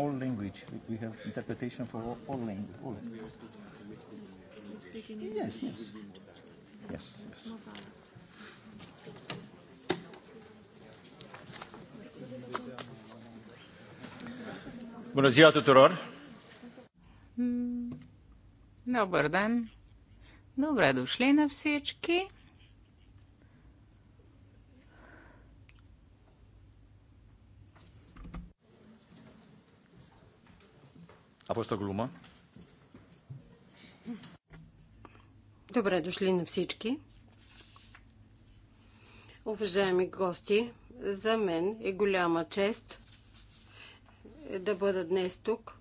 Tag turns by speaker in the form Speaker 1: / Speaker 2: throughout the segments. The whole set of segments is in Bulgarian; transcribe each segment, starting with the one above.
Speaker 1: all language. We have interpretation for all, all language. All.
Speaker 2: language.
Speaker 3: Yes, yes. Yes, yes.
Speaker 2: Bună ziua tuturor!
Speaker 1: Добър ден! Добре дошли на всички! fost глума.
Speaker 2: Добре дошли на всички. Уважаеми гости, за мен е голяма чест е, да бъда днес тук.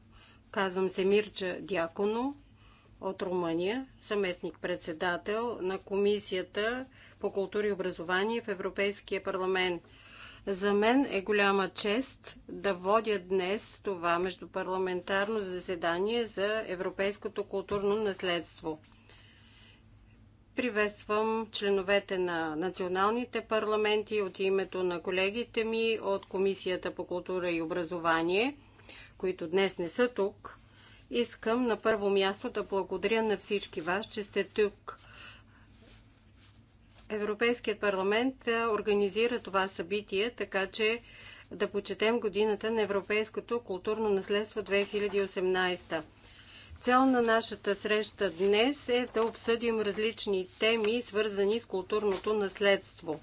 Speaker 2: Казвам се Мирча Дяконо от Румъния, съместник-председател на Комисията по култура и образование в Европейския парламент – за мен е голяма чест да водя днес това междупарламентарно заседание за европейското културно наследство. Приветствам членовете на националните парламенти от името на колегите ми от Комисията по култура и образование, които днес не са тук. Искам на първо място да благодаря на всички вас, че сте тук Европейският парламент е, организира това събитие, така че да почетем годината на Европейското културно наследство 2018. Цел на нашата среща днес е да обсъдим различни теми, свързани с културното наследство.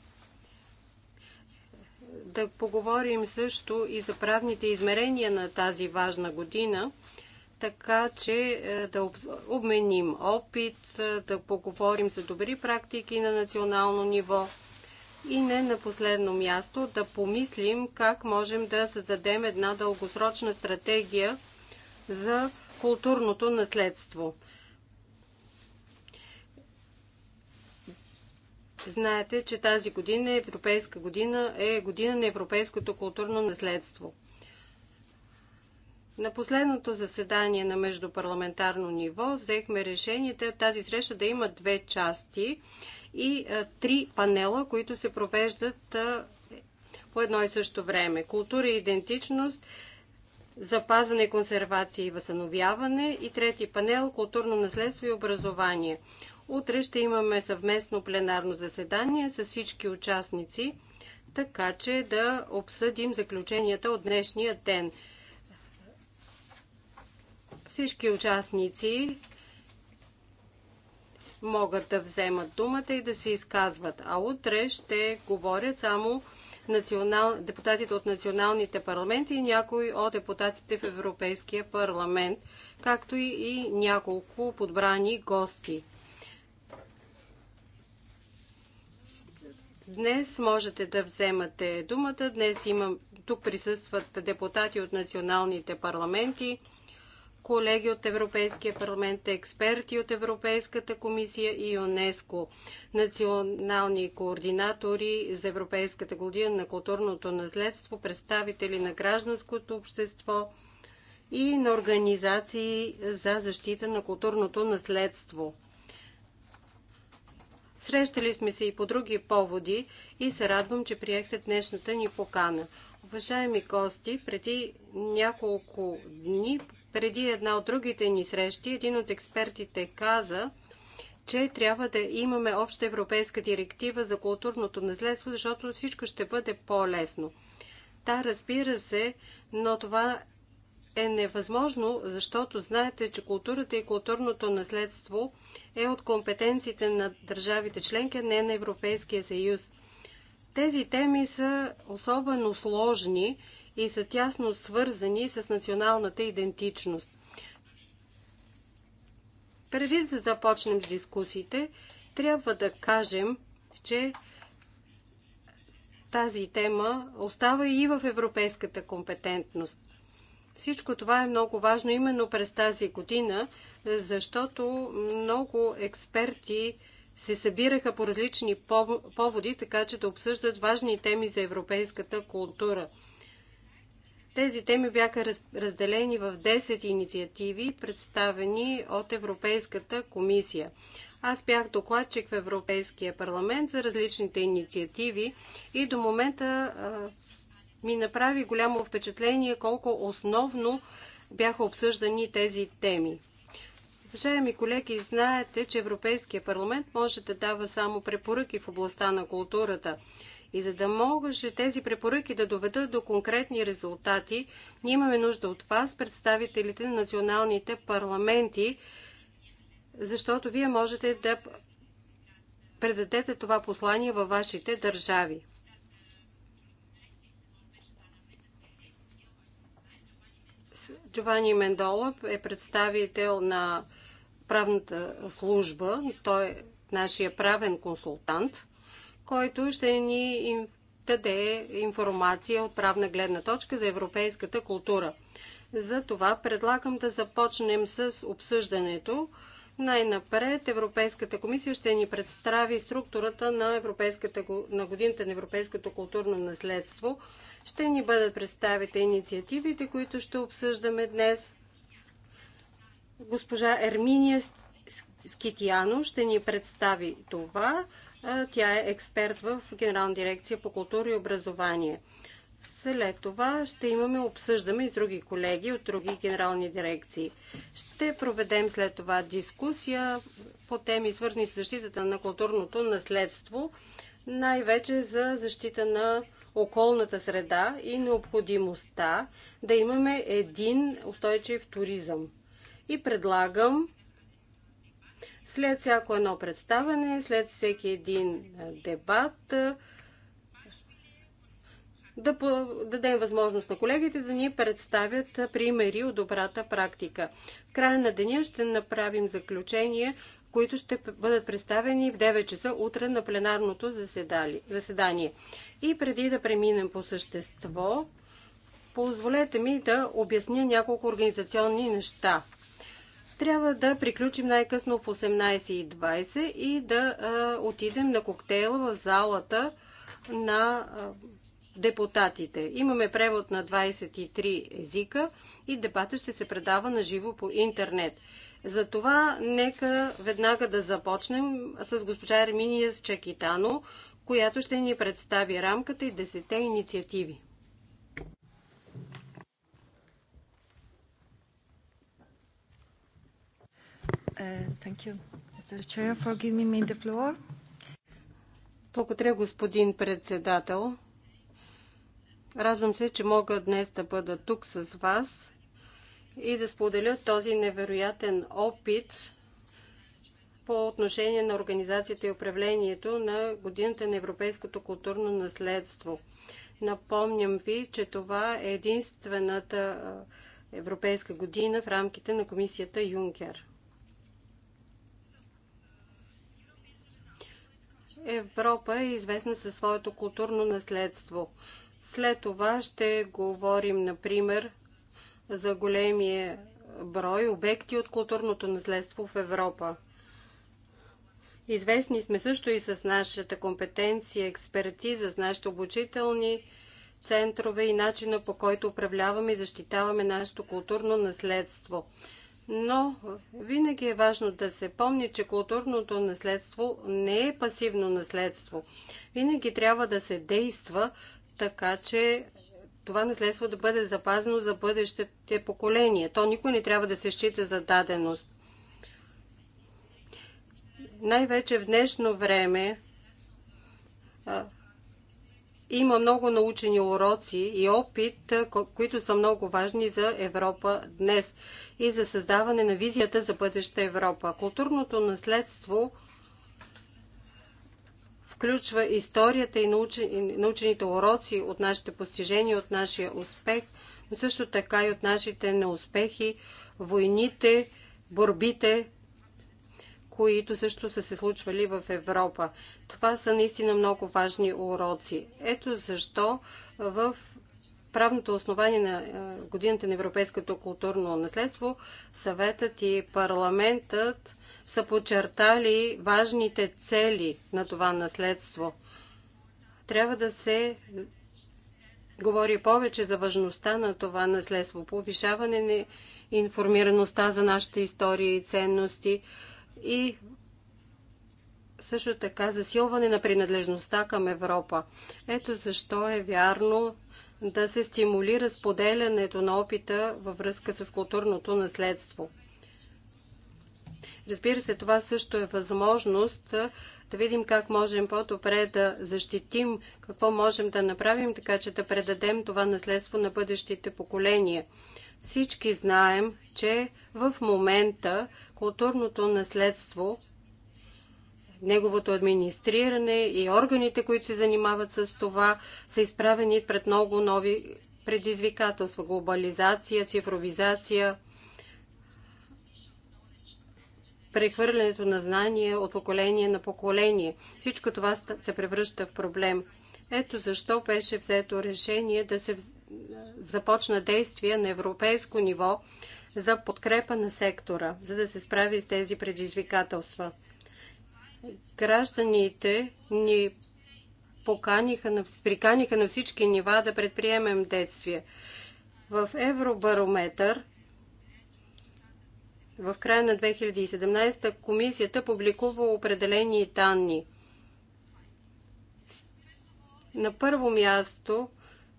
Speaker 2: Да поговорим също и за правните измерения на тази важна година – така че е, да обменим опит, е, да поговорим за добри практики на национално ниво и не на последно място да помислим как можем да създадем една дългосрочна стратегия за културното наследство. Знаете, че тази година, е Европейска година, е година на европейското културно наследство. На последното заседание на междупарламентарно ниво взехме решението тази среща да има две части и три панела, които се провеждат по едно и също време. Култура и идентичност, запазване, консервация и възстановяване и трети панел културно наследство и образование. Утре ще имаме съвместно пленарно заседание с всички участници, така че да обсъдим заключенията от днешния ден. Всички участници могат да вземат думата и да се изказват, а утре ще говорят само национал... депутатите от националните парламенти и някои от депутатите в Европейския парламент, както и няколко подбрани гости. Днес можете да вземате думата. Днес имам, тук присъстват депутати от националните парламенти, колеги от Европейския парламент, експерти от Европейската комисия и ЮНЕСКО, национални координатори за Европейската година на културното наследство, представители на гражданското общество и на организации за защита на културното наследство. Срещали сме се и по други поводи и се радвам, че приехте днешната ни покана. Уважаеми гости, преди няколко дни преди една от другите ни срещи, един от експертите каза, че трябва да имаме обща европейска директива за културното наследство, защото всичко ще бъде по-лесно. Да, разбира се, но това е невъзможно, защото знаете, че културата и културното наследство е от компетенциите на държавите членки, не на Европейския съюз. Тези теми са особено сложни и са тясно свързани с националната идентичност. Преди да започнем с дискусиите, трябва да кажем, че тази тема остава и в европейската компетентност. Всичко това е много важно именно през тази година, защото много експерти се събираха по различни поводи, така че да обсъждат важни теми за европейската култура – тези теми бяха разделени в 10 инициативи, представени от Европейската комисия. Аз бях докладчик в Европейския парламент за различните инициативи и до момента ми направи голямо впечатление колко основно бяха обсъждани тези теми. Уважаеми колеги, знаете, че Европейския парламент може да дава само препоръки в областта на културата. И за да може тези препоръки да доведат до конкретни резултати, ние имаме нужда от вас, представителите на националните парламенти, защото вие можете да предадете това послание във вашите държави. Джовани Мендолов е представител на правната служба. Той е нашия правен консултант който ще ни даде информация от правна гледна точка за европейската култура. Затова предлагам да започнем с обсъждането. Най-напред Европейската комисия ще ни представи структурата на, европейската, на годината на европейското културно наследство. Ще ни бъдат представите инициативите, които ще обсъждаме днес. Госпожа Ерминия Скитияно ще ни представи това тя е експерт в Генерална дирекция по култура и образование. След това ще имаме обсъждаме и с други колеги от други генерални дирекции. Ще проведем след това дискусия по теми, свързани с защитата на културното наследство, най-вече за защита на околната среда и необходимостта да имаме един устойчив туризъм. И предлагам след всяко едно представяне, след всеки един дебат, да дадем възможност на колегите да ни представят примери от добрата практика. В края на деня ще направим заключения, които ще бъдат представени в 9 часа утре на пленарното заседание. И преди да преминем по същество, позволете ми да обясня няколко организационни неща. Трябва да приключим най-късно в 18.20 и да а, отидем на коктейла в залата на а, депутатите. Имаме превод на 23 езика и дебата ще се предава на живо по интернет. Затова нека веднага да започнем с госпожа Ерминия Чакитано, която ще ни представи рамката и 10 инициативи. Uh, thank you, Mr. Chair, for giving me the floor. Благодаря, господин председател. Радвам се, че мога днес да бъда тук с вас и да споделя този невероятен опит по отношение на организацията и управлението на Годината на европейското културно наследство. Напомням ви, че това е единствената европейска година в рамките на комисията Юнкер. Европа е известна със своето културно наследство. След това ще говорим, например, за големия брой обекти от културното наследство в Европа. Известни сме също и с нашата компетенция, експертиза, с нашите обучителни центрове и начина по който управляваме и защитаваме нашето културно наследство но винаги е важно да се помни, че културното наследство не е пасивно наследство. Винаги трябва да се действа така, че това наследство да бъде запазено за бъдещите поколения. То никой не трябва да се счита за даденост. Най-вече в днешно време има много научени уроци и опит, които са много важни за Европа днес и за създаване на визията за бъдеща Европа. Културното наследство включва историята и научените уроци от нашите постижения, от нашия успех, но също така и от нашите неуспехи, войните, борбите, които също са се случвали в Европа. Това са наистина много важни уроци. Ето защо в правното основание на е, годината на европейското културно наследство, съветът и парламентът са подчертали важните цели на това наследство. Трябва да се говори повече за важността на това наследство, повишаване на информираността за нашите истории и ценности, и също така засилване на принадлежността към Европа. Ето защо е вярно да се стимулира споделянето на опита във връзка с културното наследство. Разбира се, това също е възможност да видим как можем по-добре да защитим, какво можем да направим, така че да предадем това наследство на бъдещите поколения. Всички знаем, че в момента културното наследство неговото администриране и органите, които се занимават с това, са изправени пред много нови предизвикателства. Глобализация, цифровизация, прехвърлянето на знания от поколение на поколение. Всичко това се превръща в проблем. Ето защо беше взето решение да се започна действие на европейско ниво за подкрепа на сектора, за да се справи с тези предизвикателства. Гражданите ни поканиха, приканиха на всички нива да предприемем действия. В Евробарометър в края на 2017 комисията публикува определени данни. На първо място,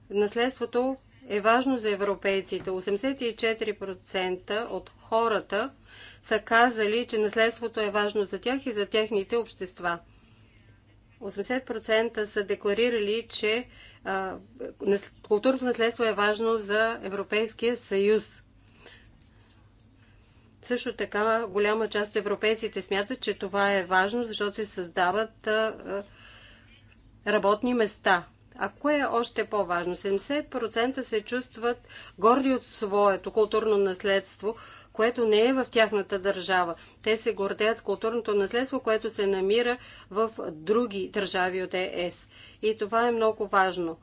Speaker 2: наследството е важно за европейците. 84% от хората са казали, че наследството е важно за тях и за техните общества. 80% са декларирали, че а, културното наследство е важно за Европейския съюз. Също така голяма част от европейците смятат, че това е важно, защото се създават работни места. А кое е още по-важно? 70% се чувстват горди от своето културно наследство, което не е в тяхната държава. Те се гордеят с културното наследство, което се намира в други държави от ЕС. И това е много важно.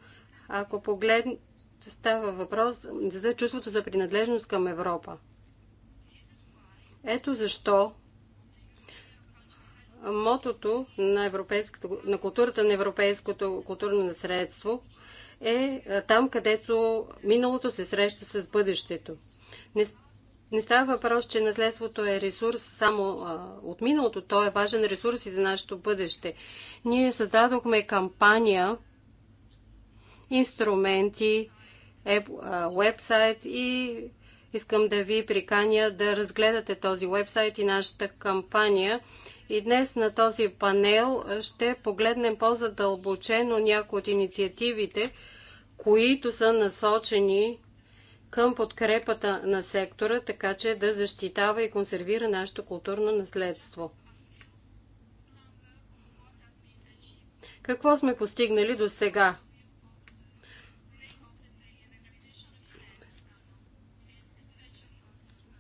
Speaker 2: Ако погледнете, става въпрос за чувството за принадлежност към Европа. Ето защо мотото на, на културата на европейското културно наследство е там, където миналото се среща с бъдещето. Не, не става въпрос, че наследството е ресурс само а, от миналото, то е важен ресурс и за нашето бъдеще. Ние създадохме кампания, инструменти, е, а, вебсайт и Искам да ви приканя да разгледате този вебсайт и нашата кампания. И днес на този панел ще погледнем по-задълбочено някои от инициативите, които са насочени към подкрепата на сектора, така че да защитава и консервира нашето културно наследство. Какво сме постигнали до сега?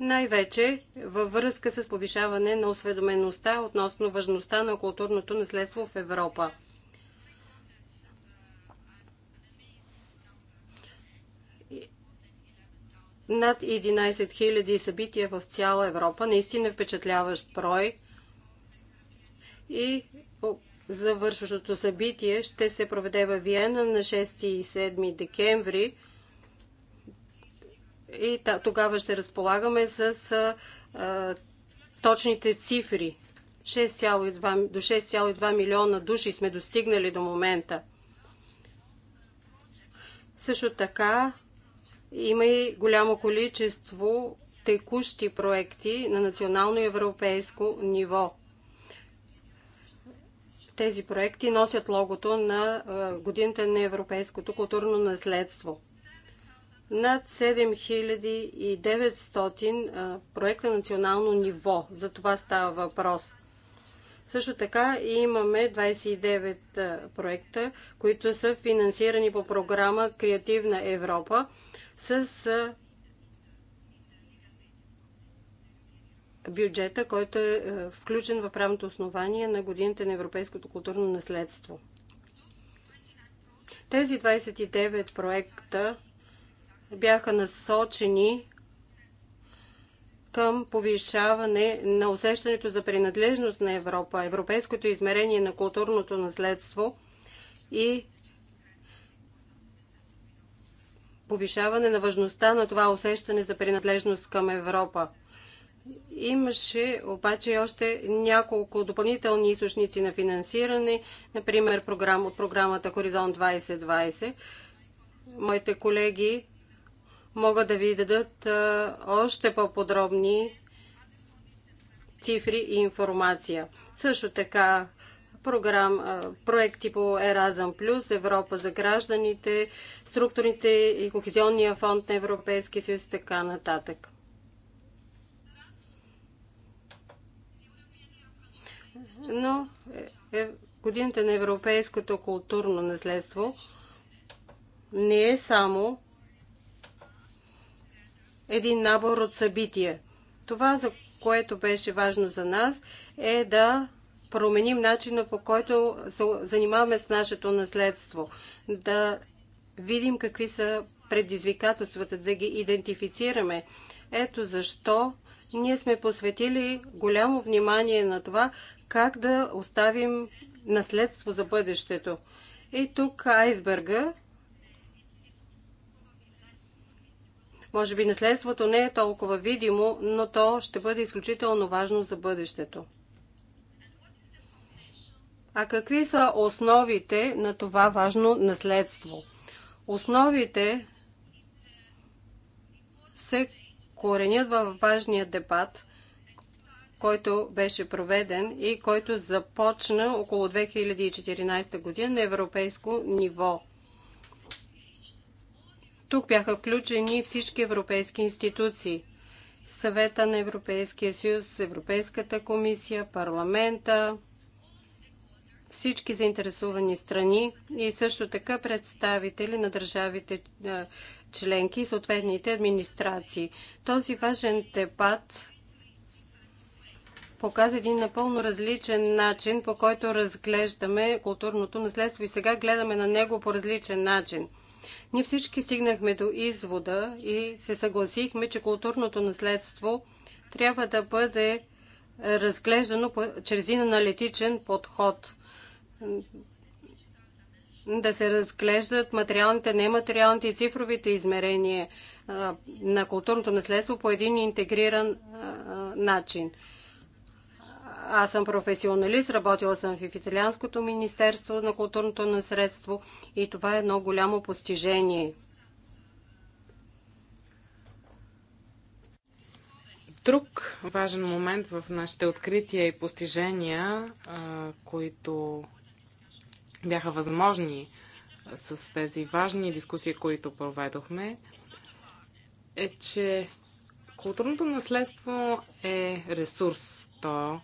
Speaker 2: най-вече във връзка с повишаване на осведомеността относно важността на културното наследство в Европа. Над 11 000 събития в цяла Европа, наистина е впечатляващ брой. И завършващото събитие ще се проведе във Виена на 6 и 7 декември – и тогава ще разполагаме с точните цифри. 6,2, до 6,2 милиона души сме достигнали до момента. Също така има и голямо количество текущи проекти на национално и европейско ниво. Тези проекти носят логото на годината на европейското културно наследство над 7900 проекта на национално ниво. За това става въпрос. Също така имаме 29 проекта, които са финансирани по програма Креативна Европа с бюджета, който е включен в правното основание на годините на европейското културно наследство. Тези 29 проекта бяха насочени към повишаване на усещането за принадлежност на Европа, европейското измерение на културното наследство и повишаване на важността на това усещане за принадлежност към Европа. Имаше обаче още няколко допълнителни източници на финансиране, например програм, от програмата Хоризонт 2020. Моите колеги могат да ви дадат още по-подробни цифри и информация. Също така програм, проекти по Еразъм Плюс, Европа за гражданите, структурните и кохезионния фонд на Европейския съюз и така нататък. Но е, е годината на европейското културно наследство не е само един набор от събития. Това, за което беше важно за нас, е да променим начина по който се занимаваме с нашето наследство, да видим какви са предизвикателствата, да ги идентифицираме. Ето защо ние сме посветили голямо внимание на това как да оставим наследство за бъдещето. И тук айсберга Може би наследството не е толкова видимо, но то ще бъде изключително важно за бъдещето. А какви са основите на това важно наследство? Основите се коренят във важния дебат, който беше проведен и който започна около 2014 година на европейско ниво. Тук бяха включени всички европейски институции. Съвета на Европейския съюз, Европейската комисия, парламента, всички заинтересувани страни и също така представители на държавите членки и съответните администрации. Този важен дебат показа един напълно различен начин, по който разглеждаме културното наследство и сега гледаме на него по различен начин – ние всички стигнахме до извода и се съгласихме, че културното наследство трябва да бъде разглеждано чрез един аналитичен подход. Да се разглеждат материалните, нематериалните и цифровите измерения на културното наследство по един интегриран начин. Аз съм професионалист, работила съм в Италианското министерство на културното наследство и това е едно голямо постижение.
Speaker 3: Друг важен момент в нашите открития и постижения, които бяха възможни с тези важни дискусии, които проведохме, е, че културното наследство е ресурс. То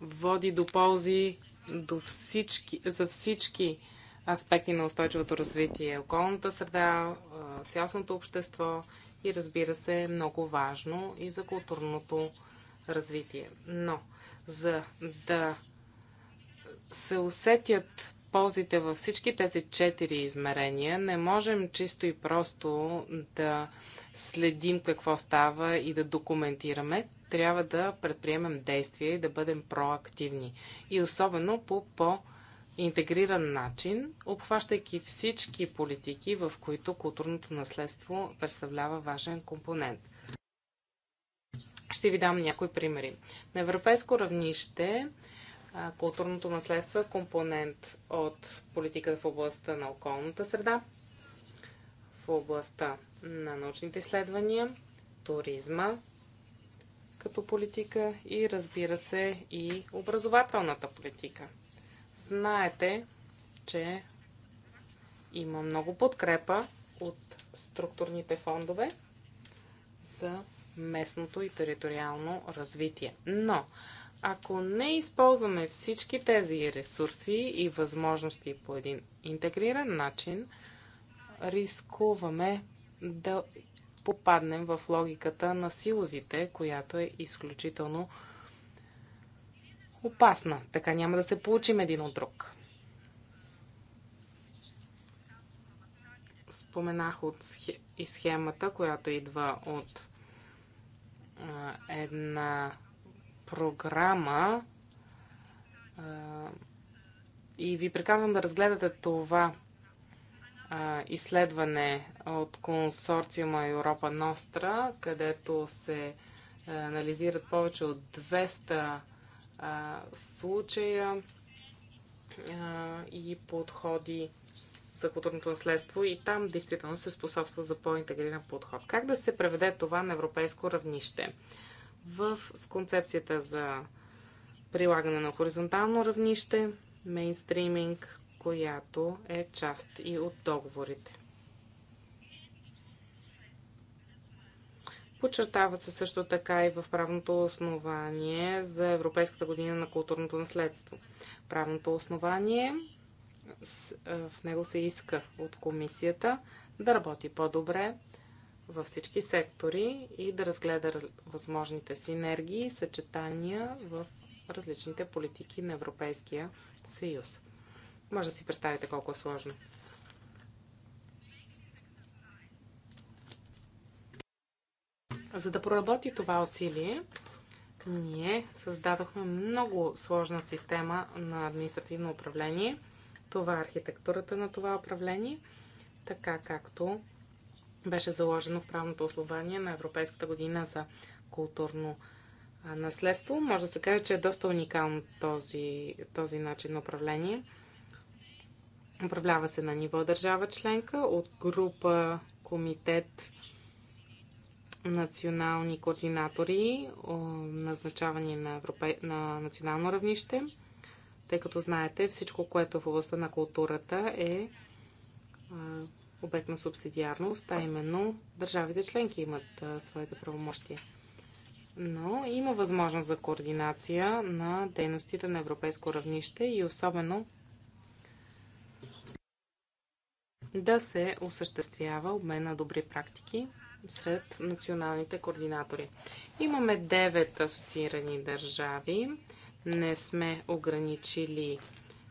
Speaker 3: води до ползи до всички, за всички аспекти на устойчивото развитие. Околната среда, цялостното общество и разбира се е много важно и за културното развитие. Но за да се усетят ползите във всички тези четири измерения, не можем чисто и просто да следим какво става и да документираме трябва да предприемем действия и да бъдем проактивни. И особено по по-интегриран начин, обхващайки всички политики, в които културното наследство представлява важен компонент. Ще ви дам някои примери. На европейско равнище културното наследство е компонент от политиката в областта на околната среда, в областта на научните изследвания, туризма, като политика и разбира се и образователната политика. Знаете, че има много подкрепа от структурните фондове за местното и териториално развитие. Но, ако не използваме всички тези ресурси и възможности по един интегриран начин, рискуваме да попаднем в логиката на силозите, която е изключително опасна. Така няма да се получим един от друг. Споменах от схе... и схемата, която идва от а, една програма а, и ви приканвам да разгледате това изследване от консорциума Европа Ностра, където се е, анализират повече от 200 случая и подходи за културното наследство и там действително се способства за по-интегриран подход. Как да се преведе това на европейско равнище? В, с концепцията за прилагане на хоризонтално равнище, мейнстриминг, която е част и от договорите. Подчертава се също така и в правното основание за Европейската година на културното наследство. Правното основание е, в него се иска от комисията да работи по-добре във всички сектори и да разгледа възможните синергии и съчетания в различните политики на Европейския съюз. Може да си представите колко е сложно. За да проработи това усилие, ние създадохме много сложна система на административно управление. Това е архитектурата на това управление, така както беше заложено в правното основание на Европейската година за културно наследство. Може да се каже, че е доста уникално този, този начин на управление – Управлява се на ниво държава членка от група комитет национални координатори, назначавани на, европе... на национално равнище, тъй като знаете, всичко, което в областта на културата е обект на субсидиарност, а именно държавите членки имат своите правомощия. Но има възможност за координация на дейностите на европейско равнище и особено да се осъществява обмен на добри практики сред националните координатори. Имаме 9 асоциирани държави. Не сме ограничили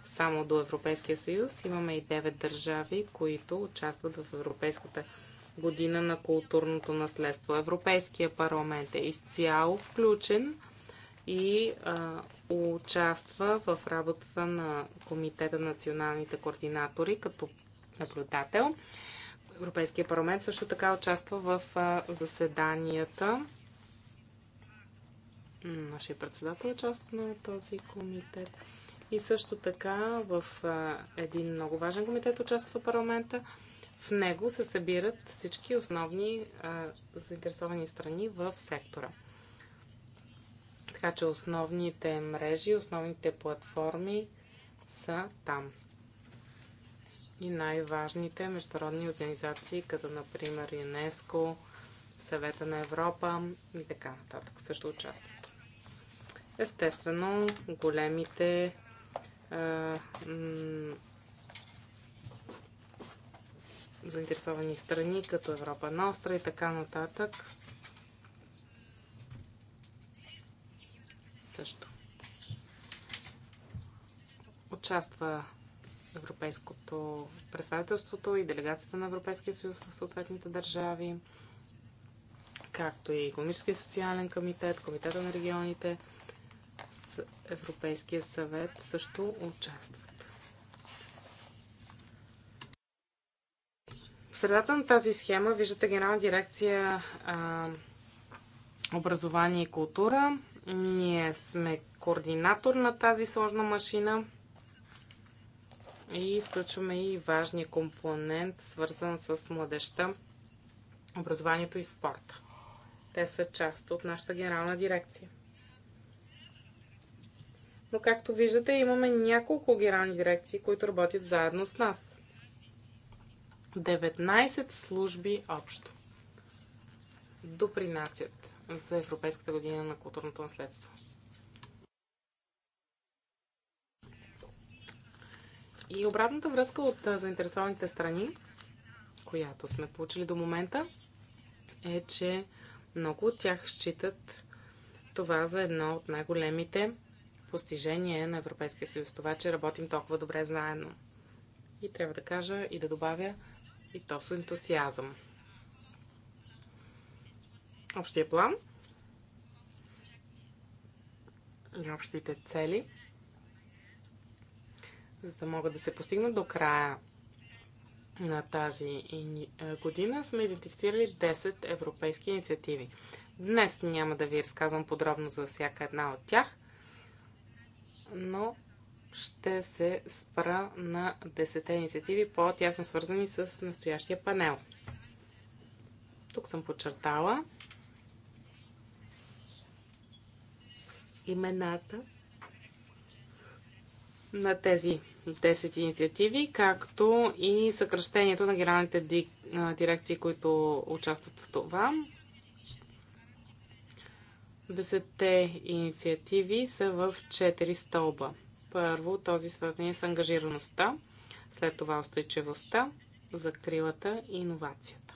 Speaker 3: само до Европейския съюз. Имаме и 9 държави, които участват в Европейската година на културното наследство. Европейския парламент е изцяло включен и а, участва в работата на Комитета националните координатори, като наблюдател. Европейския парламент също така участва в заседанията. Нашия председател участва е част на този комитет. И също така в един много важен комитет участва парламента. В него се събират всички основни заинтересовани страни в сектора. Така че основните мрежи, основните платформи са там и най-важните международни организации, като например ЮНЕСКО, Съвета на Европа и така нататък също участват. Естествено, големите а, е, заинтересовани страни, като Европа Ностра и така нататък, също. Участва Европейското представителството и делегацията на Европейския съюз в съответните държави, както и Економическия и социален комитет, Комитета на регионите, Европейския съвет също участват. В средата на тази схема виждате Генерална дирекция а, образование и култура. Ние сме координатор на тази сложна машина. И включваме и важния компонент, свързан с младеща, образованието и спорта. Те са част от нашата генерална дирекция. Но както виждате, имаме няколко генерални дирекции, които работят заедно с нас. 19 служби общо допринасят за Европейската година на културното наследство. И обратната връзка от заинтересованите страни, която сме получили до момента, е, че много от тях считат това за едно от най-големите постижения на Европейския съюз. Това, че работим толкова добре заедно. И трябва да кажа и да добавя и то с ентусиазъм. Общия план и общите цели за да могат да се постигнат до края на тази е, година, сме идентифицирали 10 европейски инициативи. Днес няма да ви разказвам подробно за всяка една от тях, но ще се спра на 10 инициативи, по-тясно свързани с настоящия панел. Тук съм подчертала имената на тези 10 инициативи, както и съкръщението на генералните дирекции, които участват в това. Десетте инициативи са в 4 стълба. Първо, този свързан с ангажираността, след това устойчивостта, закрилата и иновацията.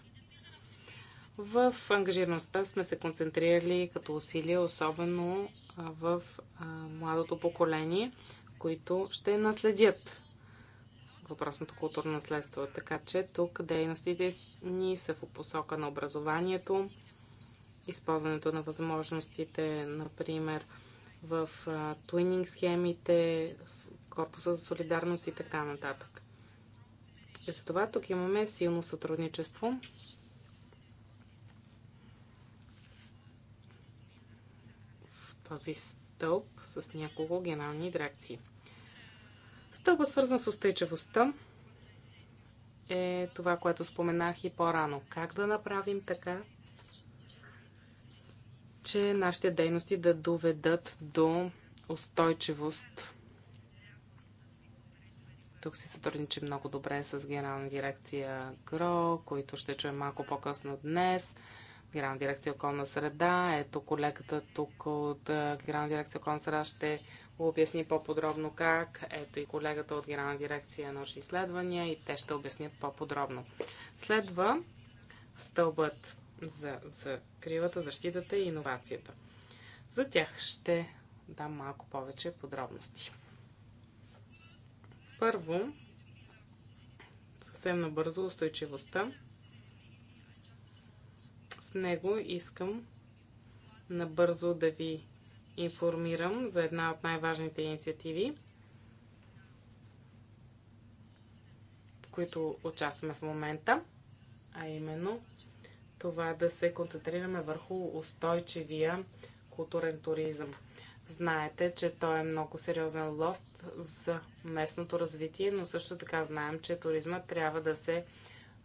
Speaker 3: В ангажираността сме се концентрирали като усилия, особено в младото поколение – които ще наследят въпросното културно наследство. Така че тук дейностите ни са в посока на образованието, използването на възможностите, например, в туининг схемите, в корпуса за солидарност и така нататък. И за това тук имаме силно сътрудничество. В този стълб с няколко генерални дирекции. Стълба, свързан с устойчивостта, е това, което споменах и по-рано. Как да направим така, че нашите дейности да доведат до устойчивост. Тук си сътрудничи много добре с генерална дирекция ГРО, които ще чуем малко по-късно днес. Генерална дирекция околна среда. Ето колегата тук от Генерална дирекция околна среда ще обясни по-подробно как. Ето и колегата от Генерална дирекция научни изследвания и те ще обяснят по-подробно. Следва стълбът за, за кривата, защитата и иновацията. За тях ще дам малко повече подробности. Първо, съвсем набързо устойчивостта. В него искам набързо да ви информирам за една от най-важните инициативи, в които участваме в момента, а именно това да се концентрираме върху устойчивия културен туризъм. Знаете, че той е много сериозен лост за местното развитие, но също така знаем, че туризма трябва да се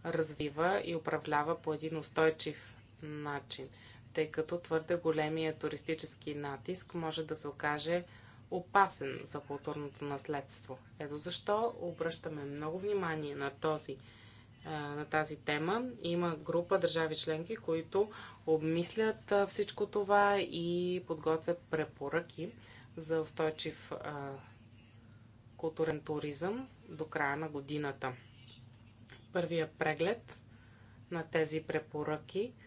Speaker 3: развива и управлява по един устойчив начин, тъй като твърде големия туристически натиск може да се окаже опасен за културното наследство. Ето защо обръщаме много внимание на този на тази тема. Има група държави членки, които обмислят всичко това и подготвят препоръки за устойчив а, културен туризъм до края на годината. Първия преглед на тези препоръки –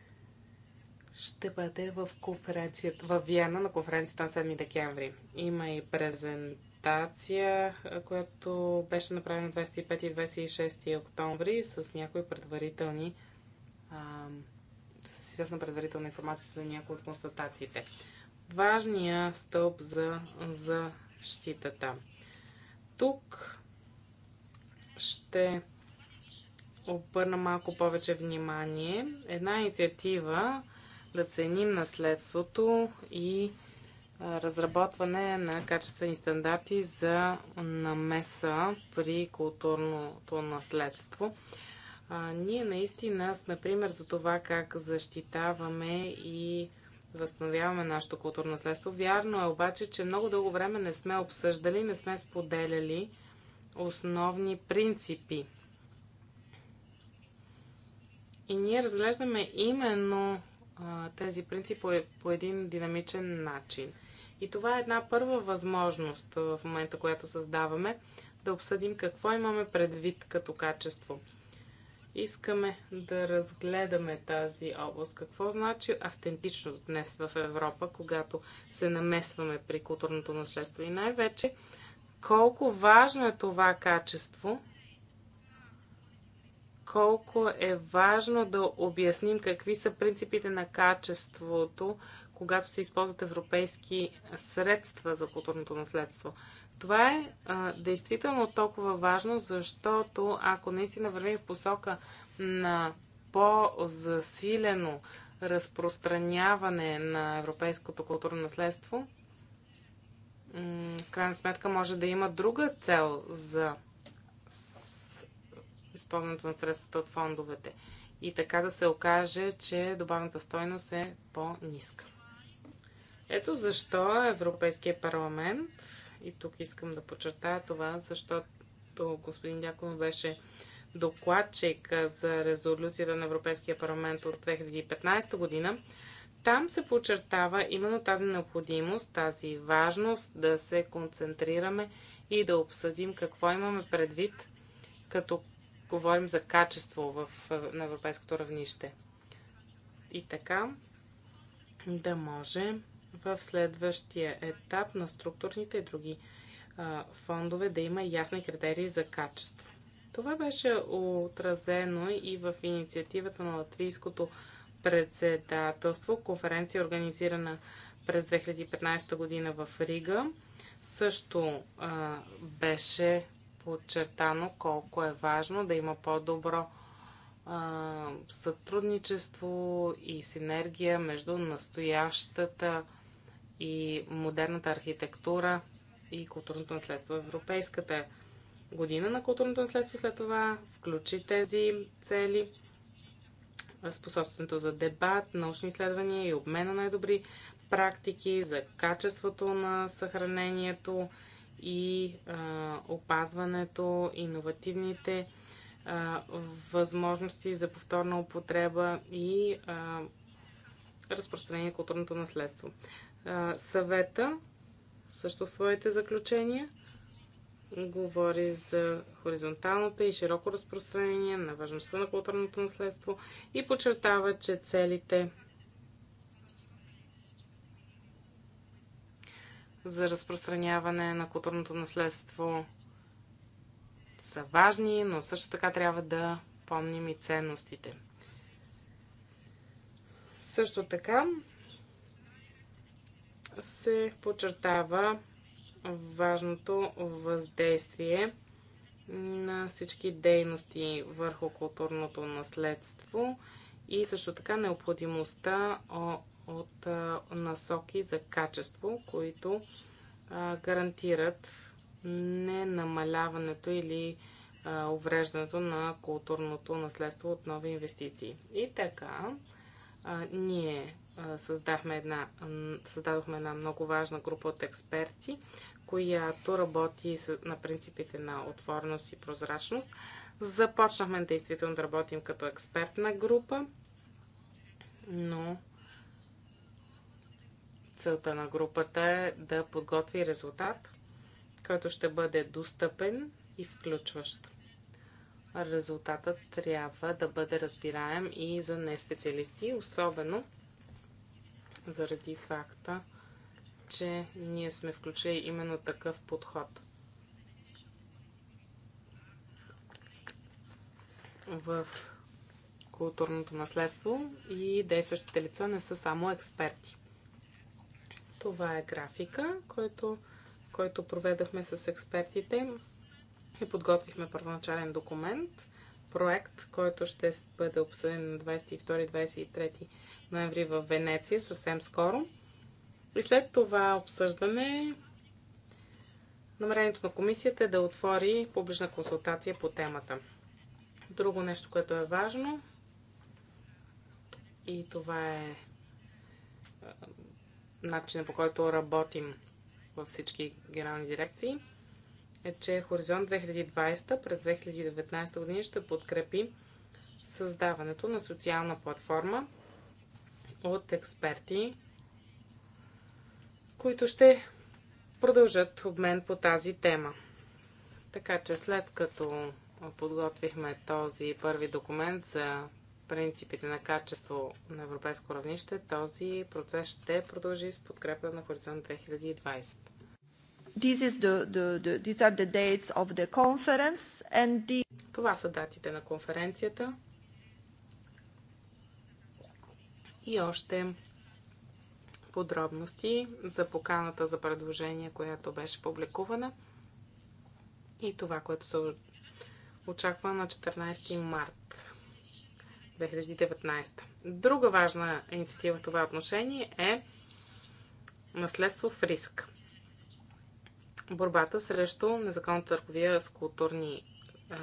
Speaker 3: ще бъде в конференцията, в Виена на конференцията на 7 декември. Има и презентация, която беше направена 25 и 26 октомври с някои предварителни а, с известна предварителна информация за някои от констатациите. Важния стълб за защитата. Тук ще обърна малко повече внимание. Една инициатива, да ценим наследството и разработване на качествени стандарти за намеса при културното наследство. А, ние наистина сме пример за това как защитаваме и възстановяваме нашето културно наследство. Вярно е обаче, че много дълго време не сме обсъждали, не сме споделяли основни принципи. И ние разглеждаме именно тези принципи по, е по един динамичен начин. И това е една първа възможност в момента, която създаваме, да обсъдим какво имаме предвид като качество. Искаме да разгледаме тази област. Какво значи автентичност днес в Европа, когато се намесваме при културното наследство? И най-вече, колко важно е това качество колко е важно да обясним какви са принципите на качеството, когато се използват европейски средства за културното наследство. Това е а, действително толкова важно, защото ако наистина вървим в посока на по-засилено разпространяване на европейското културно наследство, в крайна сметка може да има друга цел за използването на средствата от фондовете. И така да се окаже, че добавната стойност е по-ниска. Ето защо Европейския парламент, и тук искам да подчертая това, защото господин Дякон беше докладчик за резолюцията на Европейския парламент от 2015 година, там се подчертава именно тази необходимост, тази важност да се концентрираме и да обсъдим какво имаме предвид, като говорим за качество в, на европейското равнище. И така, да може в следващия етап на структурните и други а, фондове да има ясни критерии за качество. Това беше отразено и в инициативата на латвийското председателство, конференция организирана през 2015 година в Рига. Също а, беше подчертано колко е важно да има по-добро сътрудничество и синергия между настоящата и модерната архитектура и културното наследство. в Европейската година на културното наследство след това включи тези цели, способството за дебат, научни изследвания и обмена на най-добри практики за качеството на съхранението и а, опазването, иновативните а, възможности за повторна употреба и а, разпространение на културното наследство. А, съвета също в своите заключения говори за хоризонталното и широко разпространение на важността на културното наследство и подчертава, че целите за разпространяване на културното наследство са важни, но също така трябва да помним и ценностите. Също така се подчертава важното въздействие на всички дейности върху културното наследство и също така необходимостта от насоки за качество, които гарантират не намаляването или увреждането на културното наследство от нови инвестиции. И така, ние създахме една, създадохме една много важна група от експерти, която работи на принципите на отвореност и прозрачност. Започнахме действително да работим като експертна група, но Целта на групата е да подготви резултат, който ще бъде достъпен и включващ. Резултатът трябва да бъде разбираем и за неспециалисти, особено заради факта, че ние сме включили именно такъв подход. В културното наследство и действащите лица не са само експерти. Това е графика, който, който проведахме с експертите и подготвихме първоначален документ, проект, който ще бъде обсъден на 22-23 ноември в Венеция съвсем скоро. И след това обсъждане намерението на комисията е да отвори публична консултация по темата. Друго нещо, което е важно и това е начина по който работим във всички генерални дирекции, е, че Хоризонт 2020 през 2019 година ще подкрепи създаването на социална платформа от експерти, които ще продължат обмен по тази тема. Така че след като подготвихме този първи документ за принципите на качество на европейско равнище, този процес ще продължи с подкрепа на Хоризонт 2020. The, the, the, the... Това са датите на конференцията. И още подробности за поканата за предложение, която беше публикувана и това, което се очаква на 14 март. 2019. Друга важна инициатива в това отношение е наследство в риск. Борбата срещу незаконната търговия с културни е,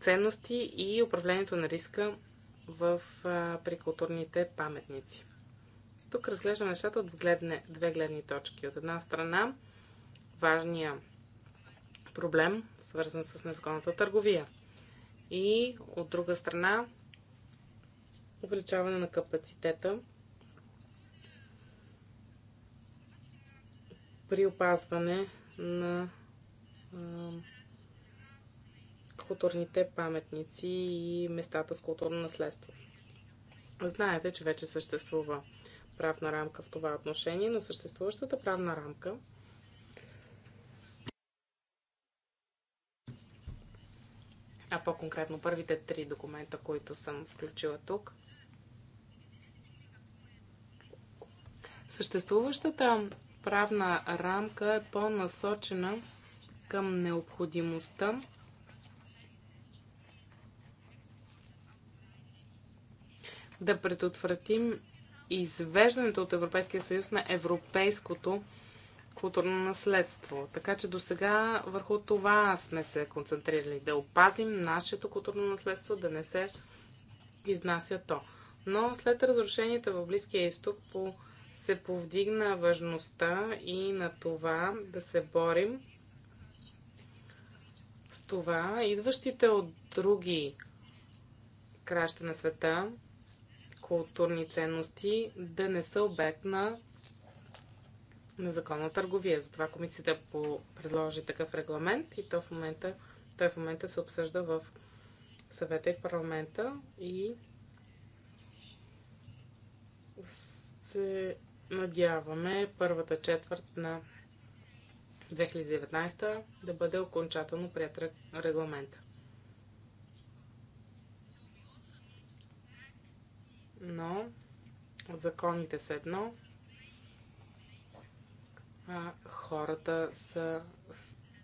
Speaker 3: ценности и управлението на риска в, е, при културните паметници. Тук разглеждаме нещата от гледне, две гледни точки. От една страна, важния проблем, свързан с незаконната търговия – и от друга страна увеличаване на капацитета при опазване на културните паметници и местата с културно наследство. Знаете, че вече съществува правна рамка в това отношение, но съществуващата правна рамка – а по-конкретно първите три документа, които съм включила тук. Съществуващата правна рамка е по-насочена към необходимостта да предотвратим извеждането от Европейския съюз на европейското културно наследство. Така че до сега върху това сме се концентрирали. Да опазим нашето културно наследство, да не се изнася то. Но след разрушенията в Близкия изток по, се повдигна важността и на това да се борим с това идващите от други краща на света културни ценности да не са обект на незаконна търговия. Затова комисията предложи такъв регламент и то в момента, той в момента се обсъжда в съвета и в парламента и се надяваме първата четвърт на 2019 да бъде окончателно прият регламент. Но законите са едно, хората са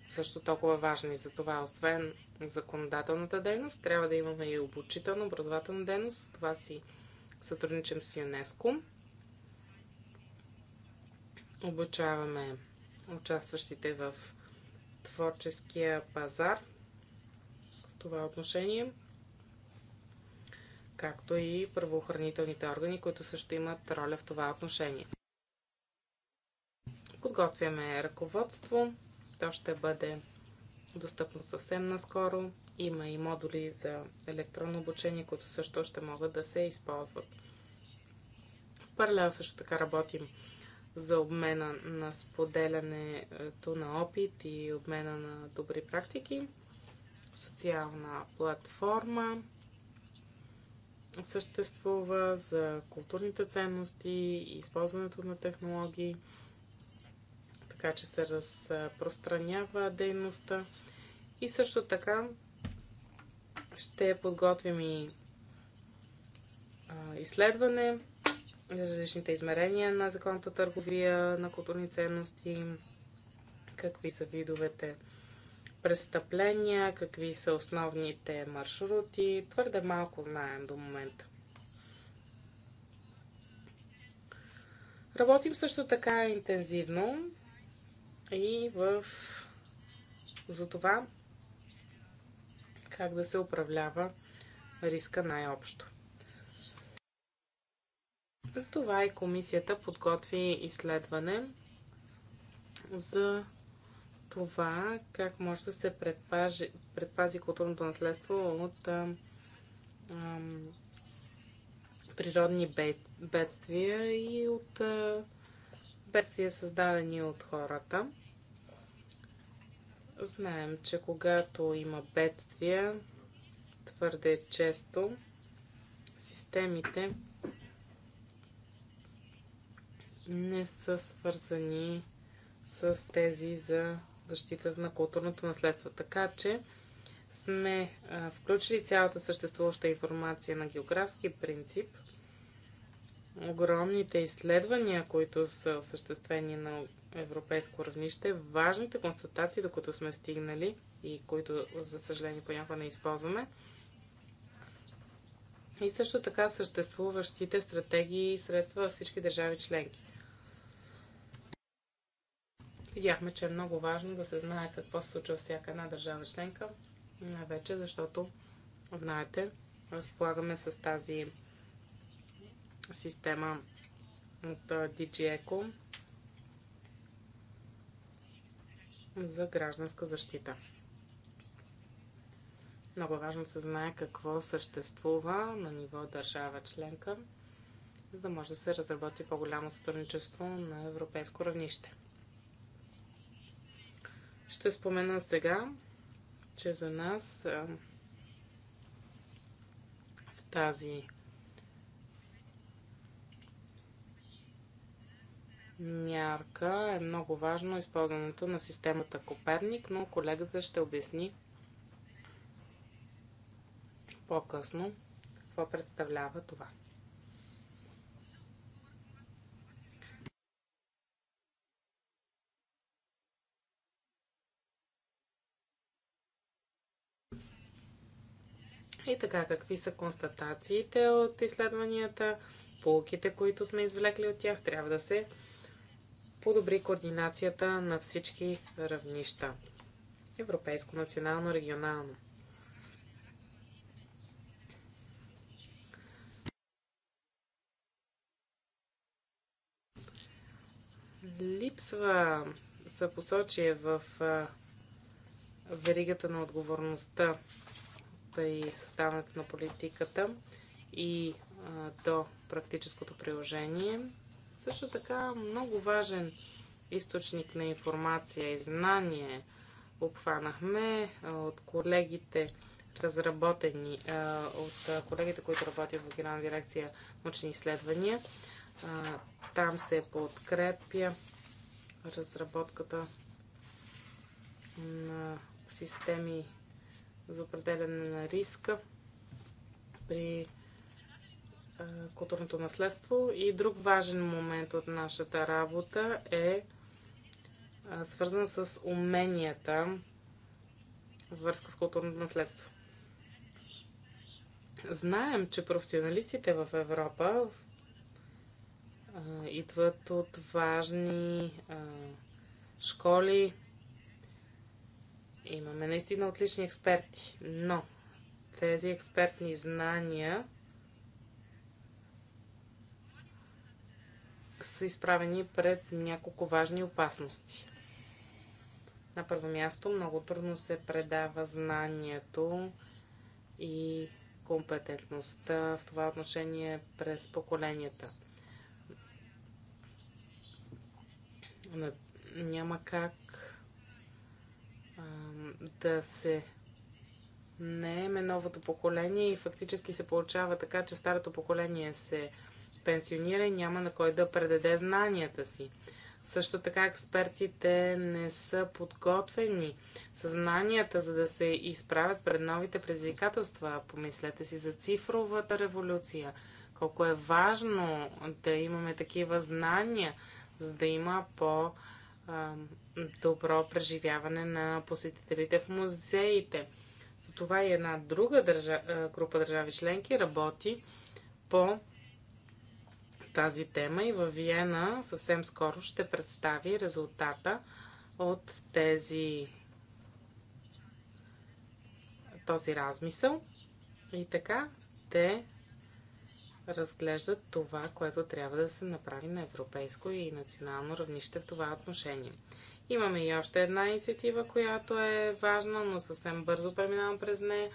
Speaker 3: също толкова важни. за това, освен законодателната дейност, трябва да имаме и обучителна, образователна дейност. С това си сътрудничам с ЮНЕСКО. Обучаваме участващите в творческия пазар в това отношение, както и правоохранителните органи, които също имат роля в това отношение. Подготвяме ръководство. То ще бъде достъпно съвсем наскоро. Има и модули за електронно обучение, които също ще могат да се използват. В паралел също така работим за обмена на споделянето на опит и обмена на добри практики, социална платформа съществува за културните ценности и използването на технологии – така че се разпространява дейността. И също така ще подготвим и изследване за различните измерения на законната търговия, на културни ценности, какви са видовете престъпления, какви са основните маршрути. Твърде малко знаем до момента. Работим също така интензивно и в за това как да се управлява риска най-общо. Затова и комисията подготви изследване за това как може да се предпази, предпази културното наследство от а, а, природни бедствия и от а, бедствия създадени от хората. Знаем, че когато има бедствия, твърде често системите не са свързани с тези за защита на културното наследство. Така че сме включили цялата съществуваща информация на географски принцип. Огромните изследвания, които са осъществени на европейско равнище, важните констатации, докато сме стигнали и които, за съжаление, понякога не използваме, и също така съществуващите стратегии и средства във всички държави членки. Видяхме, че е много важно да се знае какво се случва всяка една държава членка, най-вече защото, знаете, разполагаме с тази система от DG ECO, за гражданска защита. Много важно се знае какво съществува на ниво държава членка, за да може да се разработи по-голямо сътрудничество на европейско равнище. Ще спомена сега, че за нас в тази мярка е много важно използването на системата Коперник, но колегата ще обясни по-късно какво представлява това. И така, какви са констатациите от изследванията, полуките, които сме извлекли от тях, трябва да се подобри координацията на всички равнища. Европейско, национално, регионално. Липсва съпосочие в веригата на отговорността при съставането на политиката и до практическото приложение. Също така много важен източник на информация и знание обхванахме от колегите, разработени от колегите, които работят в Генерална дирекция научни изследвания. Там се подкрепя разработката на системи за определяне на риска при културното наследство. И друг важен момент от нашата работа е свързан с уменията във връзка с културното наследство. Знаем, че професионалистите в Европа идват от важни школи. Имаме наистина отлични експерти, но тези експертни знания – са изправени пред няколко важни опасности. На първо място, много трудно се предава знанието и компетентността в това отношение през поколенията. Няма как а, да се наеме новото поколение и фактически се получава така, че старото поколение се пенсионира и няма на кой да предаде знанията си. Също така експертите не са подготвени с знанията, за да се изправят пред новите предизвикателства. Помислете си за цифровата революция. Колко е важно да имаме такива знания, за да има по- добро преживяване на посетителите в музеите. Затова и една друга държа... група държави членки работи по тази тема и във Виена съвсем скоро ще представи резултата от тези този размисъл. И така те разглеждат това, което трябва да се направи на европейско и национално равнище в това отношение. Имаме и още една инициатива, която е важна, но съвсем бързо преминавам през нея.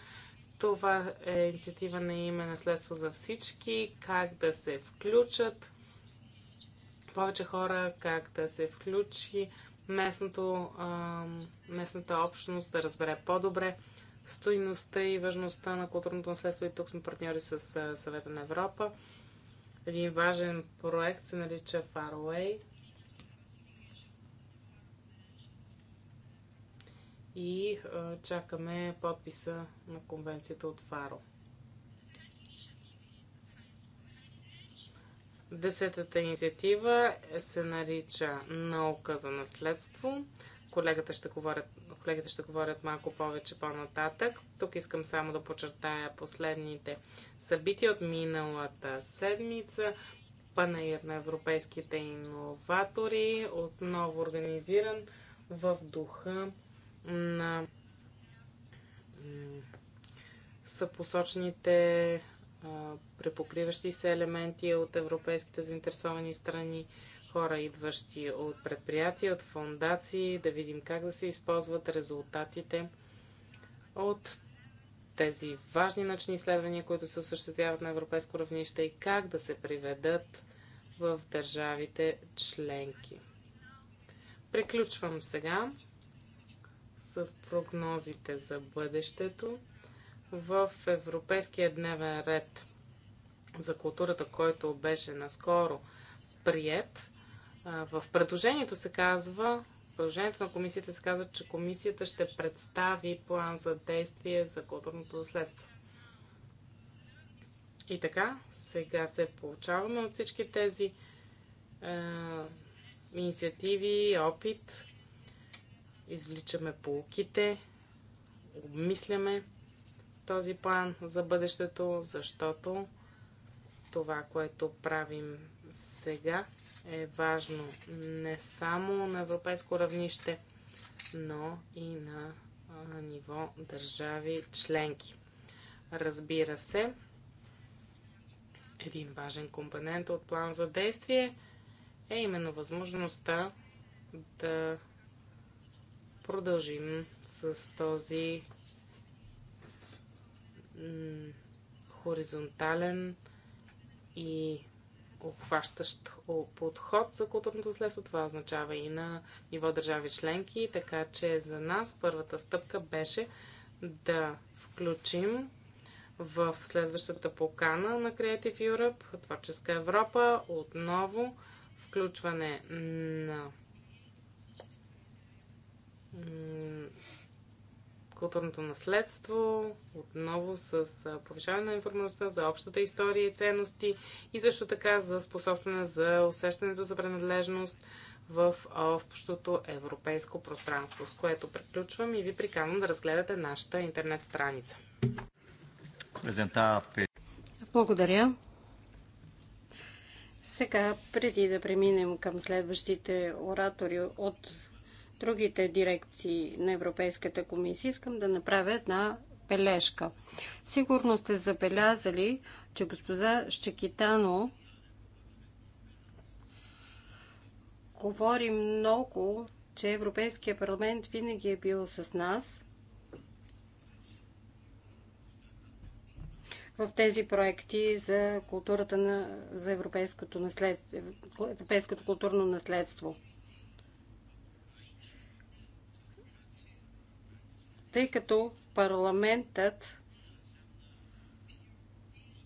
Speaker 3: Това е инициатива на име наследство за всички, как да се включат повече хора, как да се включи местното, а, местната общност, да разбере по-добре стойността и важността на културното наследство. И тук сме партньори с Съвета на Европа. Един важен проект се нарича Faraway. и чакаме подписа на конвенцията от ФАРО. Десетата инициатива се нарича Наука за наследство. Колегата ще говорят, колегите ще говорят малко повече по-нататък. Тук искам само да подчертая последните събития от миналата седмица. Панаир на европейските иноватори, отново организиран в духа на са посочните препокриващи се елементи от европейските заинтересовани страни, хора, идващи от предприятия, от фондации, да видим как да се използват резултатите от тези важни научни изследвания, които се осъществяват на европейско равнище и как да се приведат в държавите членки. Приключвам сега с прогнозите за бъдещето в Европейския дневен ред за културата, който беше наскоро прият. В предложението се казва, в предложението на комисията се казва, че комисията ще представи план за действие за културното наследство. И така, сега се получаваме от всички тези е, инициативи, опит, извличаме полуките, обмисляме този план за бъдещето, защото това, което правим сега, е важно не само на европейско равнище, но и на, на ниво държави членки. Разбира се, един важен компонент от план за действие е именно възможността да продължим с този хоризонтален и обхващащ подход за културното следство. Това означава и на ниво държави членки, така че за нас първата стъпка беше да включим в следващата покана на Creative Europe, Творческа Европа, отново включване на културното наследство, отново с повишаване на информираността за общата история и ценности и също така за способстване за усещането за принадлежност в общото европейско пространство, с което приключвам и ви приканвам да разгледате нашата интернет страница.
Speaker 2: Благодаря. Сега, преди да преминем към следващите оратори от другите дирекции на Европейската комисия, искам да направя една бележка. Сигурно сте забелязали, че госпожа Щекитано говори много, че Европейския парламент винаги е бил с нас в тези проекти за културата на, за европейското, наследство, европейското културно наследство. тъй като парламентът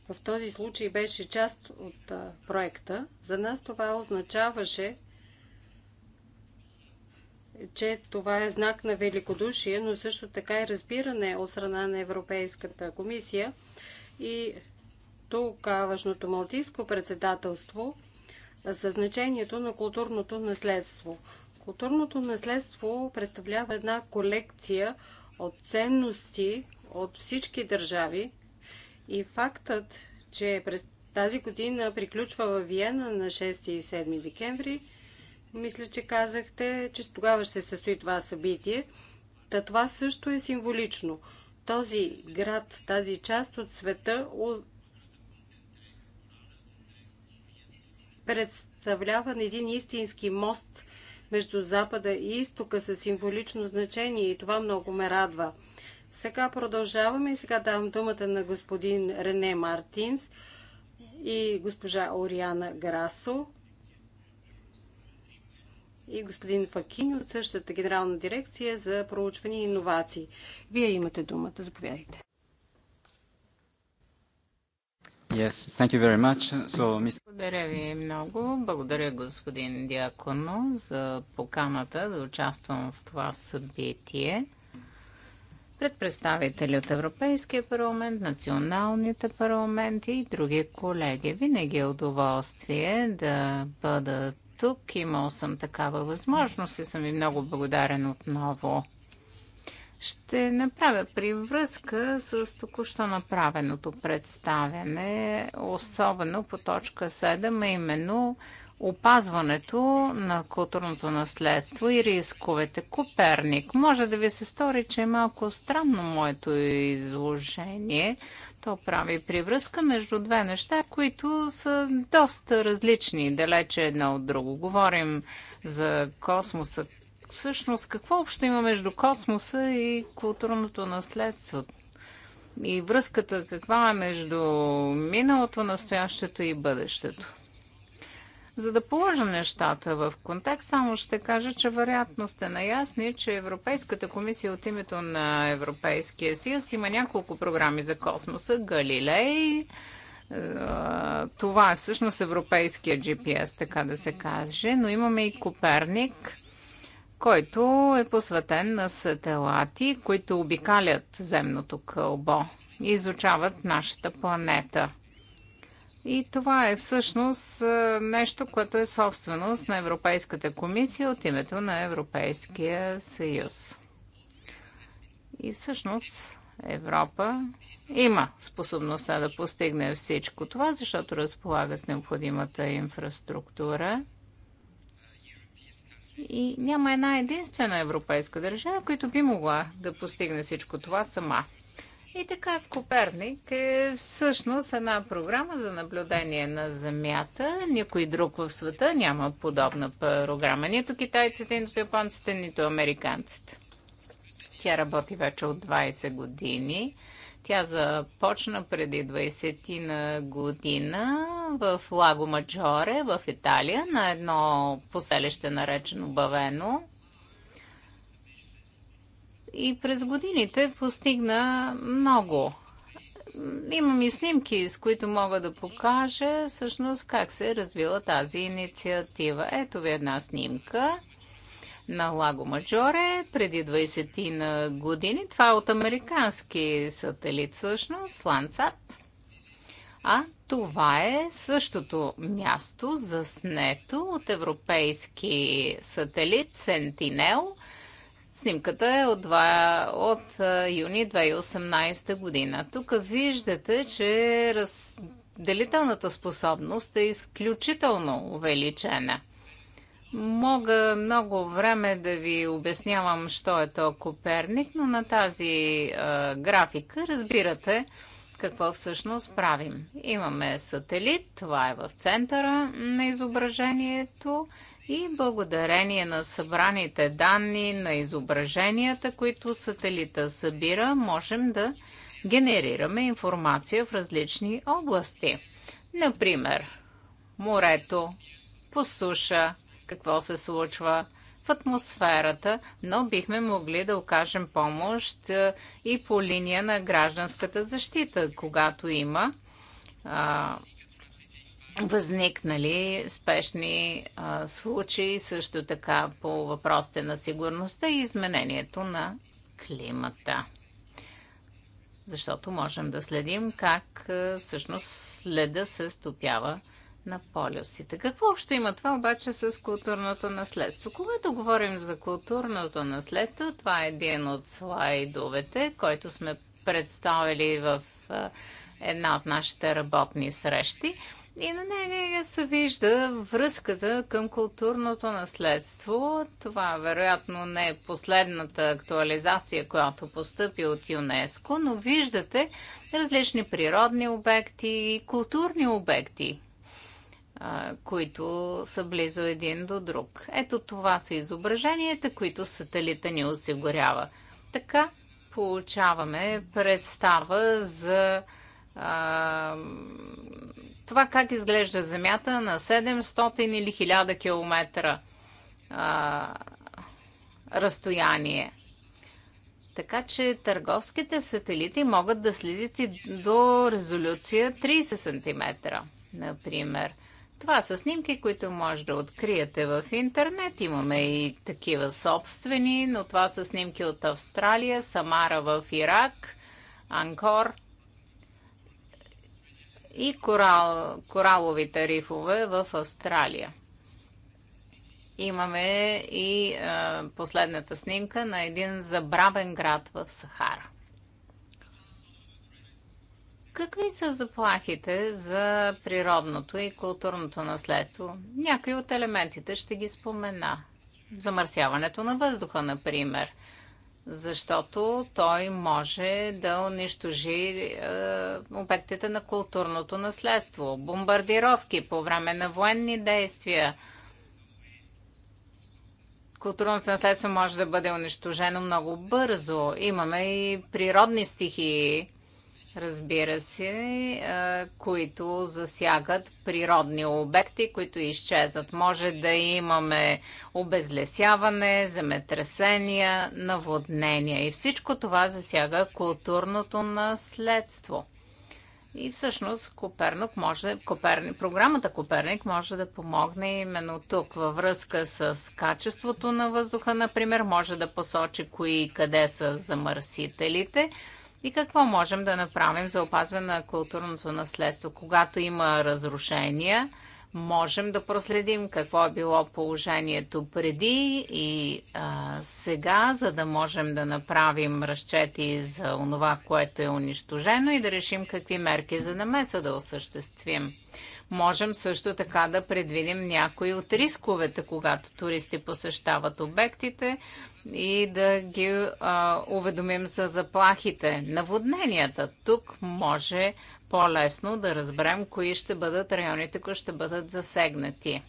Speaker 2: в този случай беше част от проекта, за нас това означаваше, че това е знак на великодушие, но също така и разбиране от страна на Европейската комисия и важното Малтийско председателство за значението на културното наследство. Културното наследство представлява една колекция от ценности от всички държави и фактът, че през тази година приключва във Виена на 6 и 7 декември, мисля, че казахте, че тогава ще се състои това събитие. Та това също е символично. Този град, тази част от света представлява един истински мост между Запада и Изтока са символично значение и това много ме радва. Сега продължаваме и сега давам думата на господин Рене Мартинс и госпожа Ориана Грасо и господин Факин от същата генерална дирекция за проучване и иновации. Вие имате
Speaker 1: думата. Заповядайте. Благодаря ви много. Благодаря господин Дяконо за поканата да участвам в това събитие. Пред представители от Европейския парламент, националните парламенти и други колеги. Винаги е удоволствие да бъда тук. Имал съм такава възможност и съм ви много благодарен отново. Ще направя привръзка с току-що направеното представяне, особено по точка 7, а именно опазването на културното наследство и рисковете. Коперник. Може да ви се стори, че е малко странно моето изложение. То прави привръзка между две неща, които са доста различни, далече едно от друго. Говорим за космоса всъщност какво общо има между космоса и културното наследство? И връзката каква е между миналото, настоящето и бъдещето? За да положа нещата в контекст, само ще кажа, че вероятно сте наясни, че Европейската комисия от името на Европейския съюз има няколко програми за космоса. Галилей, е, това е всъщност европейския GPS, така да се каже, но имаме и Коперник, който е посветен на сателати, които обикалят земното кълбо и изучават нашата планета. И това е всъщност е, нещо, което е собственост на Европейската комисия от името на Европейския съюз. И всъщност Европа има способността да постигне всичко това, защото разполага с необходимата инфраструктура – и няма една единствена европейска държава, която би могла да постигне всичко това сама. И така Коперник е всъщност една програма за наблюдение на Земята. Никой друг в света няма подобна програма. Нито китайците, нито японците, нито американците. Тя работи вече от 20 години. Тя започна преди 20 на година в Лаго Маджоре, в Италия, на едно поселище наречено Бавено. И през годините постигна много. Имам и снимки, с които мога да покажа всъщност как се е развила тази инициатива. Ето ви една снимка на Лаго Маджоре преди 20 на години. Това е от американски сателит всъщност, Ланцат. А това е същото място, заснето от европейски сателит Сентинел. Снимката е от, 2, от юни 2018 година. Тук виждате, че разделителната делителната способност е изключително увеличена. Мога много време да ви обяснявам, що е то Коперник, но на тази а, графика разбирате какво всъщност правим. Имаме сателит, това е в центъра на изображението и благодарение на събраните данни на изображенията, които сателита събира, можем да генерираме информация в различни области. Например, морето, по суша, какво се случва в атмосферата, но бихме могли да окажем помощ и по линия на гражданската защита, когато има възникнали спешни а, случаи, също така по въпросите на сигурността и изменението на климата. Защото можем да следим как всъщност следа се стопява на полюсите. Какво общо има това обаче с културното наследство? Когато говорим за културното наследство, това е един от слайдовете, който сме представили в една от нашите работни срещи. И на нея се вижда връзката към културното наследство. Това вероятно не е последната актуализация, която постъпи от ЮНЕСКО, но виждате различни природни обекти и културни обекти, които са близо един до друг. Ето това са изображенията, които сателита ни осигурява. Така получаваме представа за а, това как изглежда Земята на 700 или 1000 км а, разстояние. Така че търговските сателити могат да слизат и до резолюция 30 см, например. Това са снимки, които може да откриете в интернет. Имаме и такива собствени, но това са снимки от Австралия, Самара в Ирак, Анкор и корал, кораловите рифове в Австралия. Имаме и е, последната снимка на един забравен град в Сахара. Какви са заплахите за природното и културното наследство? Някои от елементите ще ги спомена. Замърсяването на въздуха, например, защото той може да унищожи е, обектите на културното наследство. Бомбардировки по време на военни действия. Културното наследство може да бъде унищожено много бързо. Имаме и природни стихии разбира се, които засягат природни обекти, които изчезват. Може да имаме обезлесяване, земетресения, наводнения и всичко това засяга културното наследство. И всъщност Коперник може, Коперник, програмата Коперник може да помогне именно тук във връзка с качеството на въздуха, например, може да посочи кои и къде са замърсителите – и какво можем да направим за опазване на културното наследство? Когато има разрушения, можем да проследим какво е било положението преди и а, сега, за да можем да направим разчети за онова, което е унищожено и да решим какви мерки за намеса да осъществим. Можем също така да предвидим някои от рисковете, когато туристи посещават обектите и да ги а, уведомим за заплахите, наводненията. Тук може по-лесно да разберем кои ще бъдат районите, които ще бъдат засегнати.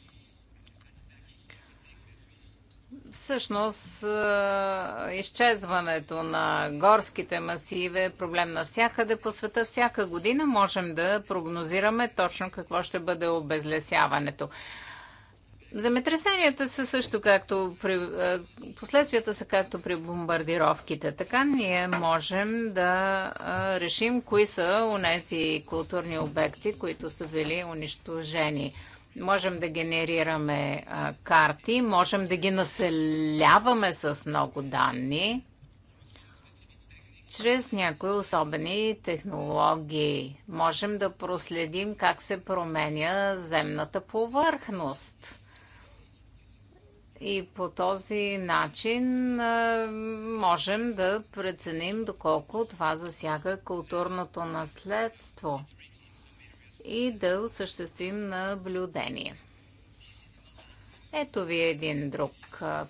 Speaker 1: Всъщност, е, изчезването на горските масиви е проблем навсякъде по света. Всяка година можем да прогнозираме точно какво ще бъде обезлесяването. Земетресенията са също както при... Е, последствията са както при бомбардировките. Така ние можем да е, решим кои са унези културни обекти, които са били унищожени. Можем да генерираме а, карти, можем да ги населяваме с много данни чрез някои особени технологии. Можем да проследим как се променя земната повърхност. И по този начин а, можем да преценим доколко това засяга културното наследство и да осъществим наблюдение. Ето ви един друг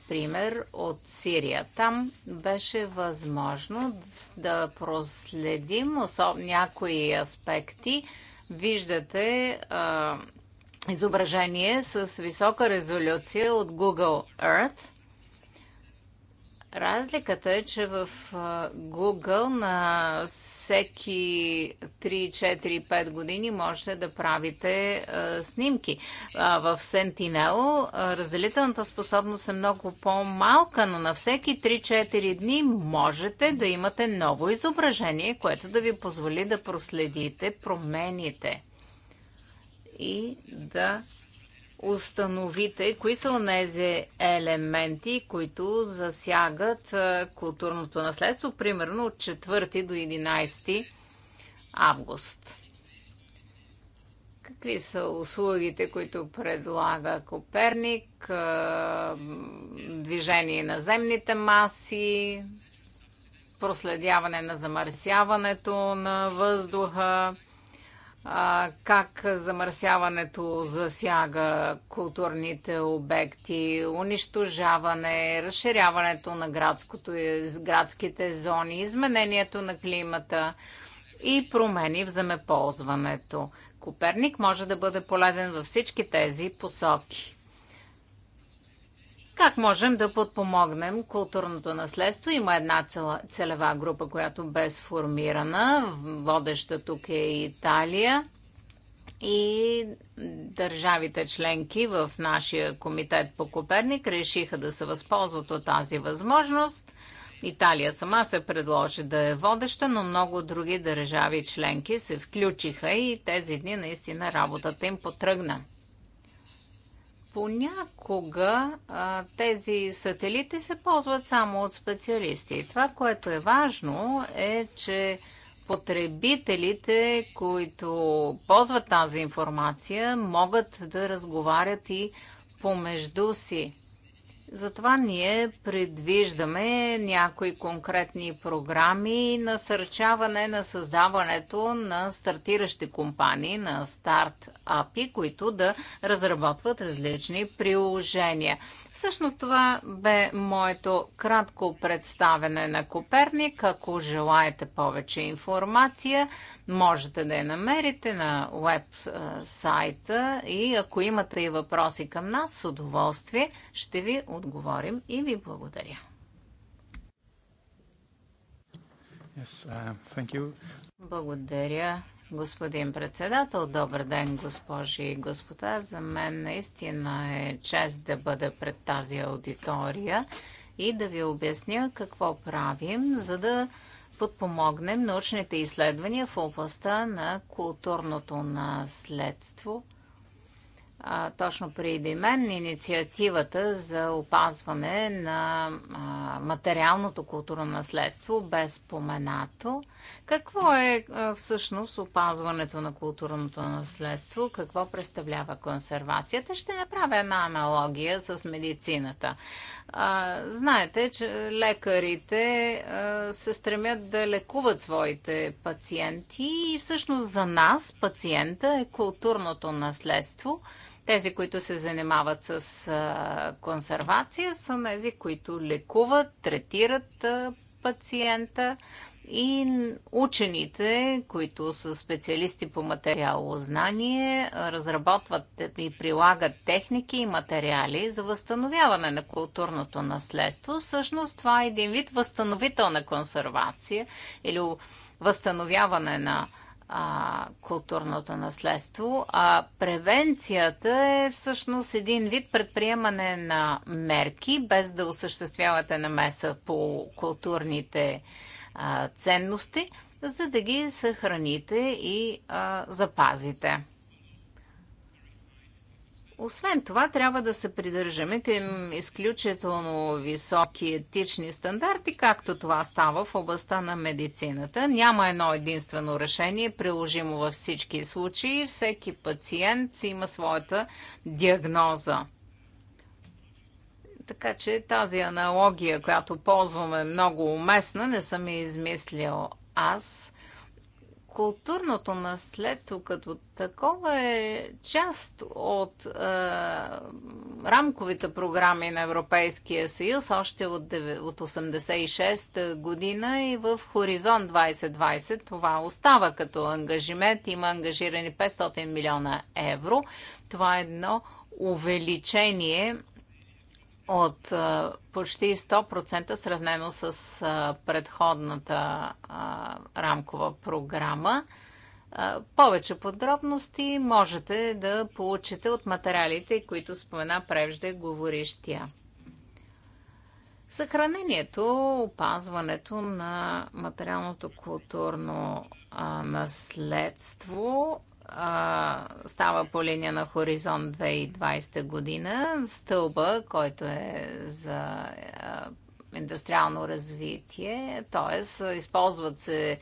Speaker 1: пример от Сирия. Там беше възможно да проследим особ... някои аспекти. Виждате а, изображение с висока резолюция от Google Earth – Разликата е, че в Google на всеки 3-4-5 години можете да правите снимки. В Sentinel разделителната способност е много по-малка, но на всеки 3-4 дни можете да имате ново изображение, което да ви позволи да проследите промените и да установите кои са тези елементи, които засягат е, културното наследство, примерно от 4 до 11 август. Какви са услугите, които предлага Коперник, е, движение на земните маси, проследяване на замърсяването на въздуха, как замърсяването засяга културните обекти, унищожаване, разширяването на градското, градските зони, изменението на климата и промени в земеползването. Коперник може да бъде полезен във всички тези посоки. Как можем да подпомогнем културното наследство? Има една целева група, която бе сформирана. Водеща тук е Италия. И държавите членки в нашия комитет по Коперник решиха да се възползват от тази възможност. Италия сама се предложи да е водеща, но много други държави членки се включиха и тези дни наистина работата им потръгна понякога а, тези сателити се ползват само от специалисти. Това, което е важно, е, че потребителите, които ползват тази информация, могат да разговарят и помежду си. Затова ние предвиждаме някои конкретни програми насърчаване на създаването на стартиращи компании, на старт апи, които да разработват различни приложения. Всъщност това бе моето кратко представене на Коперник. Ако желаете повече информация, можете да я намерите на веб сайта и ако имате и въпроси към нас, с удоволствие ще ви отговорим и ви благодаря. Yes, uh, Благодаря Господин председател, добър ден, госпожи и господа. За мен наистина е чест да бъда пред тази аудитория и да ви обясня какво правим, за да подпомогнем научните изследвания в областта на културното наследство а, точно преди мен инициативата за опазване на а, материалното културно наследство без споменато. Какво е а, всъщност опазването на културното наследство? Какво представлява консервацията? Ще направя една аналогия с медицината. А, знаете, че лекарите а, се стремят да лекуват своите пациенти и всъщност за нас пациента е културното наследство – тези, които се занимават с консервация, са тези, които лекуват, третират пациента и учените, които са специалисти по материалознание, разработват и прилагат техники и материали за възстановяване на културното наследство. Всъщност това е един вид възстановителна консервация или възстановяване на а, културното наследство, а превенцията е всъщност един вид предприемане на мерки, без да осъществявате намеса по културните а, ценности, за да ги съхраните и а, запазите. Освен това, трябва да се придържаме към изключително високи етични стандарти, както това става в областта на медицината. Няма едно единствено решение, приложимо във всички случаи. Всеки пациент си има своята диагноза. Така че тази аналогия, която ползваме е много уместна, не съм я измислил аз културното наследство като такова е част от е, рамковите програми на Европейския съюз още от, от 86 година и в Хоризонт 2020 това остава като ангажимент. Има ангажирани 500 милиона евро. Това е едно увеличение от почти 100% сравнено с предходната рамкова програма. Повече подробности можете да получите от материалите, които спомена преждеговорищия. Съхранението, опазването на материалното културно наследство а, става по линия на Хоризонт 2020 година. Стълба, който е за а, индустриално развитие, т.е. използват се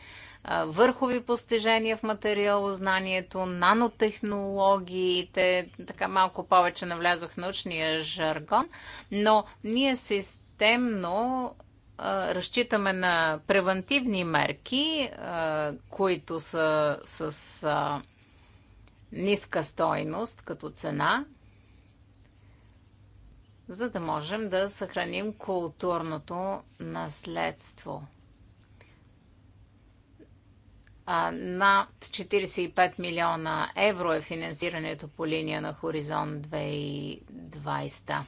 Speaker 1: върхови постижения в материалознанието, нанотехнологиите, така малко повече навлязох в научния жаргон, но ние системно а, разчитаме на превентивни мерки, а, които са с а, ниска стойност като цена, за да можем да съхраним културното наследство. А, над 45 милиона евро е финансирането по линия на Хоризонт 2020.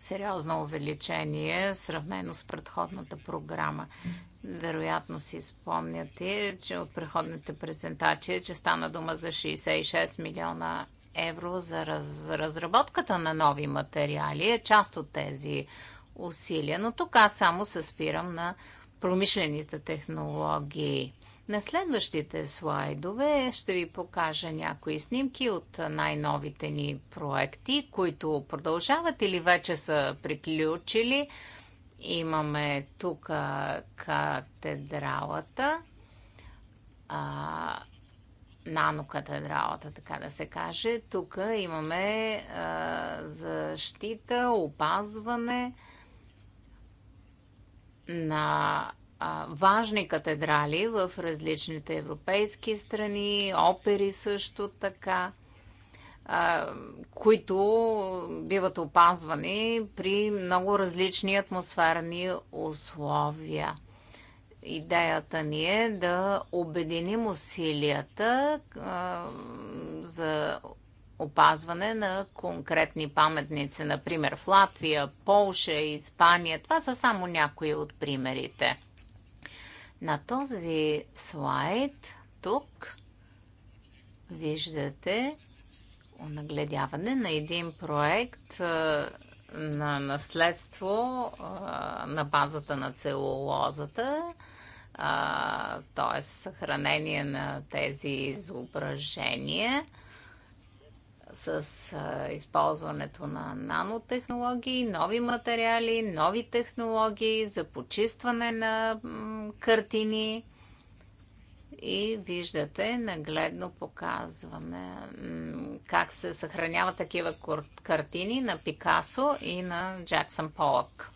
Speaker 1: Сериозно увеличение, сравнено с предходната програма. Вероятно си спомняте, че от преходната презентация, че стана дума за 66 милиона евро за раз, разработката на нови материали, е част от тези усилия. Но тук аз само се спирам на промишлените технологии. На следващите слайдове ще ви покажа някои снимки от най-новите ни проекти, които продължават или вече са приключили. Имаме тук катедралата, а, нанокатедралата, така да се каже. Тук имаме а, защита, опазване на а, важни катедрали в различните европейски страни, опери също така които биват опазвани при много различни атмосферни условия. Идеята ни е да обединим усилията за опазване на конкретни паметници, например в Латвия, Полша, Испания. Това са само някои от примерите. На този слайд тук виждате нагледяване на един проект на наследство на базата на целулозата, т.е. съхранение на тези изображения с използването на нанотехнологии, нови материали, нови технологии за почистване на картини и виждате нагледно показване как се съхраняват такива картини на Пикасо и на Джаксън Полък.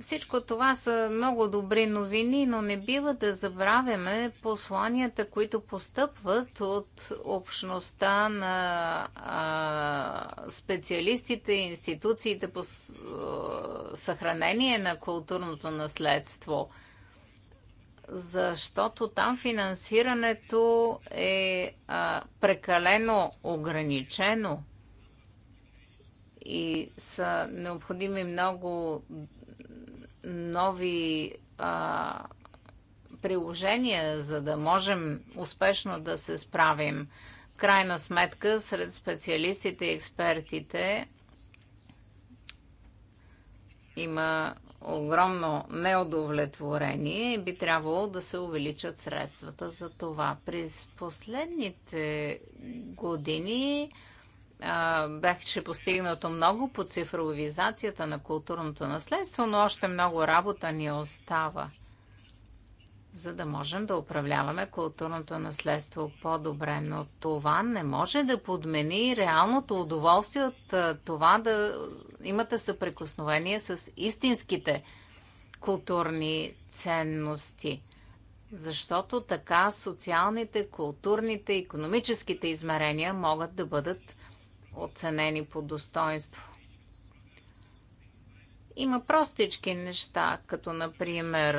Speaker 1: Всичко това са много добри новини, но не бива да забравяме посланията, които постъпват от общността на а, специалистите и институциите по съхранение на културното наследство – защото там финансирането е а, прекалено ограничено и са необходими много нови а, приложения, за да можем успешно да се справим. В крайна сметка, сред специалистите и експертите има огромно неудовлетворение и би трябвало да се увеличат средствата за това. През последните години беше постигнато много по цифровизацията на културното наследство, но още много работа ни остава за да можем да управляваме културното наследство по-добре. Но това не може да подмени реалното удоволствие от това да имате съприкосновение с истинските културни ценности. Защото така социалните, културните, економическите измерения могат да бъдат оценени по достоинство. Има простички неща, като например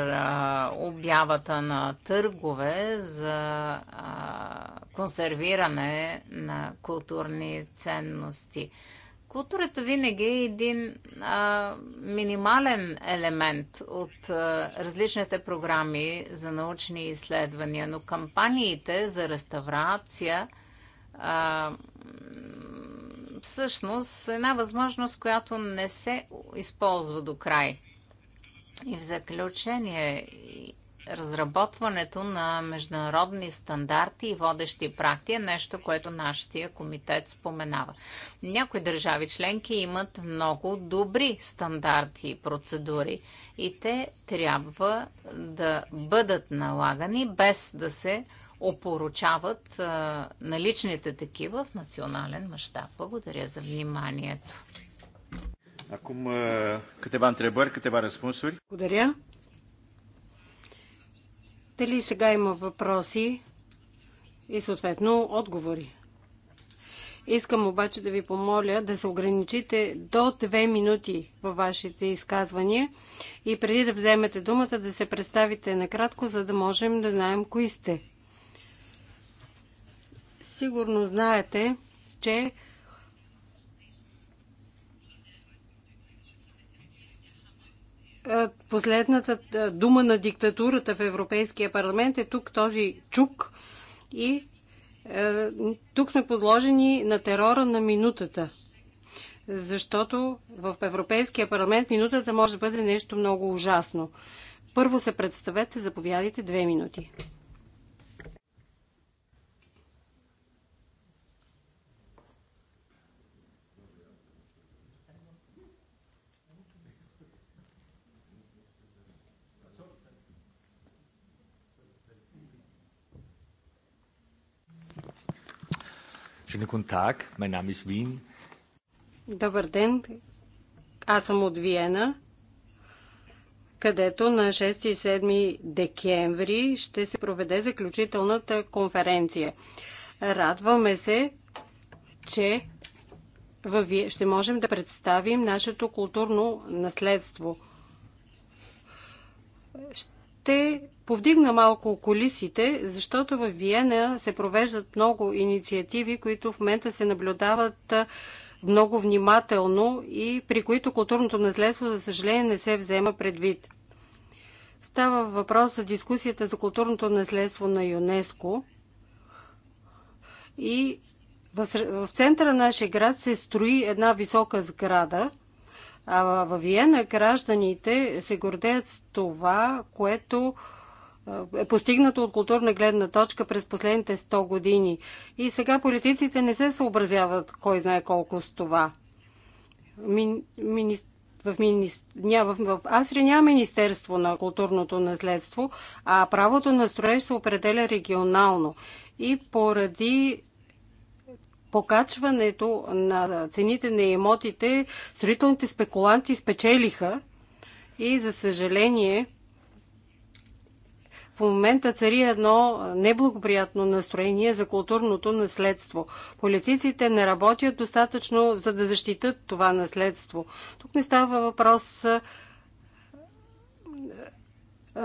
Speaker 1: обявата на търгове за консервиране на културни ценности. Културата винаги е един а, минимален елемент от а, различните програми за научни изследвания, но кампаниите за реставрация а, всъщност една възможност, която не се използва до край. И в заключение, разработването на международни стандарти и водещи практики е нещо, което нашия комитет споменава. Някои държави членки имат много добри стандарти и процедури и те трябва да бъдат налагани без да се опоручават а, наличните такива в национален мащаб. Благодаря за вниманието. Acum câteva întrebări, câteva răspunsuri. Благодаря.
Speaker 2: Дали сега има въпроси и съответно отговори? Искам обаче да ви помоля да се ограничите до две минути във вашите изказвания и преди да вземете думата да се представите накратко, за да можем да знаем кои сте. Сигурно знаете, че последната дума на диктатурата в Европейския парламент е тук този чук и тук сме подложени на терора на минутата. Защото в Европейския парламент минутата може да бъде нещо много ужасно. Първо се представете, заповядайте две минути.
Speaker 3: Schönen guten Tag, mein Name ist Wien.
Speaker 2: Добър ден, аз съм от Виена, където на 6 и 7 декември ще се проведе заключителната конференция. Радваме се, че във... ще можем да представим нашето културно наследство ще повдигна малко колисите, защото в Виена се провеждат много инициативи, които в момента се наблюдават много внимателно и при които културното наследство, за съжаление, не се взема предвид. Става въпрос за дискусията за културното наследство на ЮНЕСКО и в центъра на нашия град се строи една висока сграда – а в Виена гражданите се гордеят с това, което е, е постигнато от културна гледна точка през последните 100 години. И сега политиците не се съобразяват кой знае колко с това. Ми, мини, в, мини, ня, в, в Австрия няма Министерство на културното наследство, а правото на строеж се определя регионално. И поради покачването на цените на имотите, строителните спекуланти спечелиха и, за съжаление, в момента цари едно неблагоприятно настроение за културното наследство. Политиците не работят достатъчно, за да защитат това наследство. Тук не става въпрос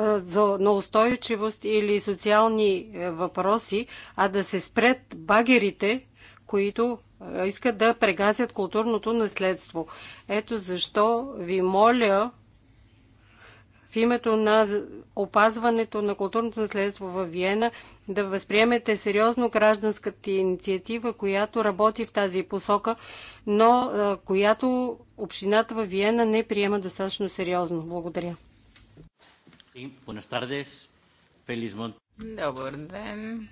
Speaker 2: за, наустойчивост или социални е, въпроси, а да се спрет багерите, които искат да прегазят културното наследство. Ето защо ви моля в името на опазването на културното наследство в Виена да възприемете сериозно гражданската инициатива, която работи в тази посока, но която общината в Виена не приема достатъчно сериозно. Благодаря.
Speaker 1: Добър ден.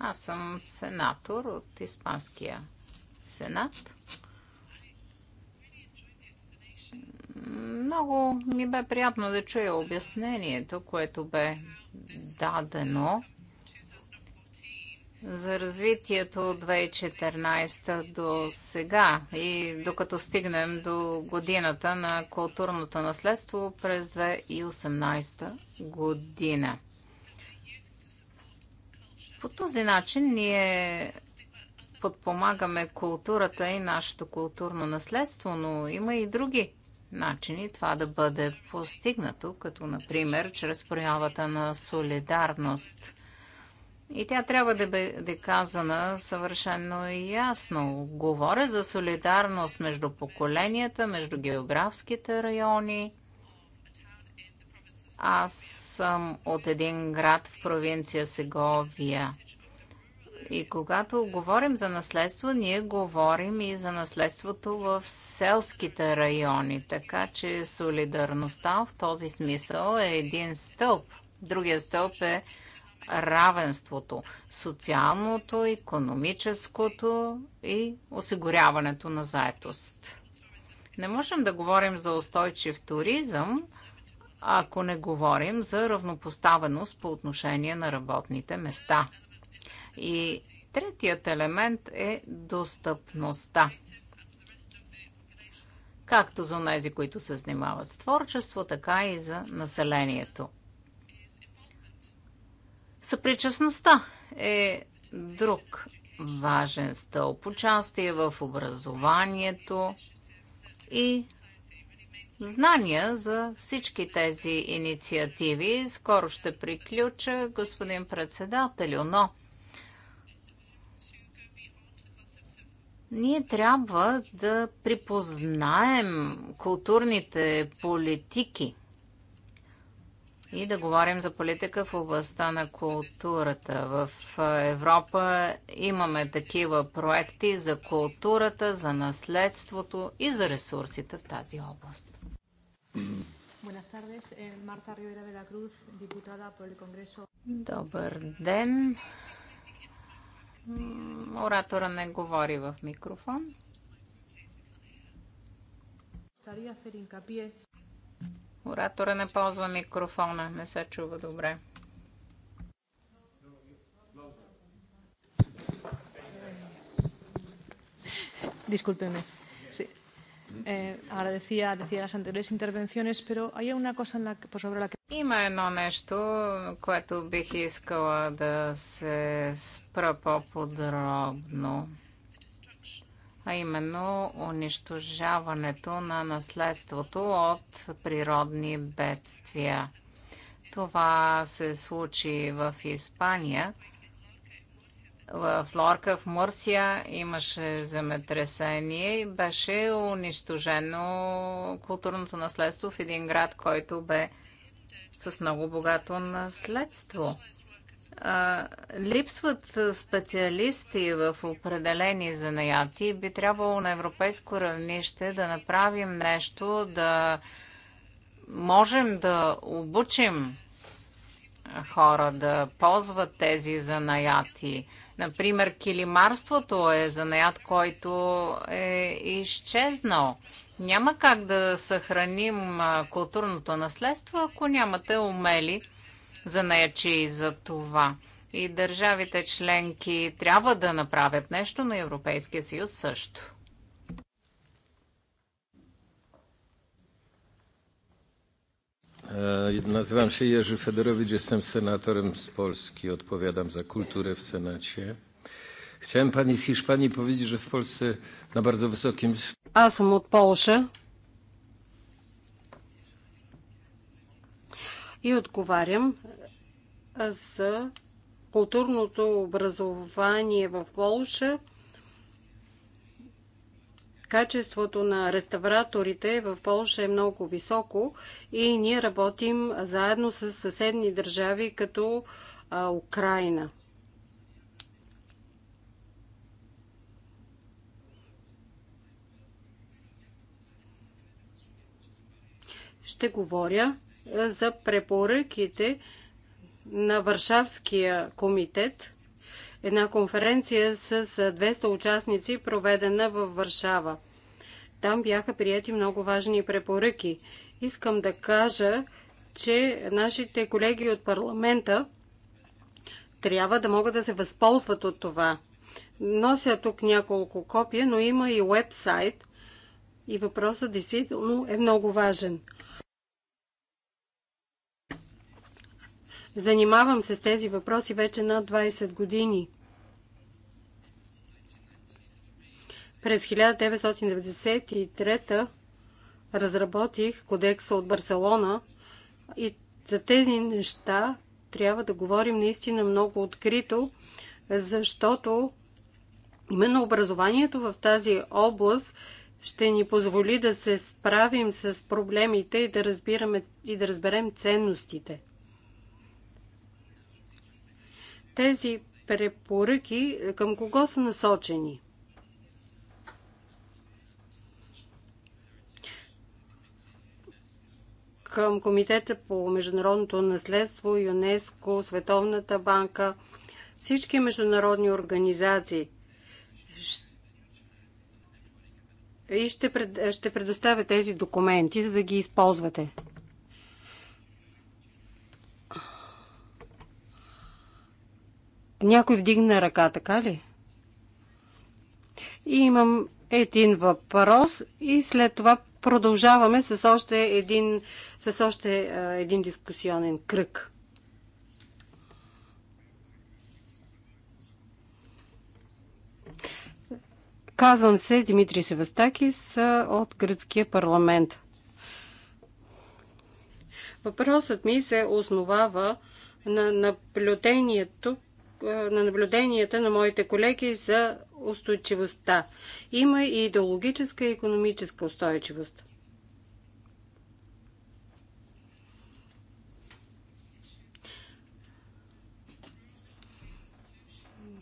Speaker 1: Аз съм сенатор от Испанския сенат. Много ми бе приятно да чуя обяснението, което бе дадено за развитието от 2014 до сега и докато стигнем до годината на културното наследство през 2018 година. По този начин ние подпомагаме културата и нашето културно наследство, но има и други начини това да бъде постигнато, като например чрез проявата на солидарност. И тя трябва да бъде казана съвършено и ясно. Говоря за солидарност между поколенията, между географските райони аз съм от един град в провинция Сеговия. И когато говорим за наследство, ние говорим и за наследството в селските райони. Така че солидарността в този смисъл е един стълб. Другия стълб е равенството, социалното, економическото и осигуряването на заетост. Не можем да говорим за устойчив туризъм, ако не говорим за равнопоставеност по отношение на работните места. И третият елемент е достъпността. Както за тези, които се занимават с творчество, така и за населението. Съпричастността е друг важен стълб. Участие в образованието и знания за всички тези инициативи. Скоро ще приключа, господин председател, но ние трябва да припознаем културните политики и да говорим за политика в областта на културата. В Европа имаме такива проекти за културата, за наследството и за ресурсите в тази област. Eh, Добър ден. Оратора не говори в микрофон. Оратора не ползва микрофона, не се чува добре. Discúlpeme
Speaker 2: eh, agradecía, decía las anteriores intervenciones, pero hay una cosa en la, que, pues, sobre la que...
Speaker 1: Има едно нещо, което бих искала да се спра по-подробно, а именно унищожаването на наследството от природни бедствия. Това се случи в Испания – в Лорка, в Мърсия имаше земетресение и беше унищожено културното наследство в един град, който бе с много богато наследство. Липсват специалисти в определени занаяти би трябвало на европейско равнище да направим нещо, да можем да обучим хора да ползват тези занаяти. Например, килимарството е занаят, който е изчезнал. Няма как да съхраним културното наследство, ако нямате умели занаячи за това. И държавите членки трябва да направят нещо, но Европейския съюз също. Nazywam się Jerzy Federowicz, jestem senatorem z Polski, odpowiadam za kulturę w Senacie. Chciałem pani z Hiszpanii powiedzieć, że w Polsce na bardzo wysokim...
Speaker 2: A sam od Polszy. И отговарям за културното образование в Полша Качеството на реставраторите в Польша е много високо и ние работим заедно с съседни държави като а, Украина. Ще говоря за препоръките на Варшавския комитет – една конференция с 200 участници, проведена във Варшава. Там бяха прияти много важни препоръки. Искам да кажа, че нашите колеги от парламента трябва да могат да се възползват от това. Нося тук няколко копия, но има и уебсайт и въпросът действително е много важен. Занимавам се с тези въпроси вече над 20 години. През 1993 разработих кодекса от Барселона и за тези неща трябва да говорим наистина много открито, защото именно образованието в тази област ще ни позволи да се справим с проблемите и да, разбираме, и да разберем ценностите. Тези препоръки е, към кого са насочени? Към Комитета по международното наследство, ЮНЕСКО, Световната банка, всички международни организации. И ще, предоставя тези документи, за да ги използвате. Някой вдигна ръка, така ли? И имам един въпрос и след това продължаваме с още един, с още един дискусионен кръг. Казвам се Димитри Севастакис от Гръцкия парламент. Въпросът ми се основава на наблюдението е, на наблюденията на моите колеги за устойчивостта. Има и идеологическа и економическа устойчивост.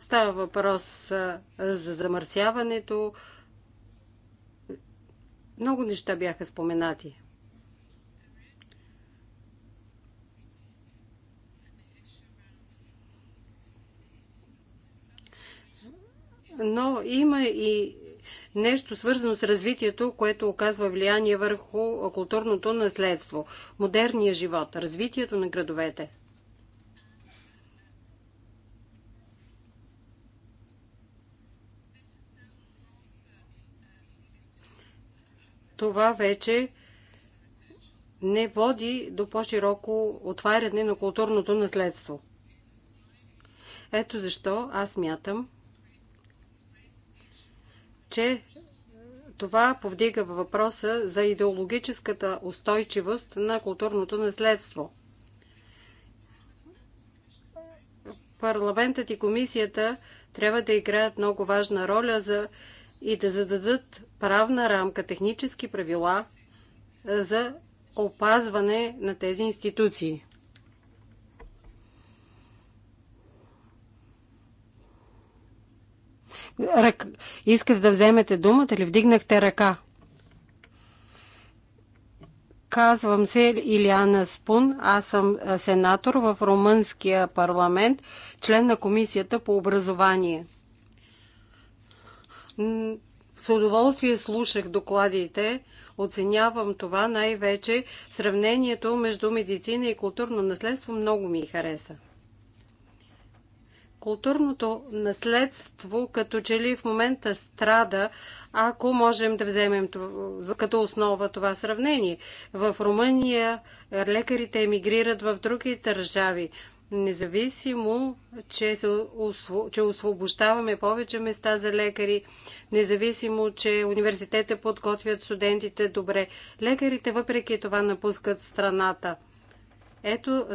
Speaker 2: Става въпрос е, за замърсяването. Много неща бяха споменати. но има и нещо свързано с развитието, което оказва влияние върху културното наследство, модерния живот, развитието на градовете. Това вече не води до по-широко отваряне на културното наследство. Ето защо аз мятам, че това повдига въпроса за идеологическата устойчивост на културното наследство. Парламентът и комисията трябва да играят много важна роля за и да зададат правна рамка, технически правила за опазване на тези институции. рък... искате да вземете думата или вдигнахте ръка? Казвам се Илиана Спун, аз съм сенатор в Румънския парламент, член на Комисията по образование. С удоволствие слушах докладите. Оценявам това най-вече. Сравнението между медицина и културно наследство много ми хареса културното наследство като че ли в момента страда, ако можем да вземем това, като основа това сравнение. В Румъния лекарите емигрират в други държави. Независимо, че, се, че освобождаваме повече места за лекари, независимо, че университетите подготвят студентите добре, лекарите въпреки това напускат страната. Ето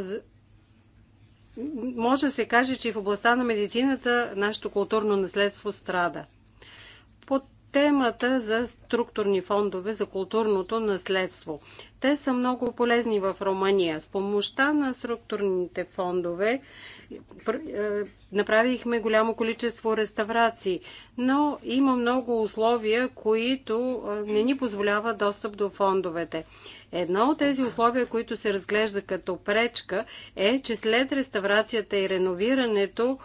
Speaker 2: може да се каже, че в областта на медицината нашето културно наследство страда темата за структурни фондове за културното наследство. Те са много полезни в Румъния. С помощта на структурните фондове е, направихме голямо количество реставрации, но има много условия, които е, не ни позволява достъп до фондовете. Едно от тези условия, които се разглежда като пречка, е, че след реставрацията и реновирането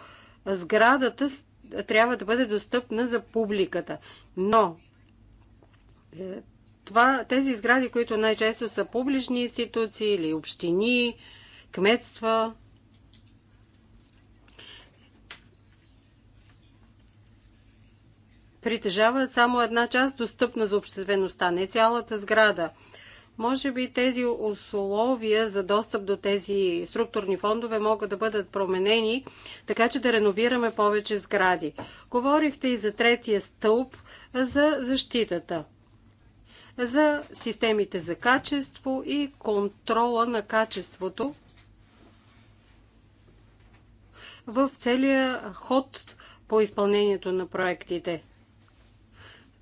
Speaker 2: сградата трябва да бъде достъпна за публиката. Но е, това, тези сгради, които най-често са публични институции или общини, кметства, притежават само една част достъпна за обществеността, не цялата сграда – може би тези условия за достъп до тези структурни фондове могат да бъдат променени, така че да реновираме повече сгради. Говорихте и за третия стълб за защитата за системите за качество и контрола на качеството в целия ход по изпълнението на проектите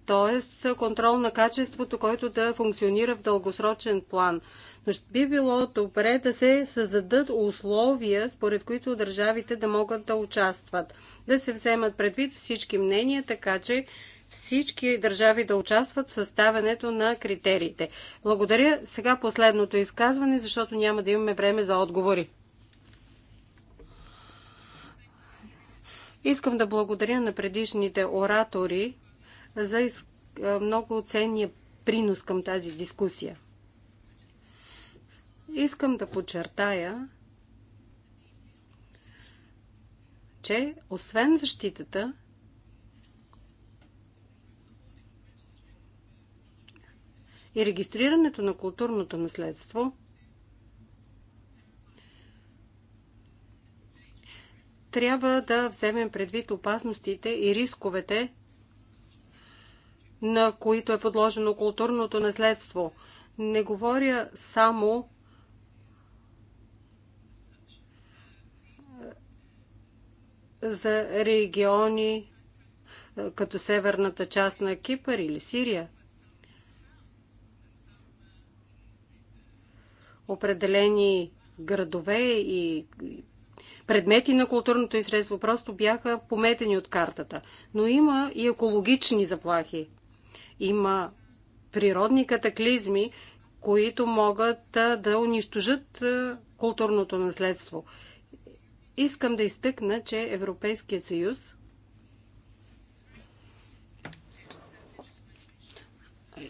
Speaker 2: т.е. контрол на качеството, който да функционира в дългосрочен план. Но ще би било добре да се създадат условия, според които държавите да могат да участват. Да се вземат предвид всички мнения, така че всички държави да участват в съставянето на критериите. Благодаря. Сега последното изказване, защото няма да имаме време за отговори. Искам да благодаря на предишните оратори, за много ценния принос към тази дискусия. Искам да подчертая, че освен защитата, и регистрирането на културното наследство трябва да вземем предвид опасностите и рисковете, на които е подложено културното наследство. Не говоря само за региони като северната част на Кипър или Сирия. Определени градове и предмети на културното изследство просто бяха пометени от картата. Но има и екологични заплахи – има природни катаклизми, които могат да унищожат културното наследство. Искам да изтъкна, че Европейският съюз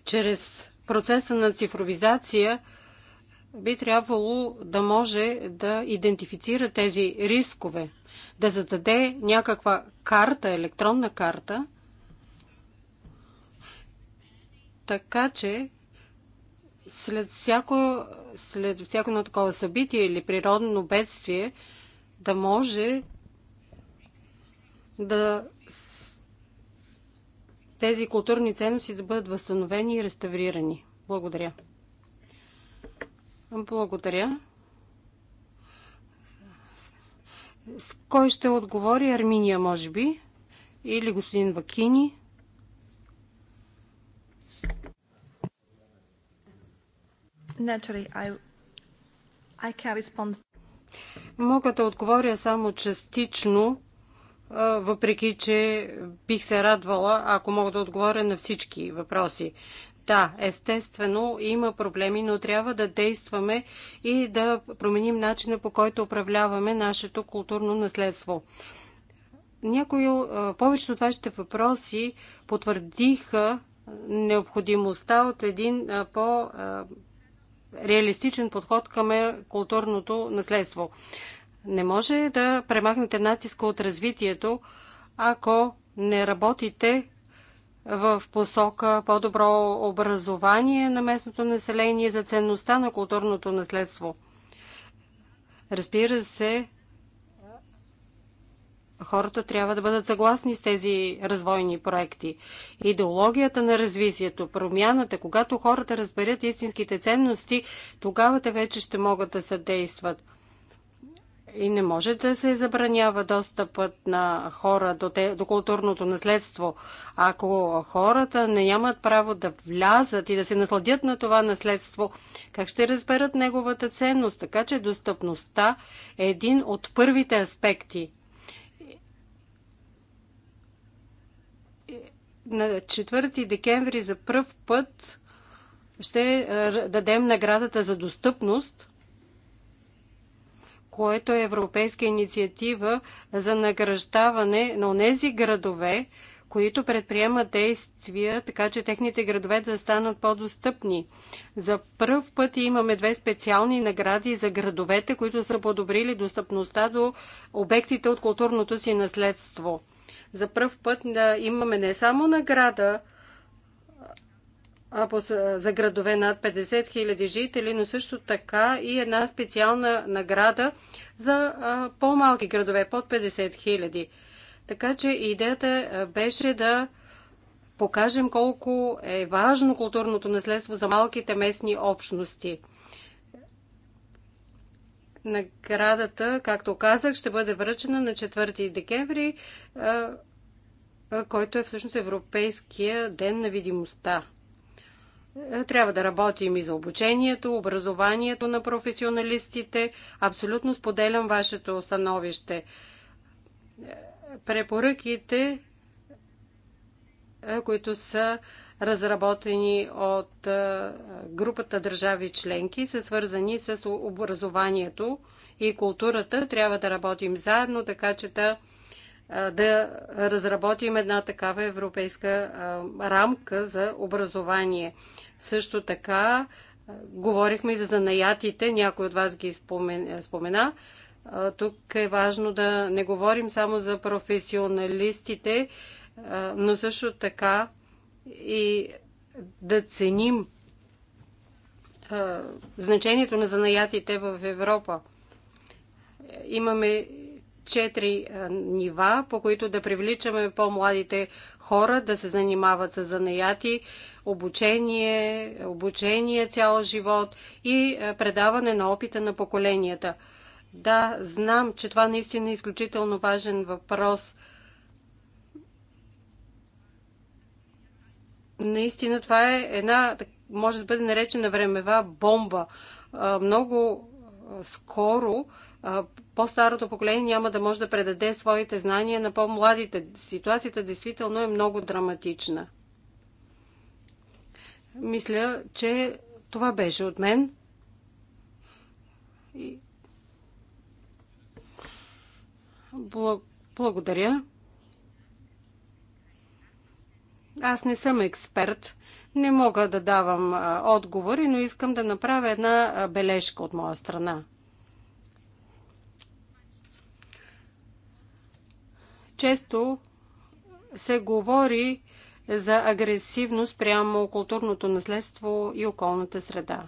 Speaker 2: чрез процеса на цифровизация би трябвало да може да идентифицира тези рискове, да зададе някаква карта, електронна карта, Така че след всяко, след всяко на такова събитие или природно бедствие да може да тези културни ценности да бъдат възстановени и реставрирани. Благодаря. Благодаря. Кой ще отговори? Арминия, може би? Или господин Вакини? Мога да отговоря само частично, въпреки че бих се радвала, ако мога да отговоря на всички въпроси. Да, естествено има проблеми, но трябва да действаме и да променим начина по който управляваме нашето културно наследство. Някои, повечето от вашите въпроси потвърдиха необходимостта от един по реалистичен подход към е културното наследство. Не може да премахнете натиска от развитието, ако не работите в посока по-добро образование на местното население за ценността на културното наследство. Разбира се, хората трябва да бъдат съгласни с тези развойни проекти. Идеологията на развитието, промяната, когато хората разберат истинските ценности, тогава те вече ще могат да съдействат. И не може да се забранява достъпът на хора до, те, до културното наследство. Ако хората не нямат право да влязат и да се насладят на това наследство, как ще разберат неговата ценност? Така че достъпността е един от първите аспекти на 4 декември за първ път ще е, дадем наградата за достъпност, което е европейска инициатива за награждаване на онези градове, които предприемат действия, така че техните градове да станат по-достъпни. За първ път имаме две специални награди за градовете, които са подобрили достъпността до обектите от културното си наследство. За първ път да имаме не само награда а, за градове над 50 000 жители, но също така и една специална награда за по-малки градове, под 50 000. Така че идеята беше да покажем колко е важно културното наследство за малките местни общности – Наградата, както казах, ще бъде връчена на 4 декември, който е всъщност Европейския ден на видимостта. Трябва да работим и за обучението, образованието на професионалистите. Абсолютно споделям вашето становище. Препоръките които са разработени от групата държави членки, са свързани с образованието и културата. Трябва да работим заедно, така че да, да разработим една такава европейска рамка за образование. Също така, говорихме и за занаятите, някой от вас ги спомена. Тук е важно да не говорим само за професионалистите, но също така и да ценим значението на занаятите в Европа. Имаме четири нива, по които да привличаме по-младите хора да се занимават с занаяти, обучение, обучение цял живот и предаване на опита на поколенията. Да, знам, че това наистина е изключително важен въпрос – наистина това е една, може да бъде наречена времева бомба. Много скоро по-старото поколение няма да може да предаде своите знания на по-младите. Ситуацията действително е много драматична. Мисля, че това беше от мен. Благодаря. Аз не съм експерт, не мога да давам отговори, но искам да направя една бележка от моя страна. Често се говори за агресивност прямо културното наследство и околната среда.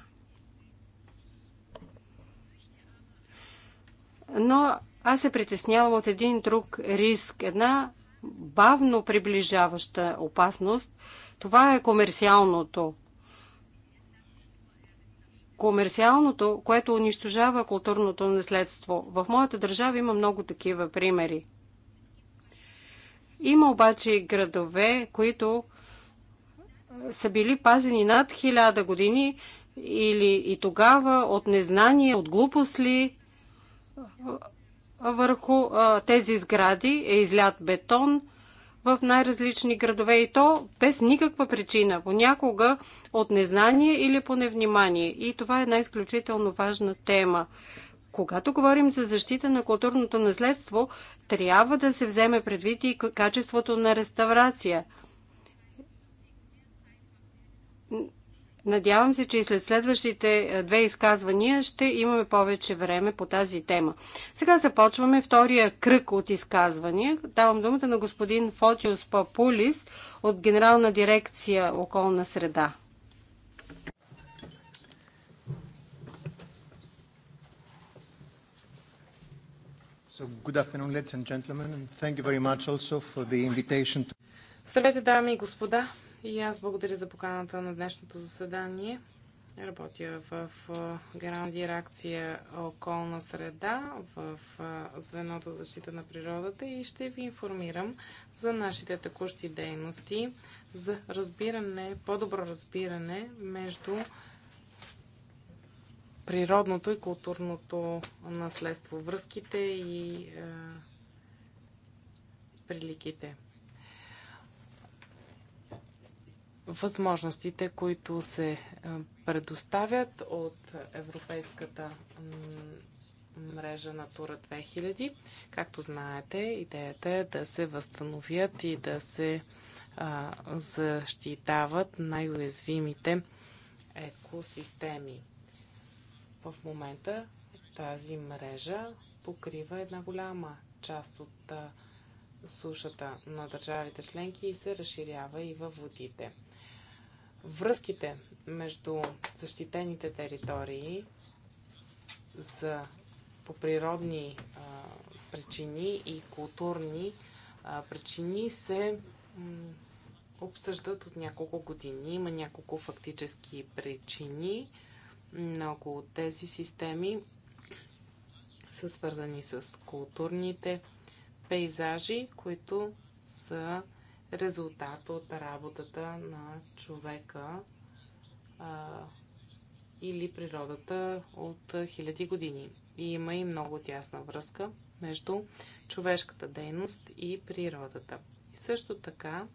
Speaker 2: Но аз се притеснявам от един друг риск, една бавно приближаваща опасност. Това е комерциалното. Комерциалното, което унищожава културното наследство. В моята държава има много такива примери. Има обаче градове, които са били пазени над хиляда години или и тогава от незнание, от глупост ли, върху а, тези сгради е излят бетон в най-различни градове и то без никаква причина, понякога от незнание или по невнимание. И това е една изключително важна тема. Когато говорим за защита на културното наследство, трябва да се вземе предвид и качеството на реставрация – Надявам се, че и след следващите е, две изказвания ще имаме повече време по тази тема. Сега започваме втория кръг от изказвания. Давам думата на господин Фотиус Папулис от Генерална дирекция околна среда.
Speaker 1: So good afternoon, ladies and gentlemen, and thank you very much also for the invitation
Speaker 3: to... Здравейте, дами и господа! И аз благодаря за поканата на днешното заседание. Работя в Гран дирекция околна среда в звеното защита на природата и ще ви информирам за нашите текущи дейности, за разбиране, по-добро разбиране между природното и културното наследство, връзките и е, приликите. възможностите, които се е, предоставят от Европейската мрежа Натура 2000. Както знаете, идеята е да се възстановят и да се е, защитават най-уязвимите екосистеми. В момента тази мрежа покрива една голяма част от е, сушата на държавите членки и се разширява и във водите връзките между защитените територии за, по природни а, причини и културни а, причини се обсъждат от няколко години. Има няколко фактически причини. Много от тези системи са свързани с културните пейзажи, които са резултат от работата на човека а, или природата от хиляди години. И има и много тясна връзка между човешката дейност и природата. И също така,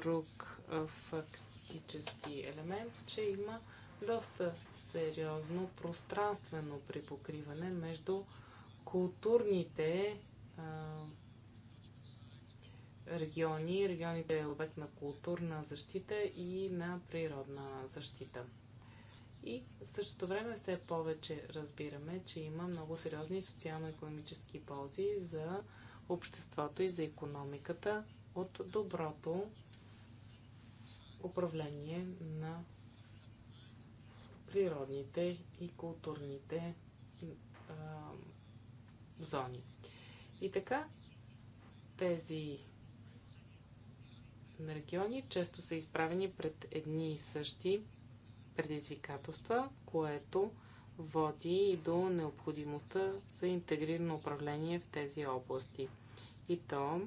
Speaker 3: друг фактически елемент, че има доста сериозно пространствено припокриване между културните а, региони. Регионите е обект на културна защита и на природна защита. И в същото време все повече разбираме, че има много сериозни социално-економически ползи за обществото и за економиката от доброто управление на природните и културните а, зони. И така, тези на региони често са изправени пред едни и същи предизвикателства, което води и до необходимостта за интегрирано управление в тези области. И то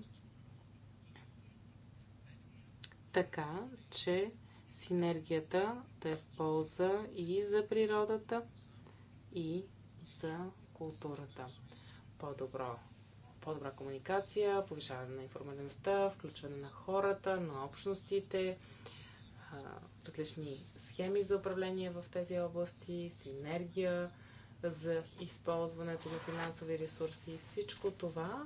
Speaker 3: така, че синергията да е в полза и за природата, и за културата. По-добро по-добра комуникация, повишаване на информираността, включване на хората, на общностите, различни схеми за управление в тези области, синергия за използването на финансови ресурси. Всичко това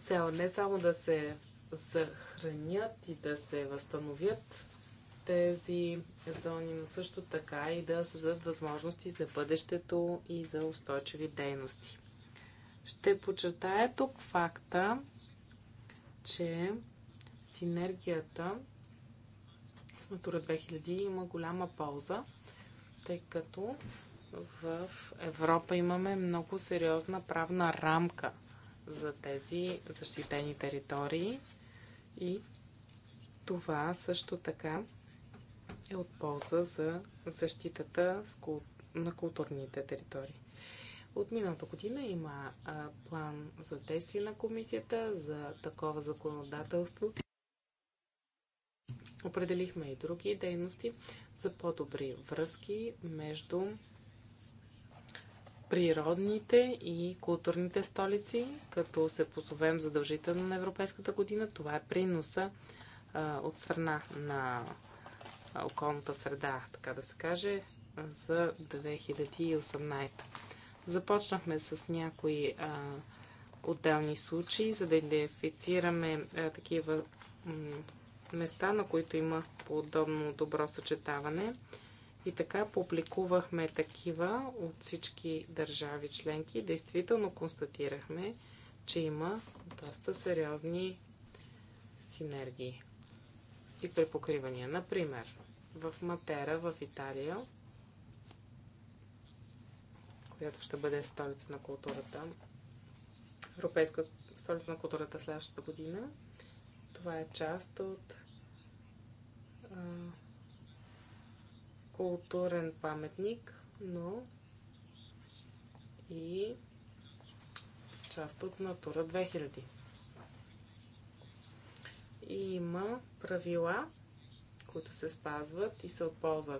Speaker 3: с цел не само да се захранят и да се възстановят тези зони, но също така и да създадат възможности за бъдещето и за устойчиви дейности. Ще почетая тук факта, че синергията с Натура 2000 има голяма полза, тъй като в Европа имаме много сериозна правна рамка за тези защитени територии и това също така е от полза за защитата на културните територии. От миналата година има план за действие на комисията за такова законодателство. Определихме и други дейности за по-добри връзки между природните и културните столици, като се позовем задължително на Европейската година. Това е приноса от страна на околната среда, така да се каже, за 2018. Започнахме с някои а, отделни случаи, за да идентифицираме а, такива места, на които има подобно добро съчетаване. И така публикувахме такива от всички държави членки. Действително констатирахме, че има доста сериозни синергии и препокривания. Например, в Матера, в Италия, която ще бъде столица на културата, европейска столица на културата следващата година. Това е част от а, културен паметник, но и част от Натура 2000. И има правила които се спазват и се от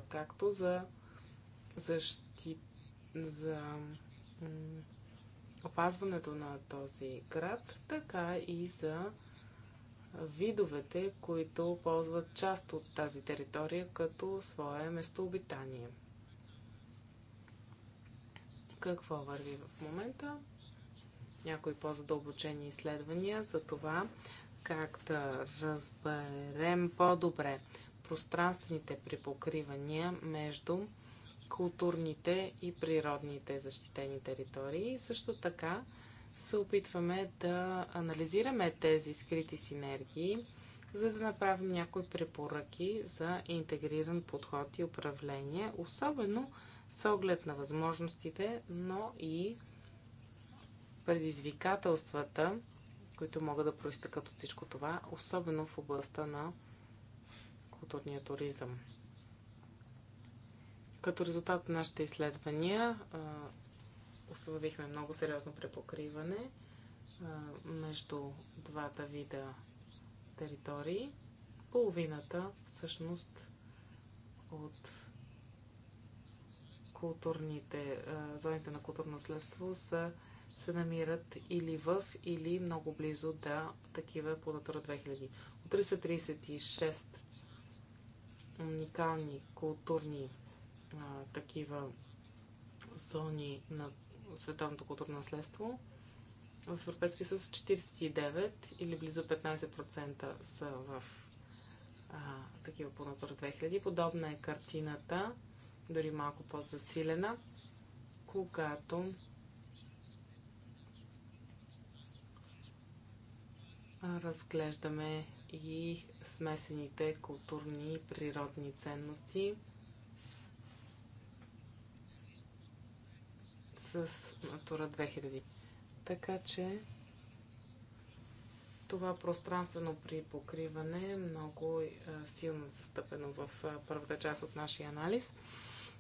Speaker 3: както за защит, за опазването на този град, така и за видовете, които ползват част от тази територия като свое местообитание. Какво върви в момента? Някои по-задълбочени изследвания за това как да разберем по-добре пространствените припокривания между културните и природните защитени територии. И също така се опитваме да анализираме тези скрити синергии, за да направим някои препоръки за интегриран подход и управление, особено с оглед на възможностите, но и предизвикателствата, които могат да проистъкат от всичко това, особено в областта на културния туризъм. Като резултат от нашите изследвания установихме много сериозно препокриване между двата вида територии. Половината всъщност от културните, зоните на културно следство са, се намират или в, или много близо до да, такива по Натура 2000. От 336 уникални културни а, такива зони на световното културно наследство. В Европейския съюз 49 или близо 15% са в а, такива по Натура 2000. Подобна е картината, дори малко по-засилена, когато разглеждаме и смесените културни и природни ценности с Натура 2000. Така че това пространствено при покриване е много е, силно застъпено в е, първата част от нашия анализ.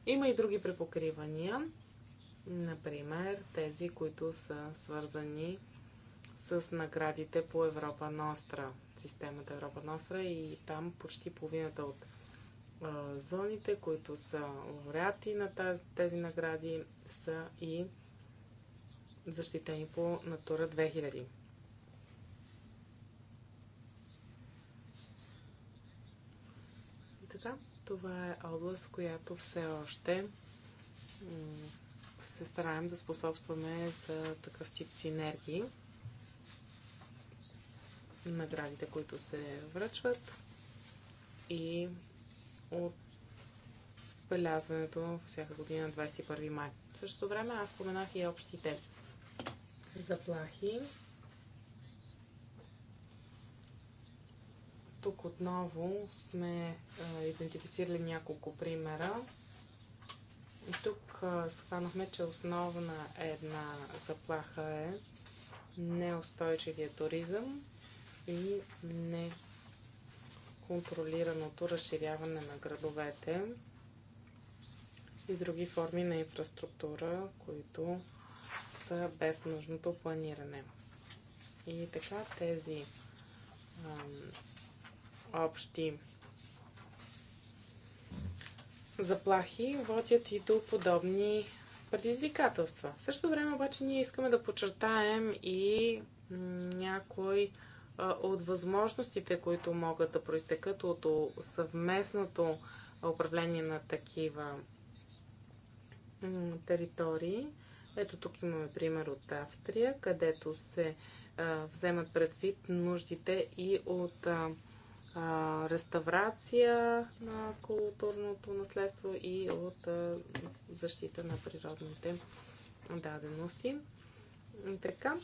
Speaker 3: Има и други препокривания, например тези, които са свързани с наградите по Европа Ностра, системата Европа Ностра и там почти половината от а, зоните, които са лауреати на тази, тези награди, са и защитени по Натура 2000. И така, това е област, в която все още се стараем да способстваме за такъв тип синергии наградите, които се връчват и отбелязването всяка година на 21 май. В същото време аз споменах и общите заплахи. Тук отново сме а, идентифицирали няколко примера. И тук схванахме, че основна една заплаха е неустойчивия туризъм и неконтролираното разширяване на градовете и други форми на инфраструктура, които са без нужното планиране. И така тези ам, общи заплахи водят и до подобни предизвикателства. В същото време обаче ние искаме да подчертаем и някои от възможностите, които могат да проистекат от съвместното управление на такива територии. Ето тук имаме пример от Австрия, където се вземат предвид нуждите и от реставрация на културното наследство и от защита на природните дадености. Така,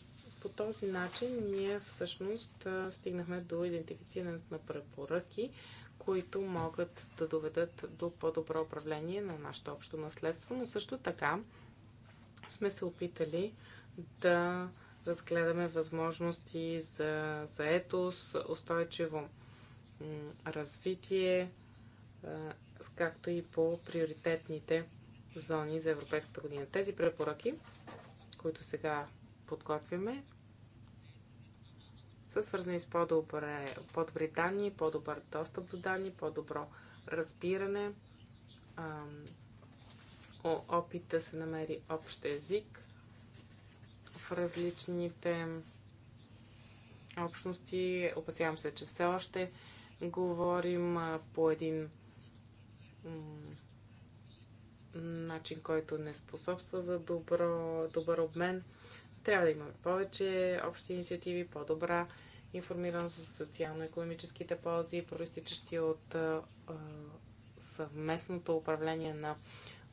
Speaker 3: по този начин ние всъщност стигнахме до идентифицирането на препоръки, които могат да доведат до по-добро управление на нашето общо наследство, но също така сме се опитали да разгледаме възможности за заетост, устойчиво развитие, както и по приоритетните зони за Европейската година. Тези препоръки, които сега подготвяме, са свързани с по-добре, по-добри данни, по-добър достъп до данни, по-добро разбиране, ам, опит да се намери общ език в различните общности. Опасявам се, че все още говорим по един начин, който не способства за добро, добър обмен трябва да имаме повече общи инициативи, по-добра информираност за социално-економическите ползи, проистичащи от а, съвместното управление на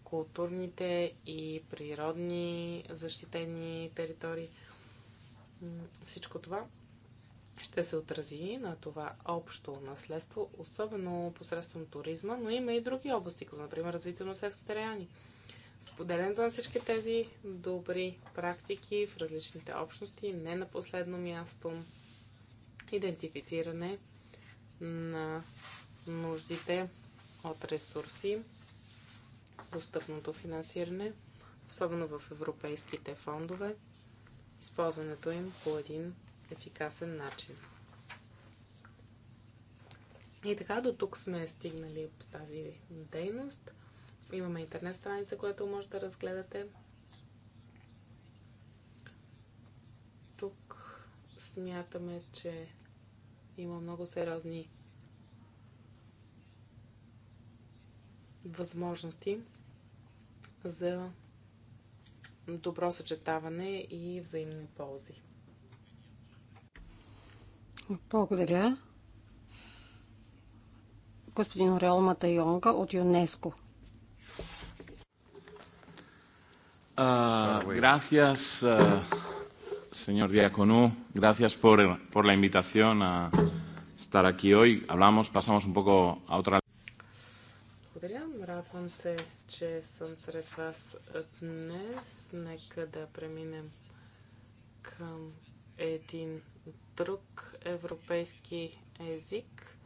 Speaker 3: културните и природни защитени територии. Всичко това ще се отрази на това общо наследство, особено посредством туризма, но има и други области, като например развитие на селските райони – споделянето на всички тези добри практики в различните общности, не на последно място, идентифициране на нуждите от ресурси, достъпното финансиране, особено в европейските фондове, използването им по един ефикасен начин. И така, до тук сме стигнали с тази дейност. Имаме интернет страница, която може да разгледате. Тук смятаме, че има много сериозни възможности за добро съчетаване и взаимни ползи.
Speaker 2: Благодаря. Господин Орел Матайонга от ЮНЕСКО.
Speaker 3: Uh, gracias, uh, señor Diaconú. Gracias por, por la invitación a estar aquí hoy. Hablamos, pasamos un poco a otra. Благодаря. Радвам се, че съм сред вас днес. Нека да преминем към един друг европейски език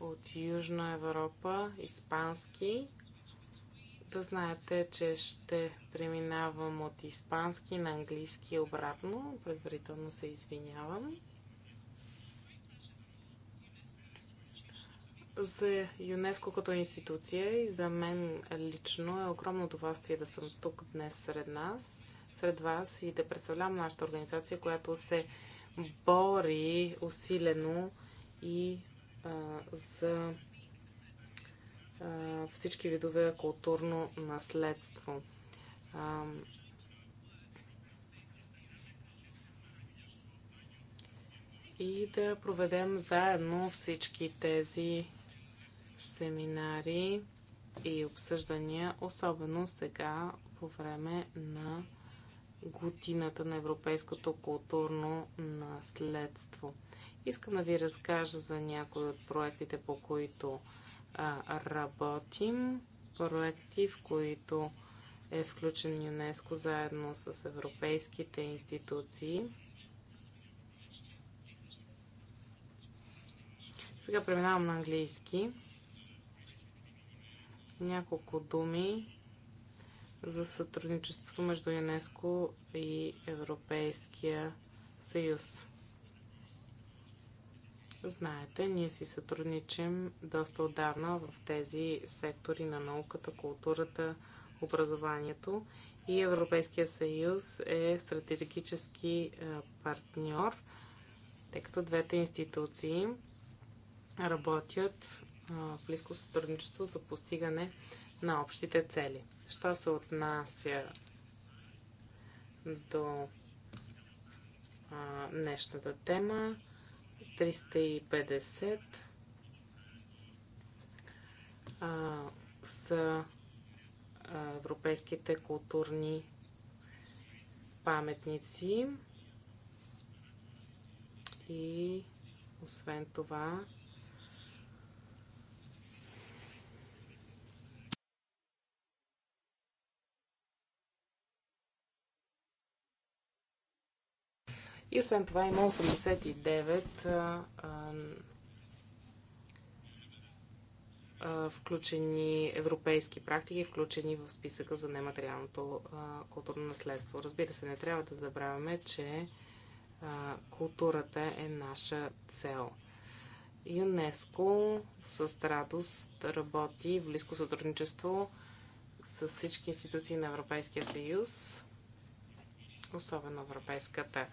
Speaker 3: от Южна Европа, испански, да знаете, че ще преминавам от испански на английски обратно. Предварително се извинявам. За ЮНЕСКО като институция и за мен лично е огромно удоволствие да съм тук днес сред нас, сред вас и да представлявам нашата организация, която се бори усилено и а, за всички видове културно наследство. И да проведем заедно всички тези семинари и обсъждания, особено сега по време на годината на европейското културно наследство. Искам да ви разкажа за някои от проектите, по които работим. Проекти, в които е включен ЮНЕСКО заедно с европейските институции. Сега преминавам на английски. Няколко думи за сътрудничеството между ЮНЕСКО и Европейския съюз. Знаете, ние си сътрудничим доста отдавна в тези сектори на науката, културата, образованието и Европейския съюз е стратегически е, партньор, тъй като двете институции работят е, в близко сътрудничество за постигане на общите цели. Що се отнася до днешната тема, 350 а, са европейските културни паметници. И освен това, И освен това има 89 включени европейски практики, включени в списъка за нематериалното културно наследство. Разбира се, не трябва да забравяме, че културата е наша цел. ЮНЕСКО с радост работи в близко сътрудничество с всички институции на Европейския съюз, особено Европейската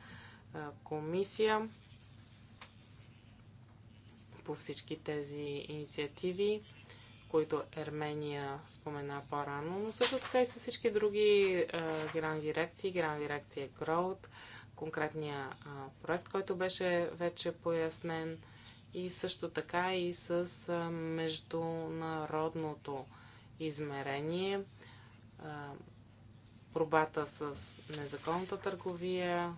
Speaker 3: комисия по всички тези инициативи, които Ермения спомена по-рано, но също така и с всички други гран дирекции, гран дирекция Growth, конкретния проект, който беше вече пояснен и също така и с международното измерение, пробата с незаконната търговия,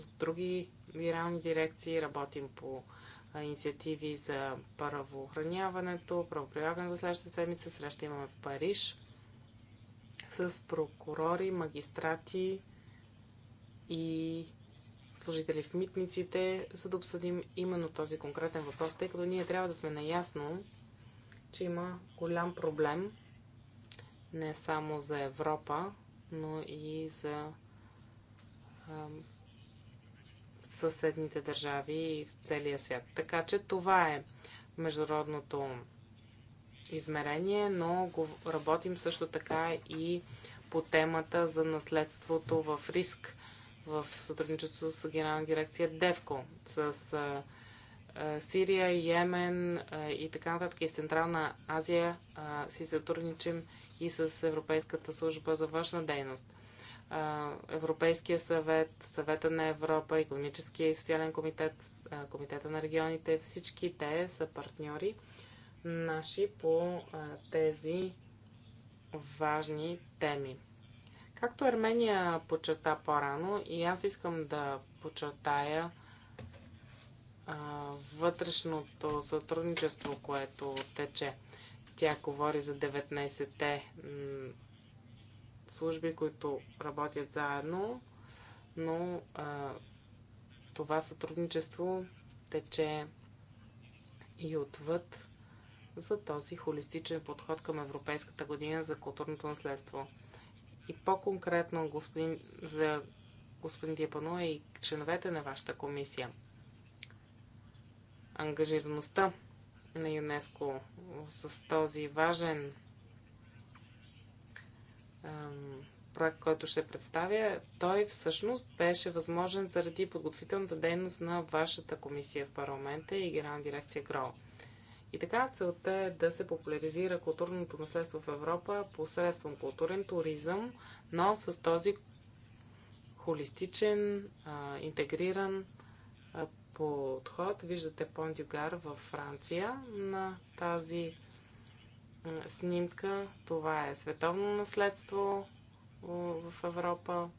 Speaker 3: с други генерални дирекции, работим по инициативи за правоохраняването, за следващата седмица. Среща имаме в Париж с прокурори, магистрати и служители в митниците, за да обсъдим именно този конкретен въпрос, тъй като ние трябва да сме наясно, че има голям проблем не само за Европа, но и за съседните държави и в целия свят. Така че това е международното измерение, но работим също така и по темата за наследството в риск в сътрудничество с Генерална дирекция ДЕВКО, с а, а, Сирия, Йемен а, и така нататък и с Централна Азия си сътрудничим и с Европейската служба за външна дейност. Европейския съвет, Съвета на Европа, Економическия и социален комитет, Комитета на регионите, всички те са партньори наши по тези важни теми. Както Армения почерта по-рано, и аз искам да почертая вътрешното сътрудничество, което тече. Тя говори за 19-те служби, които работят заедно, но а, това сътрудничество тече и отвъд за този холистичен подход към Европейската година за културното наследство. И по-конкретно господин, за господин Диапано и членовете на вашата комисия. Ангажираността на ЮНЕСКО с този важен проект, който ще представя, той всъщност беше възможен заради подготвителната дейност на вашата комисия в парламента и Генерална дирекция ГРО. И така целта е да се популяризира културното наследство в Европа посредством културен туризъм, но с този холистичен, интегриран подход. Виждате Пон Дюгар във Франция на тази снимка. Това е световно наследство в Европа.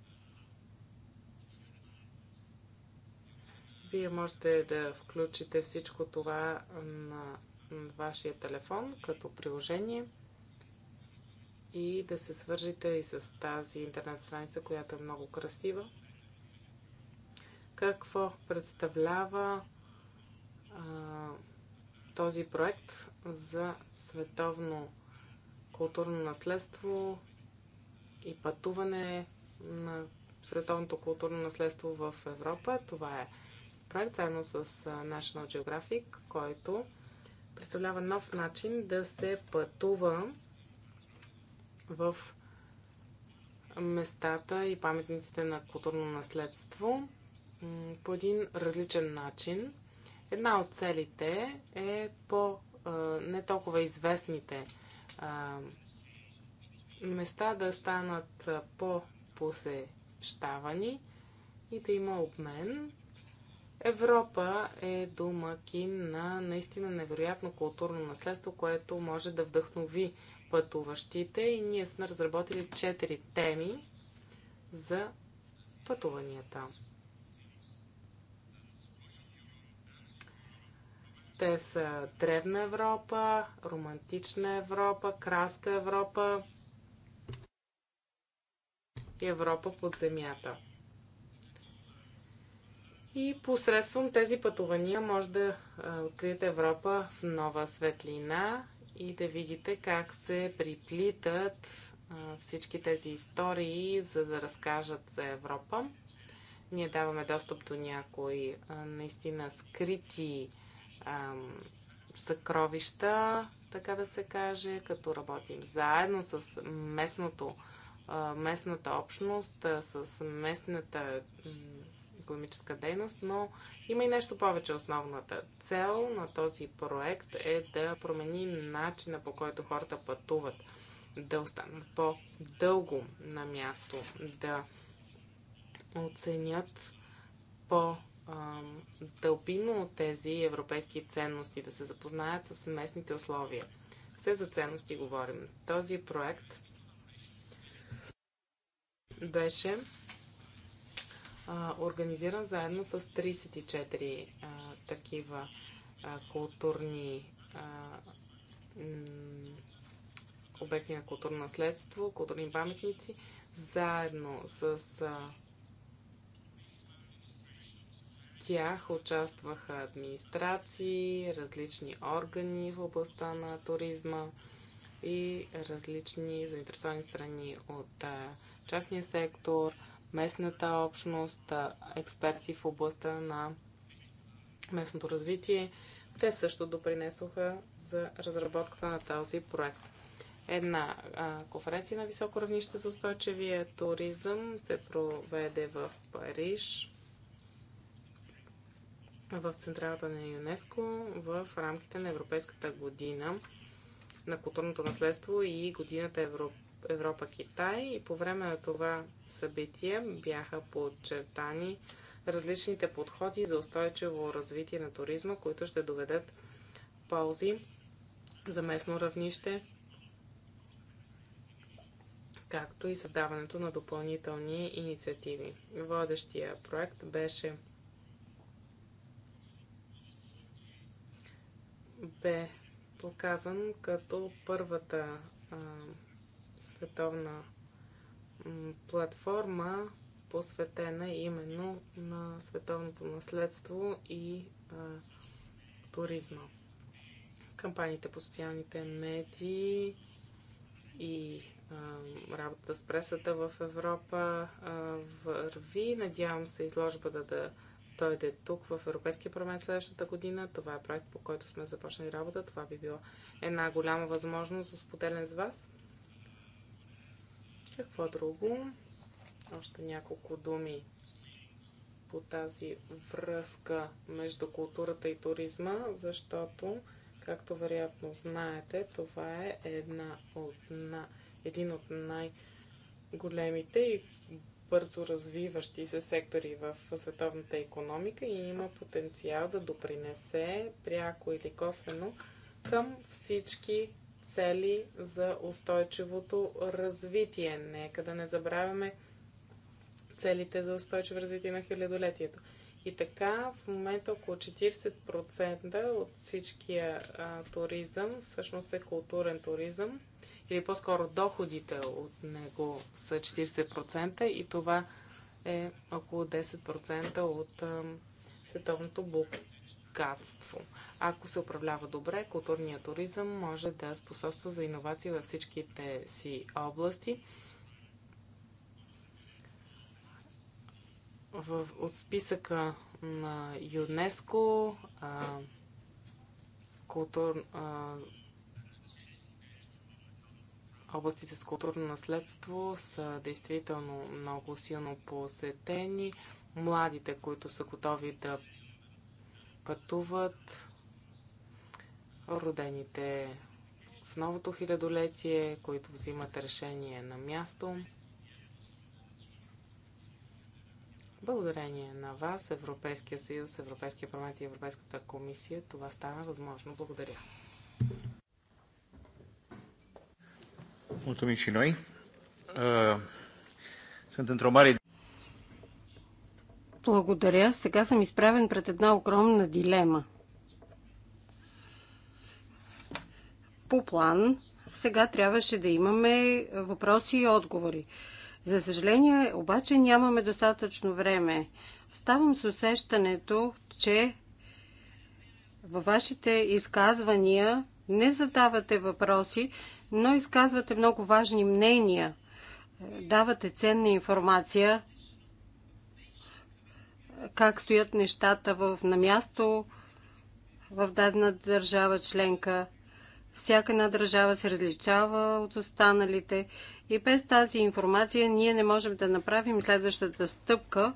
Speaker 3: Вие можете да включите всичко това на вашия телефон като приложение и да се свържите и с тази интернет страница, която е много красива. Какво представлява а, този проект за световно културно наследство и пътуване на световното културно наследство в Европа. Това е проект заедно с National Geographic, който представлява нов начин да се пътува в местата и паметниците на културно наследство по един различен начин. Една от целите е по не толкова известните места да станат по-посещавани и да има обмен. Европа е домакин на наистина невероятно културно наследство, което може да вдъхнови пътуващите и ние сме разработили четири теми за пътуванията. Те са Древна Европа, Романтична Европа, Краска Европа и Европа под земята. И посредством тези пътувания може да откриете Европа в нова светлина и да видите как се приплитат всички тези истории, за да разкажат за Европа. Ние даваме достъп до някои наистина скрити ам, съкровища, така да се каже, като работим заедно с местното, а, местната общност, а, с местната економическа дейност, но има и нещо повече. Основната цел на този проект е да промени начина по който хората пътуват, да останат по-дълго на място, да оценят по- дълбино от тези европейски ценности, да се запознаят с местните условия. Все за ценности говорим. Този проект беше а, организиран заедно с 34 а, такива а, културни обекти на културно наследство, културни паметници, заедно с тях участваха администрации, различни органи в областта на туризма и различни заинтересовани страни от частния сектор, местната общност, експерти в областта на местното развитие. Те също допринесоха за разработката на този проект. Една а, конференция на високо равнище за устойчивия туризъм се проведе в Париж в Централата на ЮНЕСКО в рамките на Европейската година на културното наследство и годината Европа. Европа-Китай и по време на това събитие бяха подчертани различните подходи за устойчиво развитие на туризма, които ще доведат ползи за местно равнище, както и създаването на допълнителни инициативи. Водещия проект беше бе показан като първата а, световна платформа, посветена именно на световното наследство и а, туризма. Кампаниите по социалните медии и а, работата с пресата в Европа а, върви. Надявам се изложбата да, да той да е тук в Европейския парламент следващата година. Това е проект, по който сме започнали работа. Това би било една голяма възможност за споделен с вас. Какво друго? Още няколко думи по тази връзка между културата и туризма, защото, както вероятно знаете, това е една от, на, един от най- големите и бързо развиващи се сектори в световната економика и има потенциал да допринесе пряко или косвено към всички цели за устойчивото развитие. Нека да не забравяме целите за устойчиво развитие на хилядолетието. И така, в момента около 40% от всичкия а, туризъм всъщност е културен туризъм, или по-скоро доходите от него са 40% и това е около 10% от а, световното богатство. Ако се управлява добре, културният туризъм може да способства за иновации във всичките си области в, от списъка на ЮНЕСКО, а, култур, а, областите с културно наследство са действително много силно посетени. Младите, които са готови да пътуват, родените в новото хилядолетие, които взимат решение на място. Благодарение на вас, Европейския съюз, Европейския парламент и Европейската комисия, това стана възможно. Благодаря.
Speaker 1: Mulțumim și noi. Е,
Speaker 2: Благодаря. Сега съм изправен пред една огромна дилема. По план, сега трябваше да имаме въпроси и отговори. За съжаление, обаче нямаме достатъчно време. Оставам с усещането, че във вашите изказвания не задавате въпроси, но изказвате много важни мнения. Давате ценна информация как стоят нещата в, на място в дадена държава членка – всяка една държава се различава от останалите и без тази информация ние не можем да направим следващата стъпка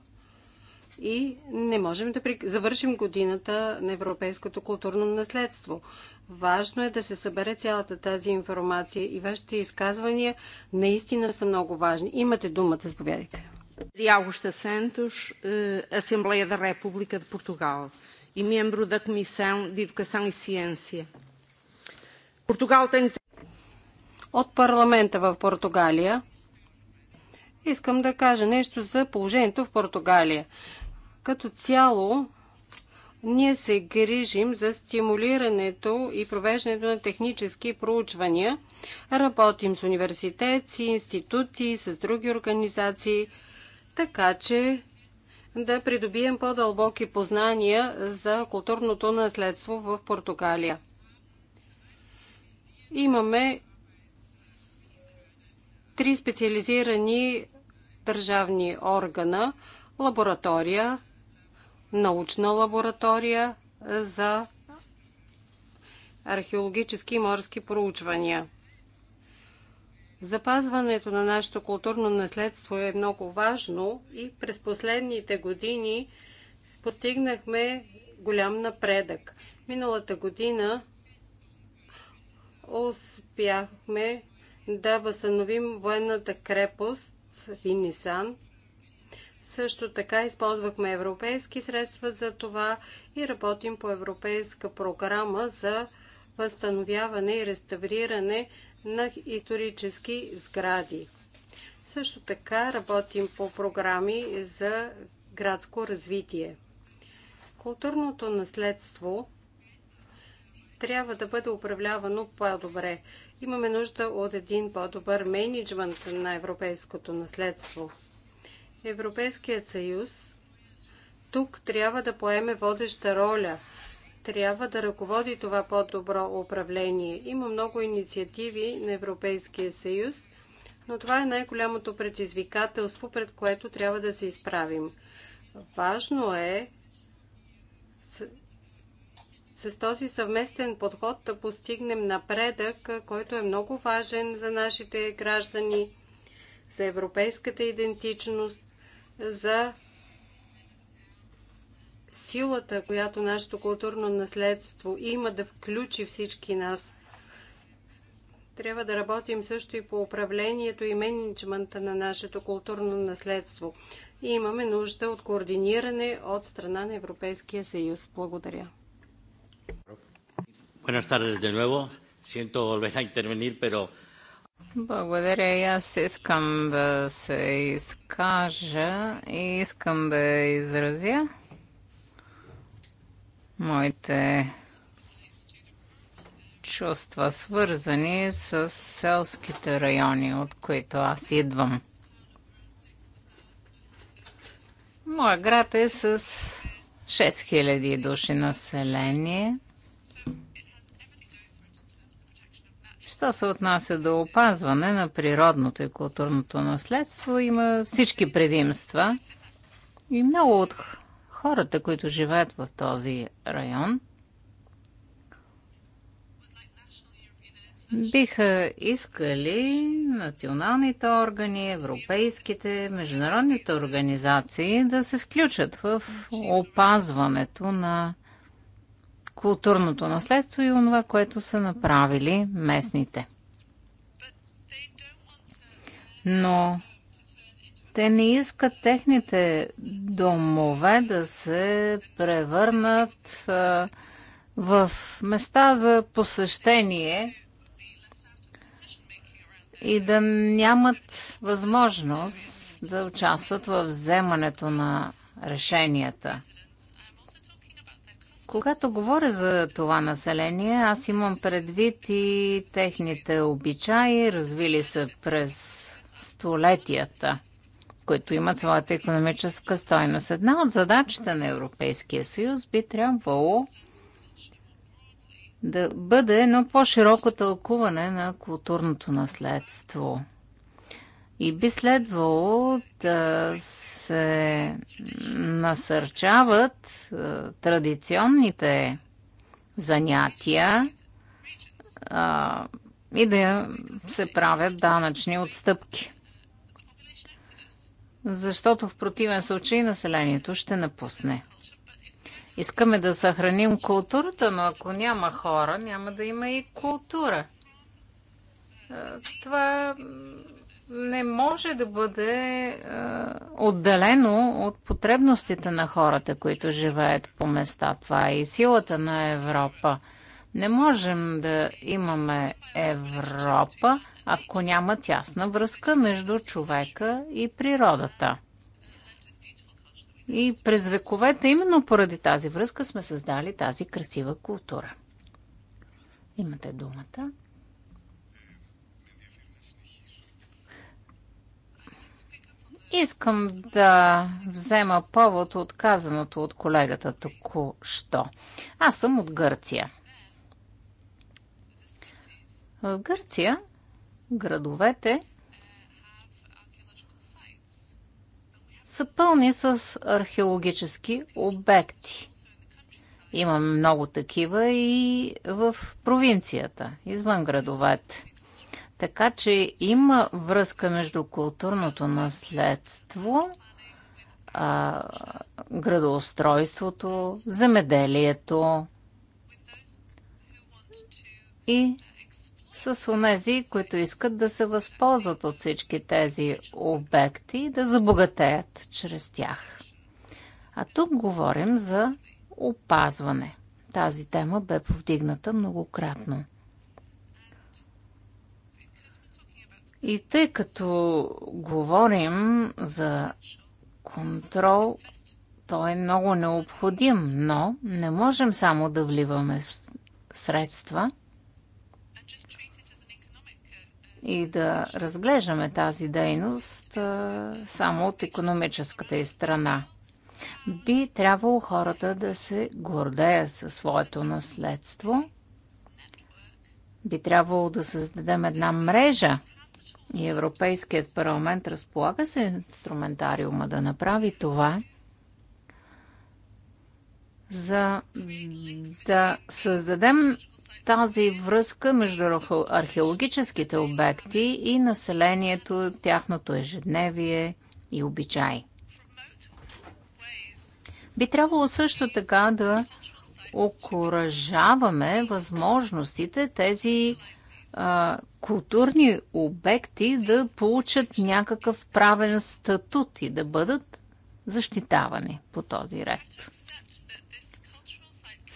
Speaker 2: и не можем да завършим годината на европейското културно наследство. Важно е да се събере цялата тази информация и вашите изказвания наистина са много важни. Имате думата, заповядайте. De Augusta Santos, Assembleia da República de Portugal e membro da Comissão de Educação e Ciência. От парламента в Португалия искам да кажа нещо за положението в Португалия. Като цяло, ние се грижим за стимулирането и провеждането на технически проучвания. Работим с университети, институти, с други организации, така че да придобием по-дълбоки познания за културното наследство в Португалия. Имаме три специализирани държавни органа лаборатория, научна лаборатория за археологически и морски проучвания. Запазването на нашето културно наследство е много важно и през последните години постигнахме голям напредък. Миналата година успяхме да възстановим военната крепост в Инисан. Също така използвахме европейски средства за това и работим по европейска програма за възстановяване и реставриране на исторически сгради. Също така работим по програми за градско развитие. Културното наследство трябва да бъде управлявано по-добре. Имаме нужда от един по-добър менеджмент на европейското наследство. Европейският съюз тук трябва да поеме водеща роля. Трябва да ръководи това по-добро управление. Има много инициативи на Европейския съюз, но това е най-голямото предизвикателство, пред което трябва да се изправим. Важно е с този съвместен подход да постигнем напредък, който е много важен за нашите граждани, за европейската идентичност, за силата, която нашето културно наследство има да включи всички нас. Трябва да работим също и по управлението и менеджмента на нашето културно наследство. И имаме нужда от координиране от страна на Европейския съюз. Благодаря.
Speaker 3: Buenas
Speaker 1: tardes de nuevo. Siento volver a intervenir, pero. Благодаря. И аз искам да се изкажа и искам да изразя моите чувства, свързани с селските райони, от които аз идвам. Моя град е с 6000 души население. Що се отнася до опазване на природното и културното наследство, има всички предимства и много от хората, които живеят в този район – биха искали националните органи, европейските, международните организации да се включат в опазването на културното наследство и онова, което са направили местните. Но те не искат техните домове да се превърнат в места за посещение и да нямат възможност да участват в вземането на решенията. Когато говоря за това население, аз имам предвид и техните обичаи, развили се през столетията, които имат своята економическа стойност. Една от задачите на Европейския съюз би трябвало да бъде едно по-широко тълкуване на културното наследство. И би следвало да се насърчават традиционните занятия а, и да се правят данъчни отстъпки. Защото в противен случай населението ще напусне. Искаме да съхраним културата, но ако няма хора, няма да има и култура. Това не може да бъде отделено от потребностите на хората, които живеят по места. Това е и силата на Европа. Не можем да имаме Европа, ако няма тясна връзка между човека и природата. И през вековете, именно поради тази връзка, сме създали тази красива култура. Имате думата. Искам да взема повод от казаното от колегата току-що. Аз съм от Гърция. В Гърция градовете са пълни с археологически обекти. Има много такива и в провинцията, извън градовете. Така че има връзка между културното наследство, а, градоустройството, земеделието и с онези, които искат да се възползват от всички тези обекти и да забогатеят чрез тях. А тук говорим за опазване. Тази тема бе повдигната многократно. И тъй като говорим за контрол, той е много необходим, но не можем само да вливаме средства – и да разглеждаме тази дейност само от економическата и страна. Би трябвало хората да се гордеят със своето наследство. Би трябвало да създадем една мрежа и Европейският парламент разполага се инструментариума да направи това, за да създадем тази връзка между археологическите обекти и населението, тяхното ежедневие и обичай. Би трябвало също така да окоръжаваме възможностите тези а, културни обекти да получат някакъв правен статут и да бъдат защитавани по този ред.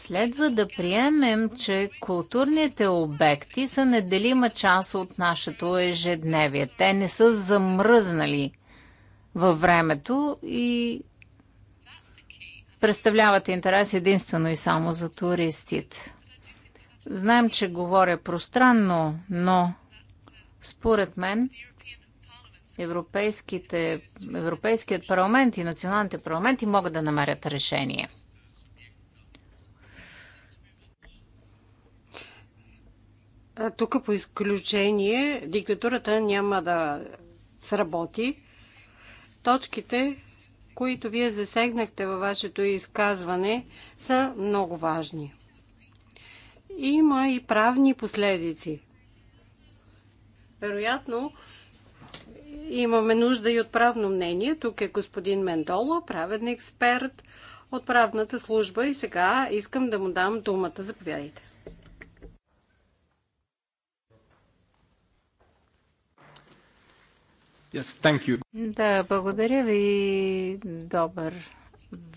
Speaker 1: Следва да приемем, че културните обекти са неделима част от нашето ежедневие. Те не са замръзнали във времето и представляват интерес единствено и само за туристите. Знаем, че говоря пространно, но според мен Европейският парламент и националните парламенти могат да намерят решение –
Speaker 2: Тук по изключение диктатурата няма да сработи. Точките, които вие засегнахте във вашето изказване, са много важни. Има и правни последици. Вероятно, имаме нужда и от правно мнение. Тук е господин Мендоло, правен експерт от правната служба и сега искам да му дам думата. Заповядайте.
Speaker 3: Yes, thank you.
Speaker 1: Да, благодаря ви. Добър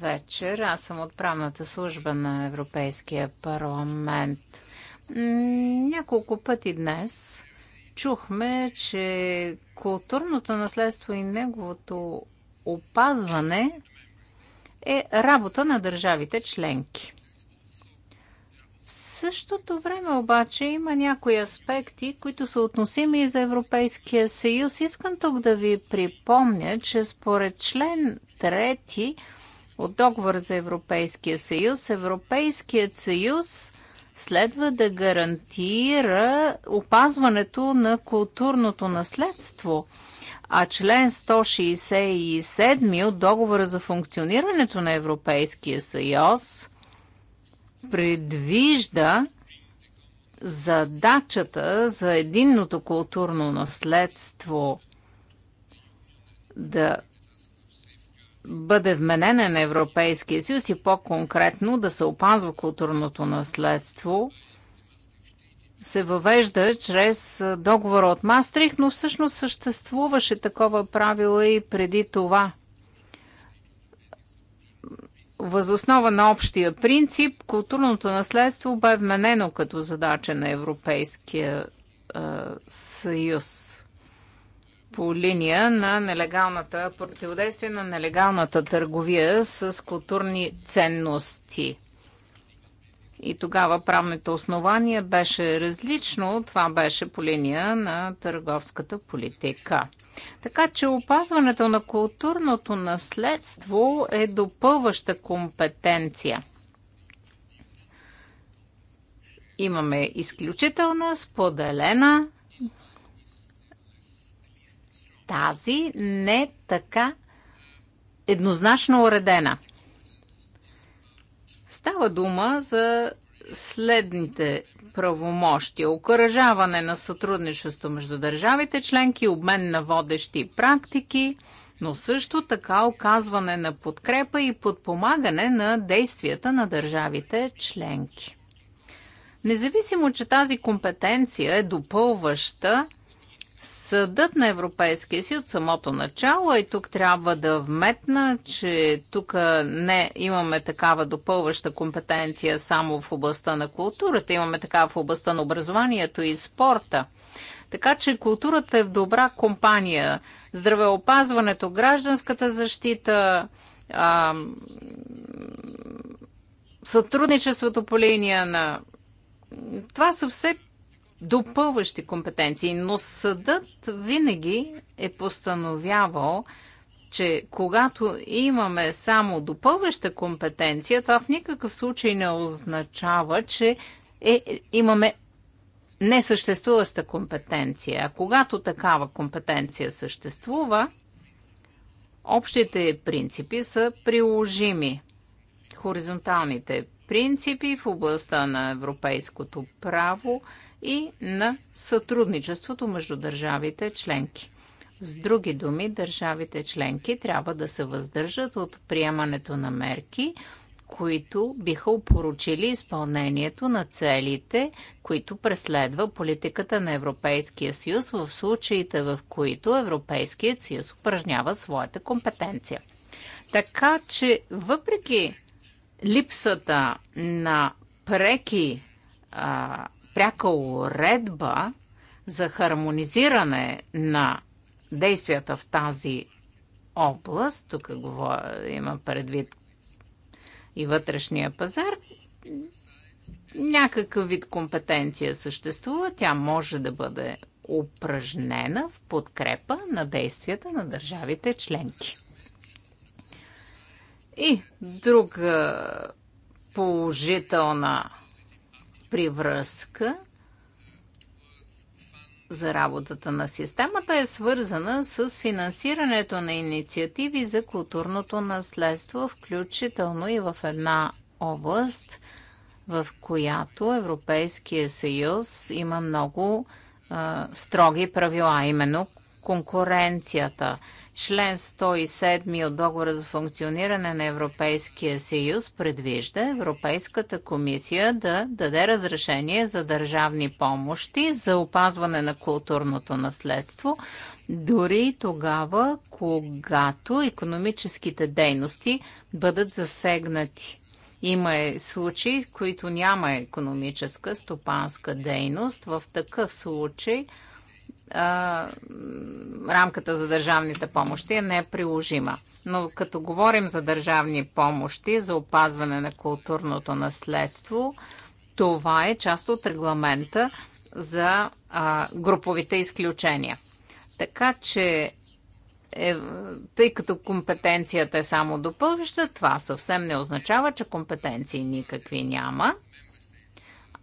Speaker 1: вечер. Аз съм от правната служба на Европейския парламент. Няколко пъти днес чухме, че културното наследство и неговото опазване е работа на държавите членки същото време обаче има някои аспекти, които са относими и за Европейския съюз. Искам тук да ви припомня, че според член 3 от договор за Европейския съюз, Европейският съюз следва да гарантира опазването на културното наследство. А член 167 от договора за функционирането на Европейския съюз предвижда задачата за единното културно наследство да бъде вменена на Европейския съюз и по-конкретно да се опазва културното наследство, се въвежда чрез договора от Мастрих, но всъщност съществуваше такова правило и преди това. Възоснова на общия принцип, културното наследство бе вменено като задача на Европейския е, съюз по линия на нелегалната, противодействие на нелегалната търговия с културни ценности – и тогава правното основание беше различно. Това беше по линия на търговската политика. Така че опазването на културното наследство е допълваща компетенция. Имаме изключителна, споделена тази не така еднозначно уредена – Става дума за следните правомощия. Окоръжаване на сътрудничество между държавите членки, обмен на водещи практики, но също така оказване на подкрепа и подпомагане на действията на държавите членки. Независимо, че тази компетенция е допълваща, Съдът на Европейския си от самото начало и тук трябва да вметна, че тук не имаме такава допълваща компетенция само в областта на културата, имаме такава в областта на образованието и спорта. Така че културата е в добра компания. Здравеопазването, гражданската защита, а, сътрудничеството по линия на. Това са все допълващи компетенции, но съдът винаги е постановявал, че когато имаме само допълваща компетенция, това в никакъв случай не означава, че е, имаме несъществуваща компетенция. А когато такава компетенция съществува, общите принципи са приложими. Хоризонталните принципи в областта на европейското право – и на сътрудничеството между държавите членки. С други думи, държавите членки трябва да се въздържат от приемането на мерки, които биха опоручили изпълнението на целите, които преследва политиката на Европейския съюз в случаите, в които Европейският съюз упражнява своята компетенция. Така че, въпреки липсата на преки а, пряка уредба за хармонизиране на действията в тази област, тук има предвид и вътрешния пазар, някакъв вид компетенция съществува, тя може да бъде упражнена в подкрепа на действията на държавите членки. И друга положителна връзка за работата на системата е свързана с финансирането на инициативи за културното наследство, включително и в една област, в която Европейския съюз има много а, строги правила, именно конкуренцията. Член 107 от договора за функциониране на Европейския съюз предвижда Европейската комисия да даде разрешение за държавни помощи за опазване на културното наследство, дори тогава, когато економическите дейности бъдат засегнати. Има е случаи, в които няма економическа стопанска дейност. В такъв случай – а, рамката за държавните помощи не е приложима. Но като говорим за държавни помощи, за опазване на културното наследство, това е част от регламента за а, груповите изключения. Така че, е, тъй като компетенцията е само допълваща, това съвсем не означава, че компетенции никакви няма.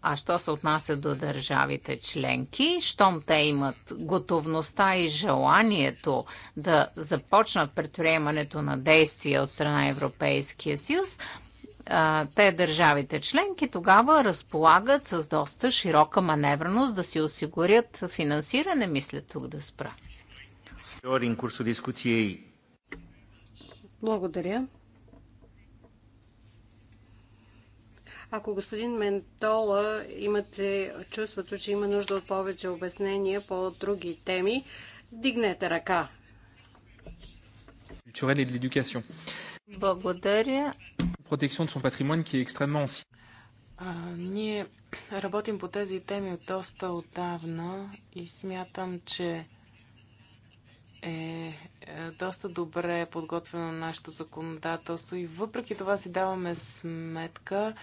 Speaker 1: А що се отнася до държавите членки, щом те имат готовността и желанието да започнат предприемането на действия от страна Европейския съюз, те държавите членки тогава разполагат с доста широка маневреност да си осигурят финансиране, мисля тук да спра. Благодаря.
Speaker 2: Ако господин Ментола имате чувството, че има нужда от повече обяснения по други теми, дигнете ръка.
Speaker 3: Благодаря. Protection de патримон, patrimoine qui est extrêmement Ние работим по тези теми от доста отдавна и смятам, че е, е доста добре подготвено нашето законодателство и въпреки това си даваме сметка,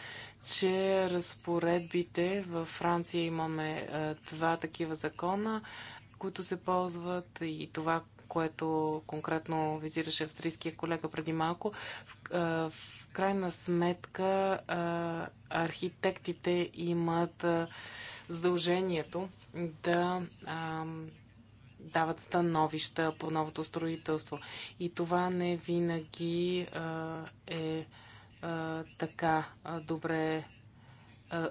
Speaker 3: че разпоредбите в Франция имаме е, два такива закона, които се ползват и това, което конкретно визираше австрийския колега преди малко, в, е, в крайна сметка архитектите имат задължението да дават становища по новото строителство. И това не винаги е така добре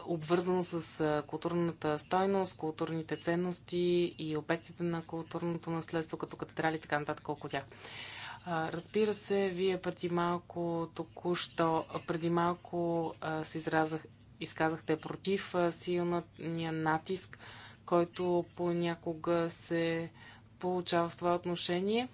Speaker 3: обвързано с културната стойност, културните ценности и обектите на културното наследство, като катедрали и така нататък, колко тях. Разбира се, вие преди малко, току-що, преди малко се изразах, изказахте против силния натиск който понякога се получава в това отношение.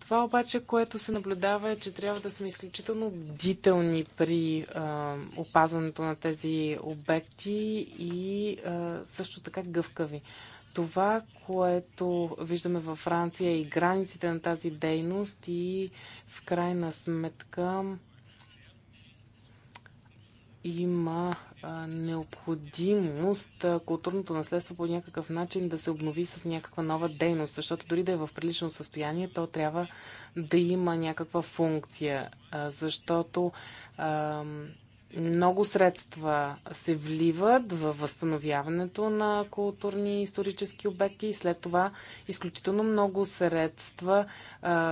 Speaker 3: Това обаче, което се наблюдава е, че трябва да сме изключително бдителни при а, опазването на тези обекти и а, също така гъвкави. Това, което виждаме във Франция и границите на тази дейност и в крайна сметка има необходимост културното наследство по някакъв начин да се обнови с някаква нова дейност, защото дори да е в прилично състояние, то трябва да има някаква функция, защото много средства се вливат в възстановяването на културни и исторически обекти и след това изключително много средства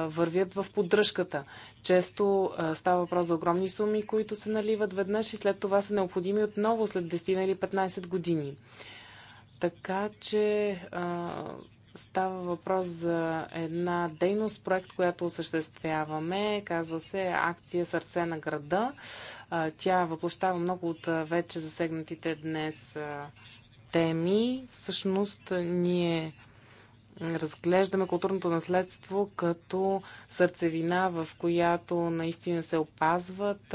Speaker 3: вървят в поддръжката. Често става въпрос за огромни суми, които се наливат веднъж и след това са необходими отново след 10 или 15 години. Така че Става въпрос за една дейност, проект, която осъществяваме. Казва се Акция Сърце на града. Тя въплощава много от вече засегнатите днес теми. Всъщност ние разглеждаме културното наследство като сърцевина, в която наистина се опазват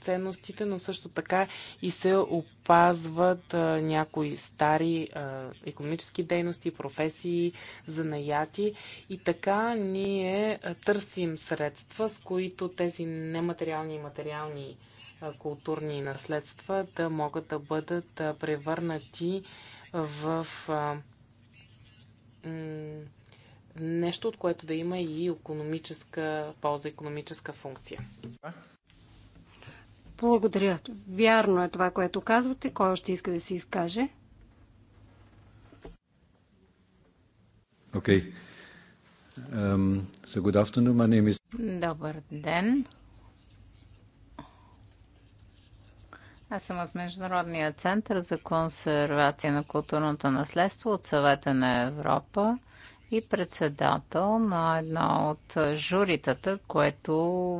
Speaker 3: ценностите, но също така и се опазват някои стари економически дейности, професии, занаяти. И така ние търсим средства, с които тези нематериални и материални културни наследства да могат да бъдат превърнати в нещо, от което да има и економическа полза, економическа функция.
Speaker 2: Благодаря. Вярно е това, което казвате. Кой още иска да се изкаже?
Speaker 1: Okay. Um, so good afternoon. My name is... Добър ден. Аз съм от Международния център за консервация на културното наследство от съвета на Европа и председател на едно от журитата, което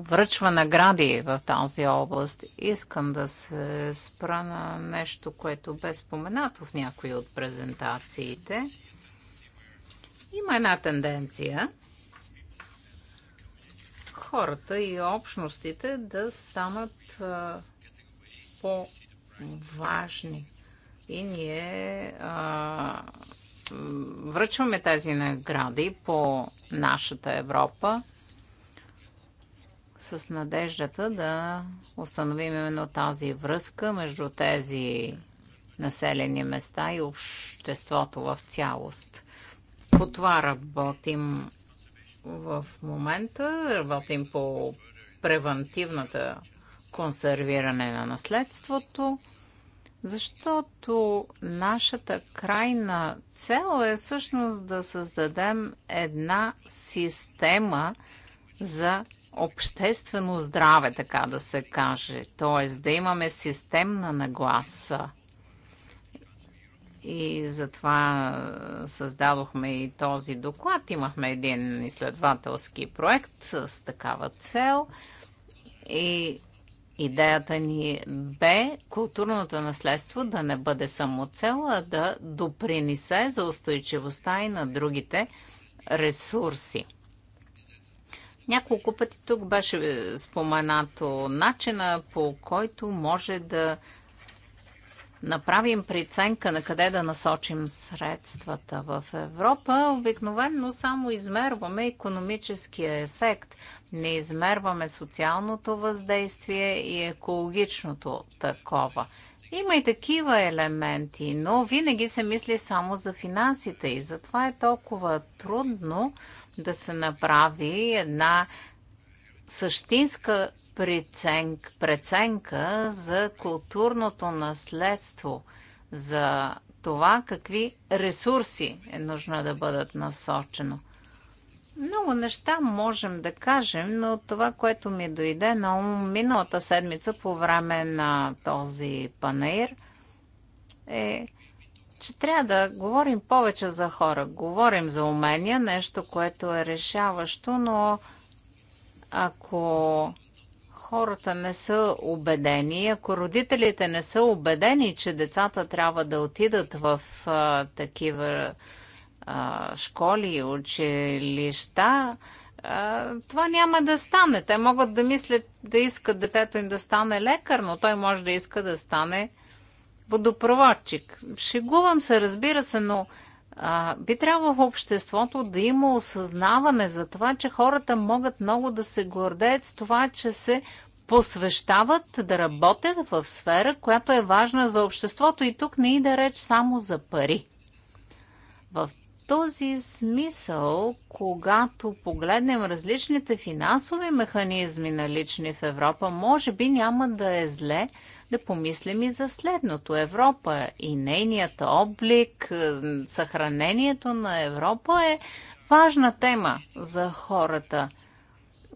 Speaker 1: връчва награди в тази област. Искам да се спра на нещо, което бе споменато в някои от презентациите. Има една тенденция хората и общностите да станат по-важни. И ние а, връчваме тези награди по нашата Европа с надеждата да установим именно тази връзка между тези населени места и обществото в цялост. По това работим в момента. Работим по превентивната консервиране на наследството, защото нашата крайна цел е всъщност да създадем една система за обществено здраве, така да се каже. Т.е. да имаме системна нагласа. И затова създадохме и този доклад. Имахме един изследователски проект с такава цел. И Идеята ни бе културното наследство да не бъде само цел, а да допринесе за устойчивостта и на другите ресурси. Няколко пъти тук беше споменато начина по който може да направим преценка на къде да насочим средствата в Европа, обикновенно само измерваме економическия ефект, не измерваме социалното въздействие и екологичното такова. Има и такива елементи, но винаги се мисли само за финансите и затова е толкова трудно да се направи една същинска преценка, за културното наследство, за това какви ресурси е нужно да бъдат насочено. Много неща можем да кажем, но това, което ми дойде на ум миналата седмица по време на този панеир, е, че трябва да говорим повече за хора. Говорим за умения, нещо, което е решаващо, но ако хората не са убедени, ако родителите не са убедени, че децата трябва да отидат в а, такива а, школи и училища, а, това няма да стане. Те могат да мислят да искат детето им да стане лекар, но той може да иска да стане водопроводчик. Шегувам се, разбира се, но а, би трябвало в обществото да има осъзнаване за това, че хората могат много да се гордеят с това, че се посвещават да работят в сфера, която е важна за обществото и тук не иде да реч само за пари. В този смисъл, когато погледнем различните финансови механизми налични в Европа, може би няма да е зле да помислим и за следното. Европа и нейният облик, съхранението на Европа е важна тема за хората –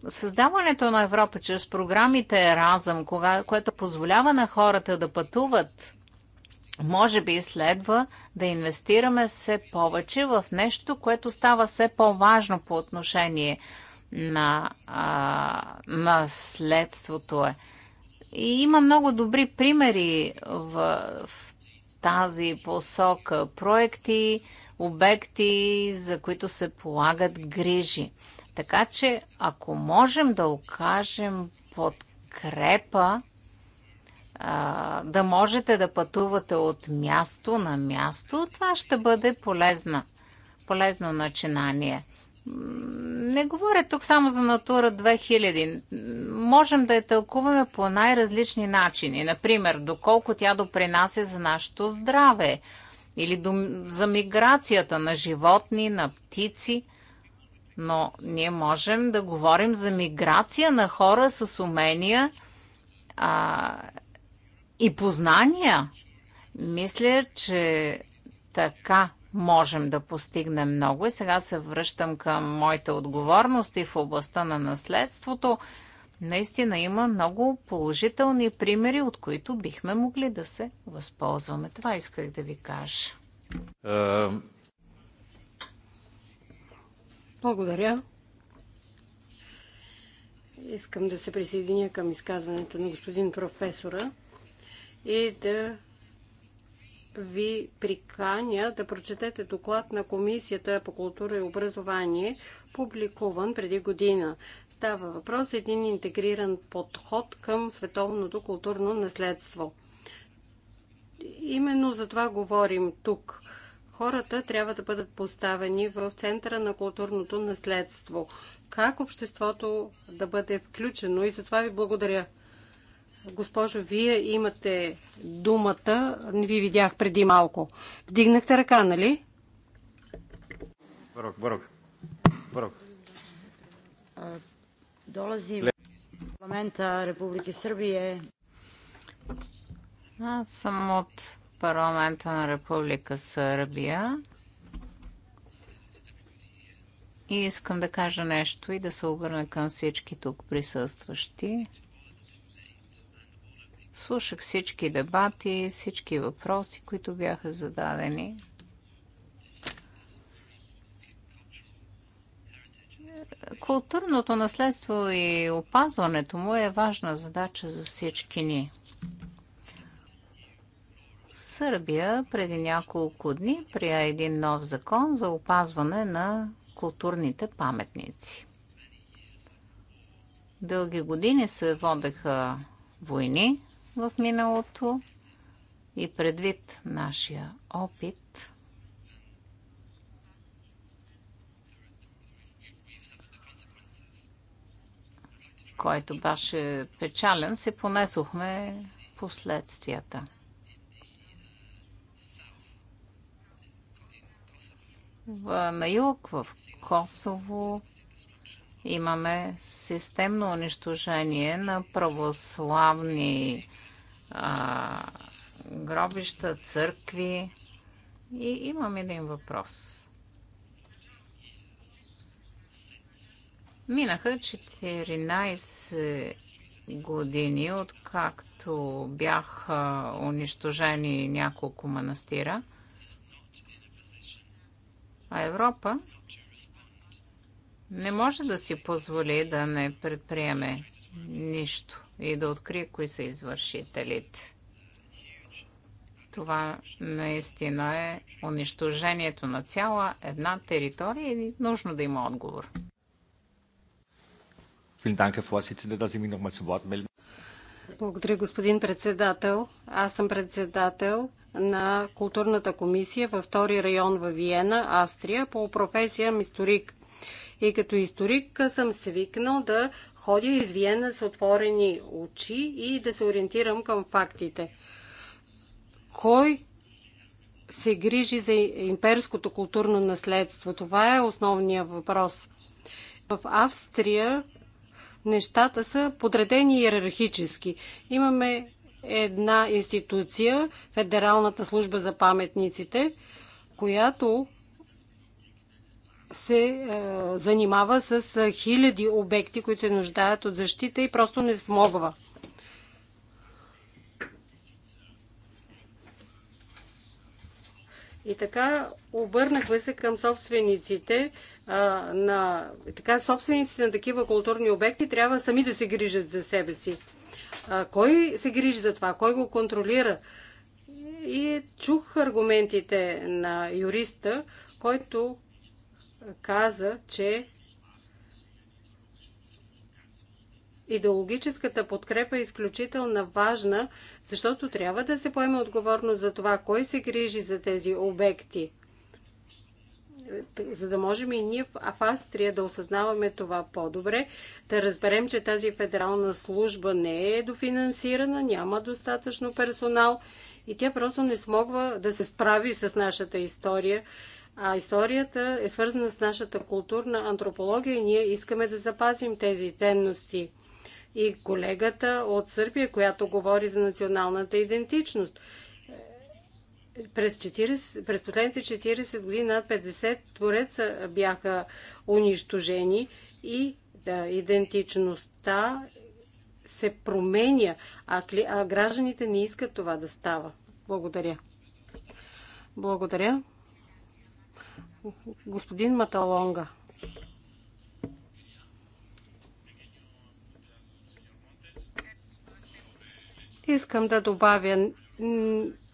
Speaker 1: Създаването на Европа чрез програмите Еразъм, което позволява на хората да пътуват, може би следва да инвестираме все повече в нещо, което става все по-важно по отношение на а, наследството. Е. И има много добри примери в, в тази посока. Проекти, обекти, за които се полагат грижи. Така че, ако можем да окажем подкрепа, да можете да пътувате от място на място, това ще бъде полезна, полезно начинание. Не говоря тук само за Натура 2000. Можем да я тълкуваме по най-различни начини. Например, доколко тя допринася за нашето здраве или за миграцията на животни, на птици но ние можем да говорим за миграция на хора с умения а, и познания. Мисля, че така можем да постигнем много. И сега се връщам към моите отговорности в областта на наследството. Наистина има много положителни примери, от които бихме могли да се възползваме. Това исках да ви кажа. Благодаря.
Speaker 2: Искам да се присъединя към изказването на господин професора и да ви приканя да прочетете доклад на Комисията по култура и образование, публикуван преди година. Става въпрос за един интегриран подход към световното културно наследство. Именно за това говорим тук. Хората трябва да бъдат поставени в центъра на културното наследство. Как обществото да бъде включено? И за това ви благодаря. Госпожо, вие имате думата. Не ви видях преди малко. Вдигнахте ръка, нали?
Speaker 1: Барок, барок. Барок.
Speaker 2: Долази в парламента Република Сърбия. Е-
Speaker 1: Аз съм от парламента на Република Сърбия. И искам да кажа нещо и да се обърна към всички тук присъстващи. Слушах всички дебати, всички въпроси, които бяха зададени. Културното наследство и опазването му е важна задача за всички ни. Сърбия преди няколко дни прия един нов закон за опазване на културните паметници. Дълги години се водеха войни в миналото и предвид нашия опит който беше печален, се понесохме последствията – на юг, в Косово, имаме системно унищожение на православни а, гробища, църкви. И имам един въпрос. Минаха 14 години, откакто бяха унищожени няколко манастира – а Европа не може да си позволи да не предприеме нищо и да открие кои са извършителите. Това наистина е унищожението на цяла една територия и нужно да има отговор. Благодаря, господин председател.
Speaker 2: Аз съм председател на културната комисия във втори район във Виена, Австрия, по професия мисторик. историк. И като историк съм свикнал да ходя из Виена с отворени очи и да се ориентирам към фактите. Кой се грижи за имперското културно наследство? Това е основният въпрос. В Австрия нещата са подредени иерархически. Имаме една институция, Федералната служба за паметниците, която се е, занимава с е, хиляди обекти, които се нуждаят от защита и просто не смогва. И така обърнахме се към собствениците а, е, на така собствениците на такива културни обекти трябва сами да се грижат за себе си. А, кой се грижи за това? Кой го контролира? И чух аргументите на юриста, който каза, че идеологическата подкрепа е изключително важна, защото трябва да се поеме отговорност за това, кой се грижи за тези обекти за да можем и ние в Австрия да осъзнаваме това по-добре, да разберем, че тази федерална служба не е дофинансирана, няма достатъчно персонал и тя просто не смогва да се справи с нашата история. А историята е свързана с нашата културна антропология и ние искаме да запазим тези ценности. И колегата от Сърбия, която говори за националната идентичност – през, 40, през последните 40 години над 50 твореца бяха унищожени и да, идентичността се променя, а, кли, а гражданите не искат това да става. Благодаря. Благодаря. Господин Маталонга. Искам да добавя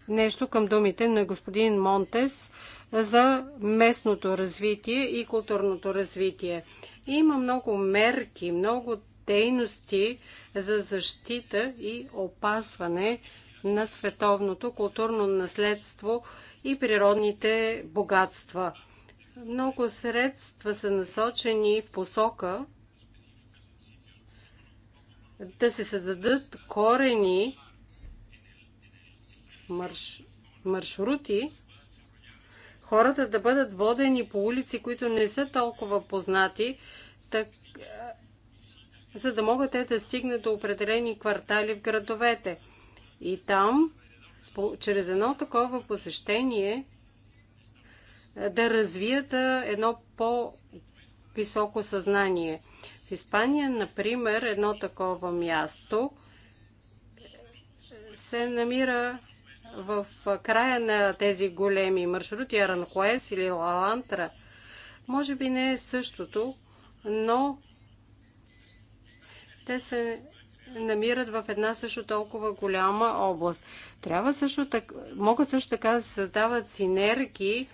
Speaker 2: нещо към думите на господин Монтес за местното развитие и културното развитие. Има много мерки, много дейности за защита и опазване на световното културно наследство и природните богатства. Много средства са насочени в посока да се създадат корени марш, маршрути, хората да бъдат водени по улици, които не са толкова познати, так, за да могат те да стигнат до определени квартали в градовете. И там, чрез едно такова посещение, да развият едно по-високо съзнание. В Испания, например, едно такова място се намира в края на тези големи маршрути, Аранхуес или Лалантра, може би не е същото, но те се намират в една също толкова голяма област. Трябва също така, могат също така да се създават синергии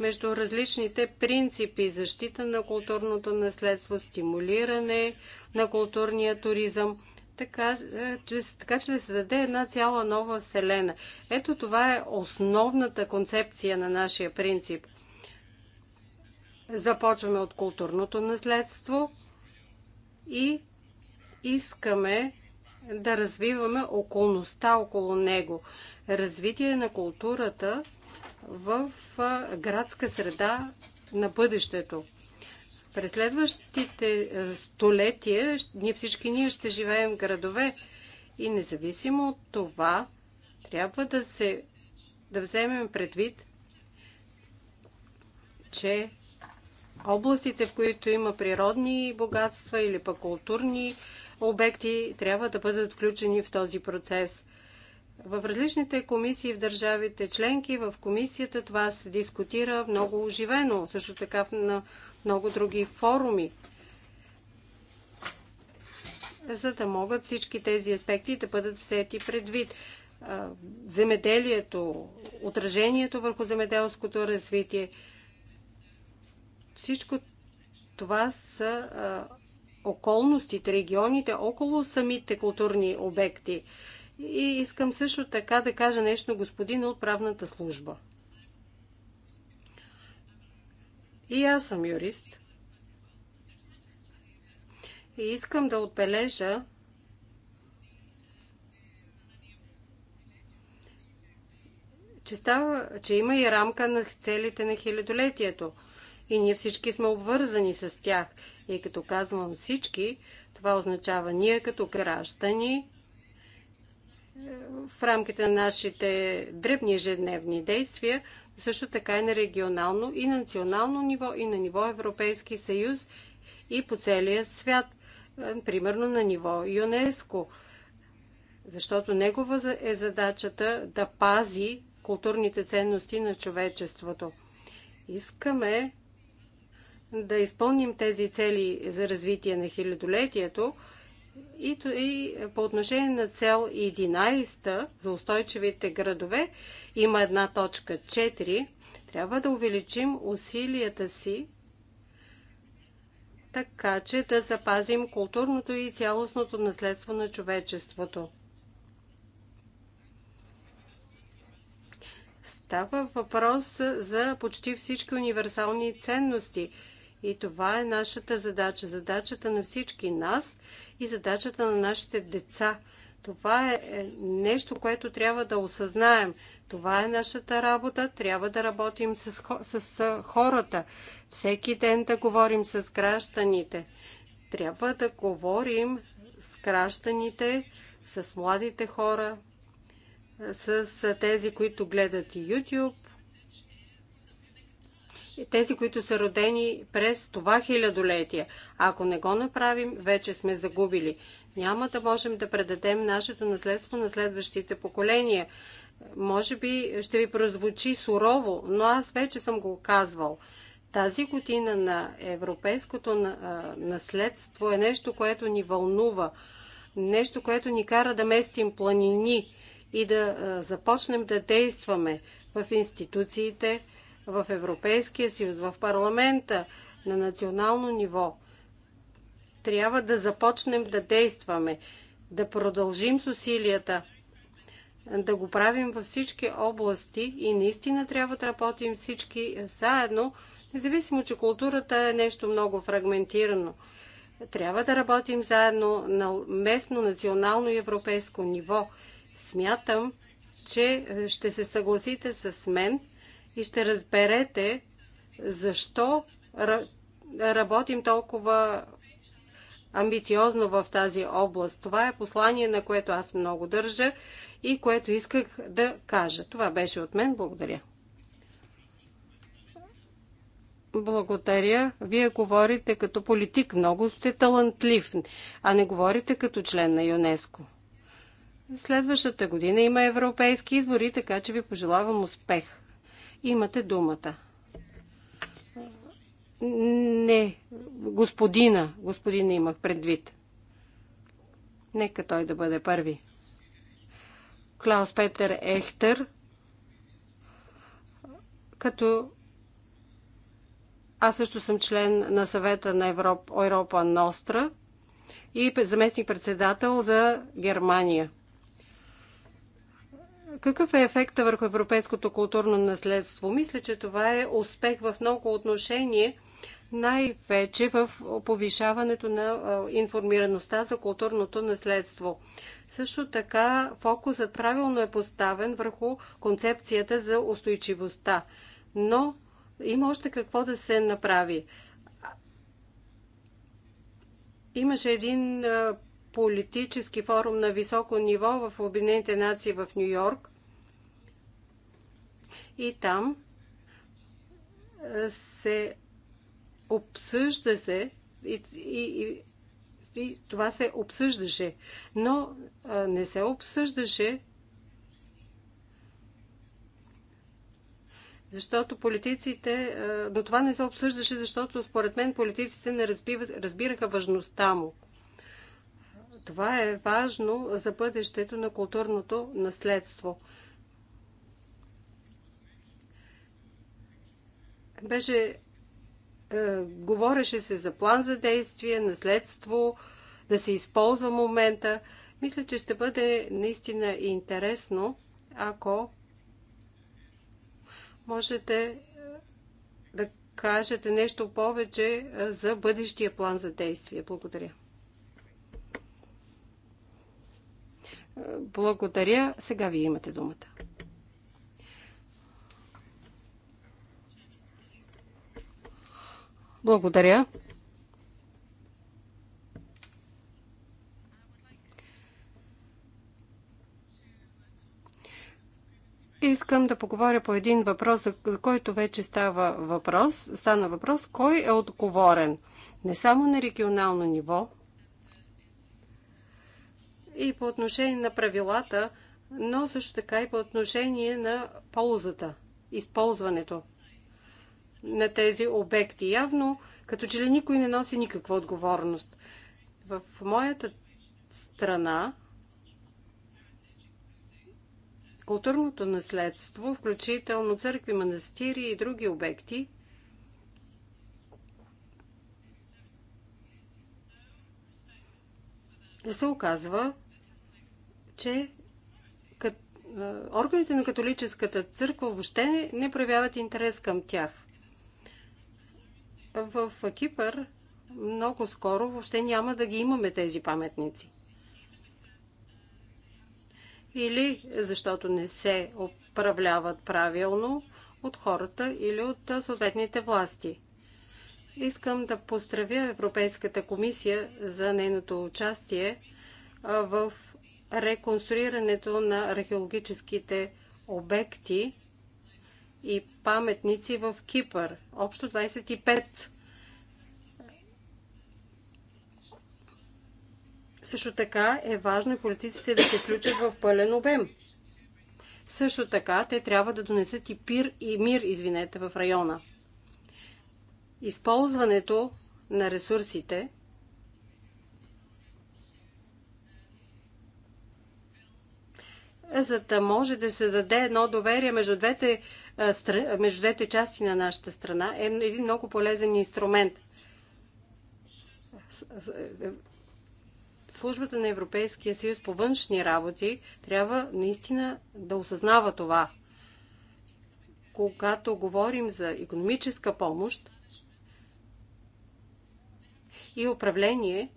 Speaker 2: между различните принципи защита на културното наследство, стимулиране на културния туризъм – така е, че, така че да се даде една цяла нова вселена. Ето това е основната концепция на нашия принцип. Започваме от културното наследство и искаме да развиваме околността около него. Развитие на културата в е, градска среда на бъдещето. През следващите е, столетия ние всички ние ще живеем в градове и независимо от това трябва да се да вземем предвид, че областите, в които има природни богатства или пък културни обекти, трябва да бъдат включени в този процес. В различните комисии в държавите членки, в комисията това се дискутира много оживено. Също така на много други форуми, за да могат всички тези аспекти да бъдат взети предвид. Земеделието, отражението върху земеделското развитие. Всичко това са околностите, регионите около самите културни обекти. И искам също така да кажа нещо господин от правната служба. И аз съм юрист. И искам да отбележа, че, става, че има и рамка на целите на хилядолетието. И ние всички сме обвързани с тях. И като казвам всички, това означава ние като граждани, в рамките на нашите дребни ежедневни действия, също така и на регионално и на национално ниво, и на ниво Европейски съюз и по целия свят, е, примерно на ниво ЮНЕСКО. Защото негова е задачата да пази културните ценности на човечеството. Искаме да изпълним тези цели за развитие на хилядолетието, и, по отношение на цел 11 за устойчивите градове има една точка 4. Трябва да увеличим усилията си така че да запазим културното и цялостното наследство на човечеството. Става въпрос за почти всички универсални ценности – и това е нашата задача, задачата на всички нас и задачата на нашите деца. Това е, е нещо, което трябва да осъзнаем. Това е нашата работа. Трябва да работим с, с, хората. Всеки ден да говорим с гражданите. Трябва да говорим с гражданите, с младите хора, с тези, които гледат YouTube, тези, които са родени през това хилядолетие. Ако не го направим, вече сме загубили. Няма да можем да предадем нашето наследство на следващите поколения. Може би ще ви прозвучи сурово, но аз вече съм го казвал. Тази година на европейското наследство е нещо, което ни вълнува, нещо, което ни кара да местим планини и да започнем да действаме в институциите, в Европейския съюз, в парламента, на национално ниво. Трябва да започнем да действаме, да продължим с усилията, да го правим във всички области и наистина трябва да работим всички заедно, независимо, че културата е нещо много фрагментирано. Трябва да работим заедно на местно, национално и европейско ниво. Смятам, че ще се съгласите с мен – и ще разберете защо работим толкова амбициозно в тази област. Това е послание, на което аз много държа и което исках да кажа. Това беше от мен. Благодаря. Благодаря. Вие говорите като политик. Много сте талантлив, а не говорите като член на ЮНЕСКО. Следващата година има европейски избори, така че ви пожелавам успех. Имате думата. Не, господина, господина имах предвид. Нека той да бъде първи. Клаус Петър Ехтер, като аз също съм член на съвета на Европа, Европа Ностра и заместник-председател за Германия. Какъв е ефекта върху европейското културно наследство? Мисля, че това е успех в много отношение, най-вече в повишаването на информираността за културното наследство. Също така фокусът правилно е поставен върху концепцията за устойчивостта. Но има още какво да се направи. Имаше един политически форум на високо ниво в Обединените нации в Нью Йорк. И там се обсъжда се и, и, и, и това се обсъждаше, но а, не се обсъждаше, защото политиците, а, но това не се обсъждаше, защото според мен политиците не разбиват, разбираха важността му. Това е важно за бъдещето на културното наследство. Беше, е, говореше се за план за действие, наследство, да се използва момента. Мисля, че ще бъде наистина интересно, ако можете е, да кажете нещо повече е, за бъдещия план за действие. Благодаря. Благодаря. Сега вие имате думата. Благодаря. Искам да поговоря по един въпрос, за който вече става въпрос. Стана въпрос, кой е отговорен не само на регионално ниво, и по отношение на правилата, но също така и по отношение на ползата, използването на тези обекти. Явно, като че ли никой не носи никаква отговорност. В моята страна културното наследство, включително църкви, манастири и други обекти, се оказва че органите на католическата църква въобще не проявяват интерес към тях. В Кипър много скоро въобще няма да ги имаме тези паметници. Или защото не се управляват правилно от хората или от съответните власти. Искам да поздравя Европейската комисия за нейното участие в реконструирането на археологическите обекти и паметници в Кипър. Общо 25. Също така е важно и политиците да се включат в пълен обем. Също така те трябва да донесат и пир и мир, извинете, в района. Използването на ресурсите – за да може да се даде едно доверие между двете, между двете части на нашата страна, е един много полезен инструмент. Е, службата на Европейския съюз по външни работи трябва наистина да осъзнава това. Когато говорим за економическа помощ и управление,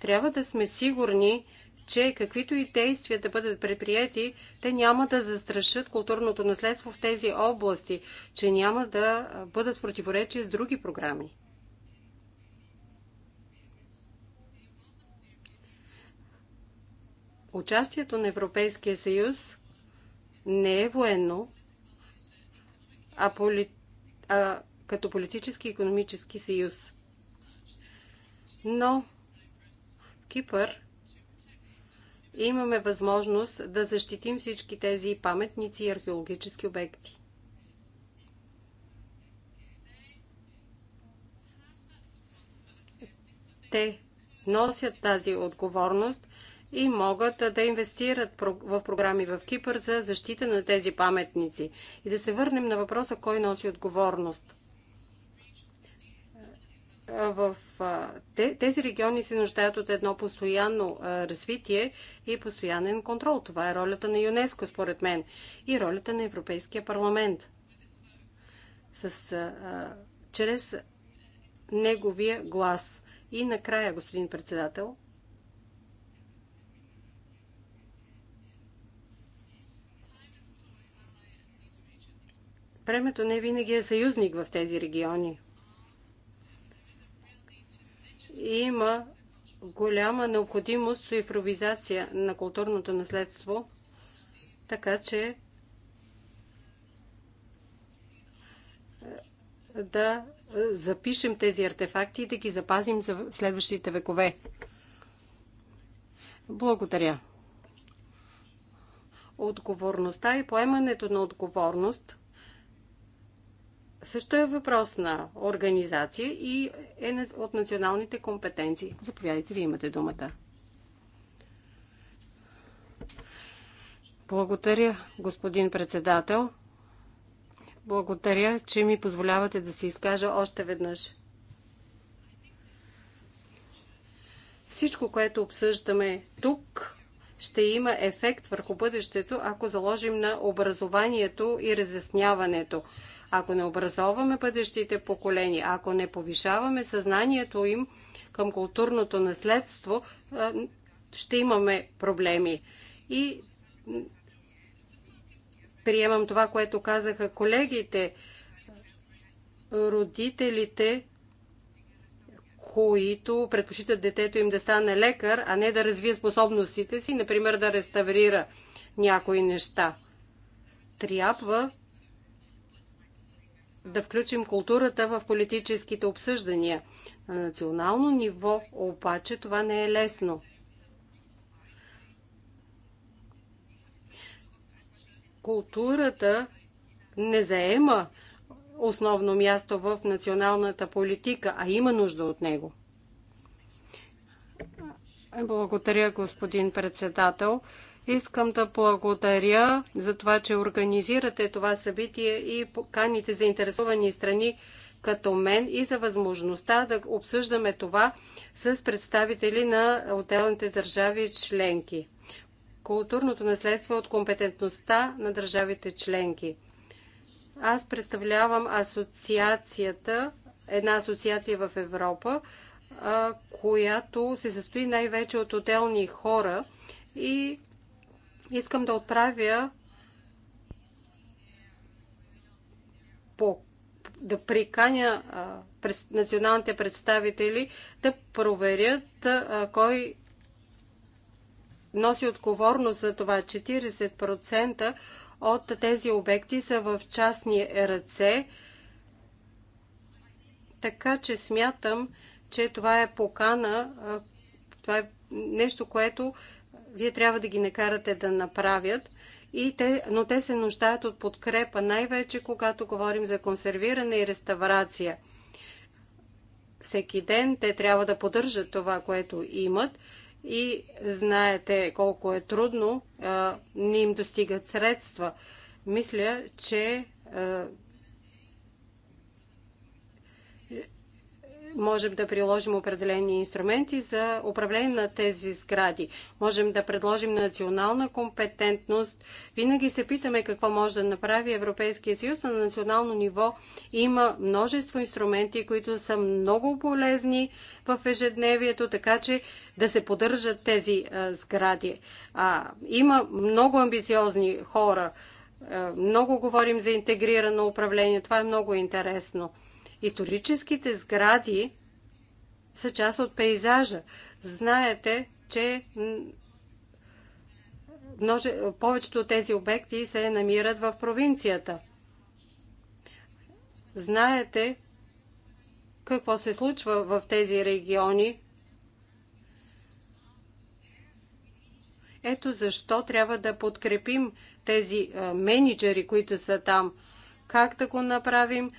Speaker 2: трябва да сме сигурни, че каквито и действия да бъдат предприяти, те няма да застрашат културното наследство в тези области, че няма да бъдат в противоречие с други програми. Участието на Европейския съюз не е военно, а, поли... а като политически и економически съюз. Но в Кипър имаме възможност да защитим всички тези паметници и археологически обекти. Те носят тази отговорност и могат да инвестират в програми в Кипър за защита на тези паметници. И да се върнем на въпроса кой носи отговорност в тези региони се нуждаят от едно постоянно развитие и постоянен контрол. Това е ролята на ЮНЕСКО, според мен, и ролята на Европейския парламент. С, а, чрез неговия глас. И накрая, господин председател, Времето не винаги е съюзник в тези региони има голяма необходимост цифровизация на културното наследство, така че е, да запишем тези артефакти и да ги запазим за следващите векове. Благодаря. Отговорността и поемането на отговорност – също е въпрос на организация и е от националните компетенции. Заповядайте, вие имате думата. Благодаря, господин председател. Благодаря, че ми позволявате да се изкажа още веднъж. Всичко, което обсъждаме тук, ще има ефект върху бъдещето, ако заложим на образованието и разясняването ако не образоваме бъдещите поколения, ако не повишаваме съзнанието им към културното наследство, ще имаме проблеми. И приемам това, което казаха колегите, родителите, които предпочитат детето им да стане лекар, а не да развие способностите си, например да реставрира някои неща. Трябва да включим културата в политическите обсъждания. На национално ниво обаче това не е лесно. Културата не заема основно място в националната политика, а има нужда от него. Благодаря, господин председател. Искам да благодаря за това, че организирате това събитие и поканите заинтересовани страни като мен и за възможността да обсъждаме това с представители на отделните държави членки. Културното наследство е от компетентността на държавите членки. Аз представлявам асоциацията, една асоциация в Европа, която се състои най-вече от отделни хора и Искам да отправя по, да приканя а, през, националните представители да проверят а, кой носи отговорност за това. 40% от тези обекти са в частни ръце. Така че смятам, че това е покана, това е нещо, което вие трябва да ги накарате да направят, и те, но те се нуждаят от подкрепа, най-вече когато говорим за консервиране и реставрация. Всеки ден те трябва да поддържат това, което имат и знаете колко е трудно, а, не им достигат средства. Мисля, че а, можем да приложим определени инструменти за управление на тези сгради. Можем да предложим национална компетентност. Винаги се питаме какво може да направи Европейския съюз на национално ниво. Има множество инструменти, които са много полезни в ежедневието, така че да се поддържат тези сгради. А, има много амбициозни хора. Много говорим за интегрирано управление. Това е много интересно историческите сгради са част от пейзажа. Знаете, че множе, повечето от тези обекти се намират в провинцията. Знаете какво се случва в тези региони. Ето защо трябва да подкрепим тези менеджери, които са там. Как да го направим?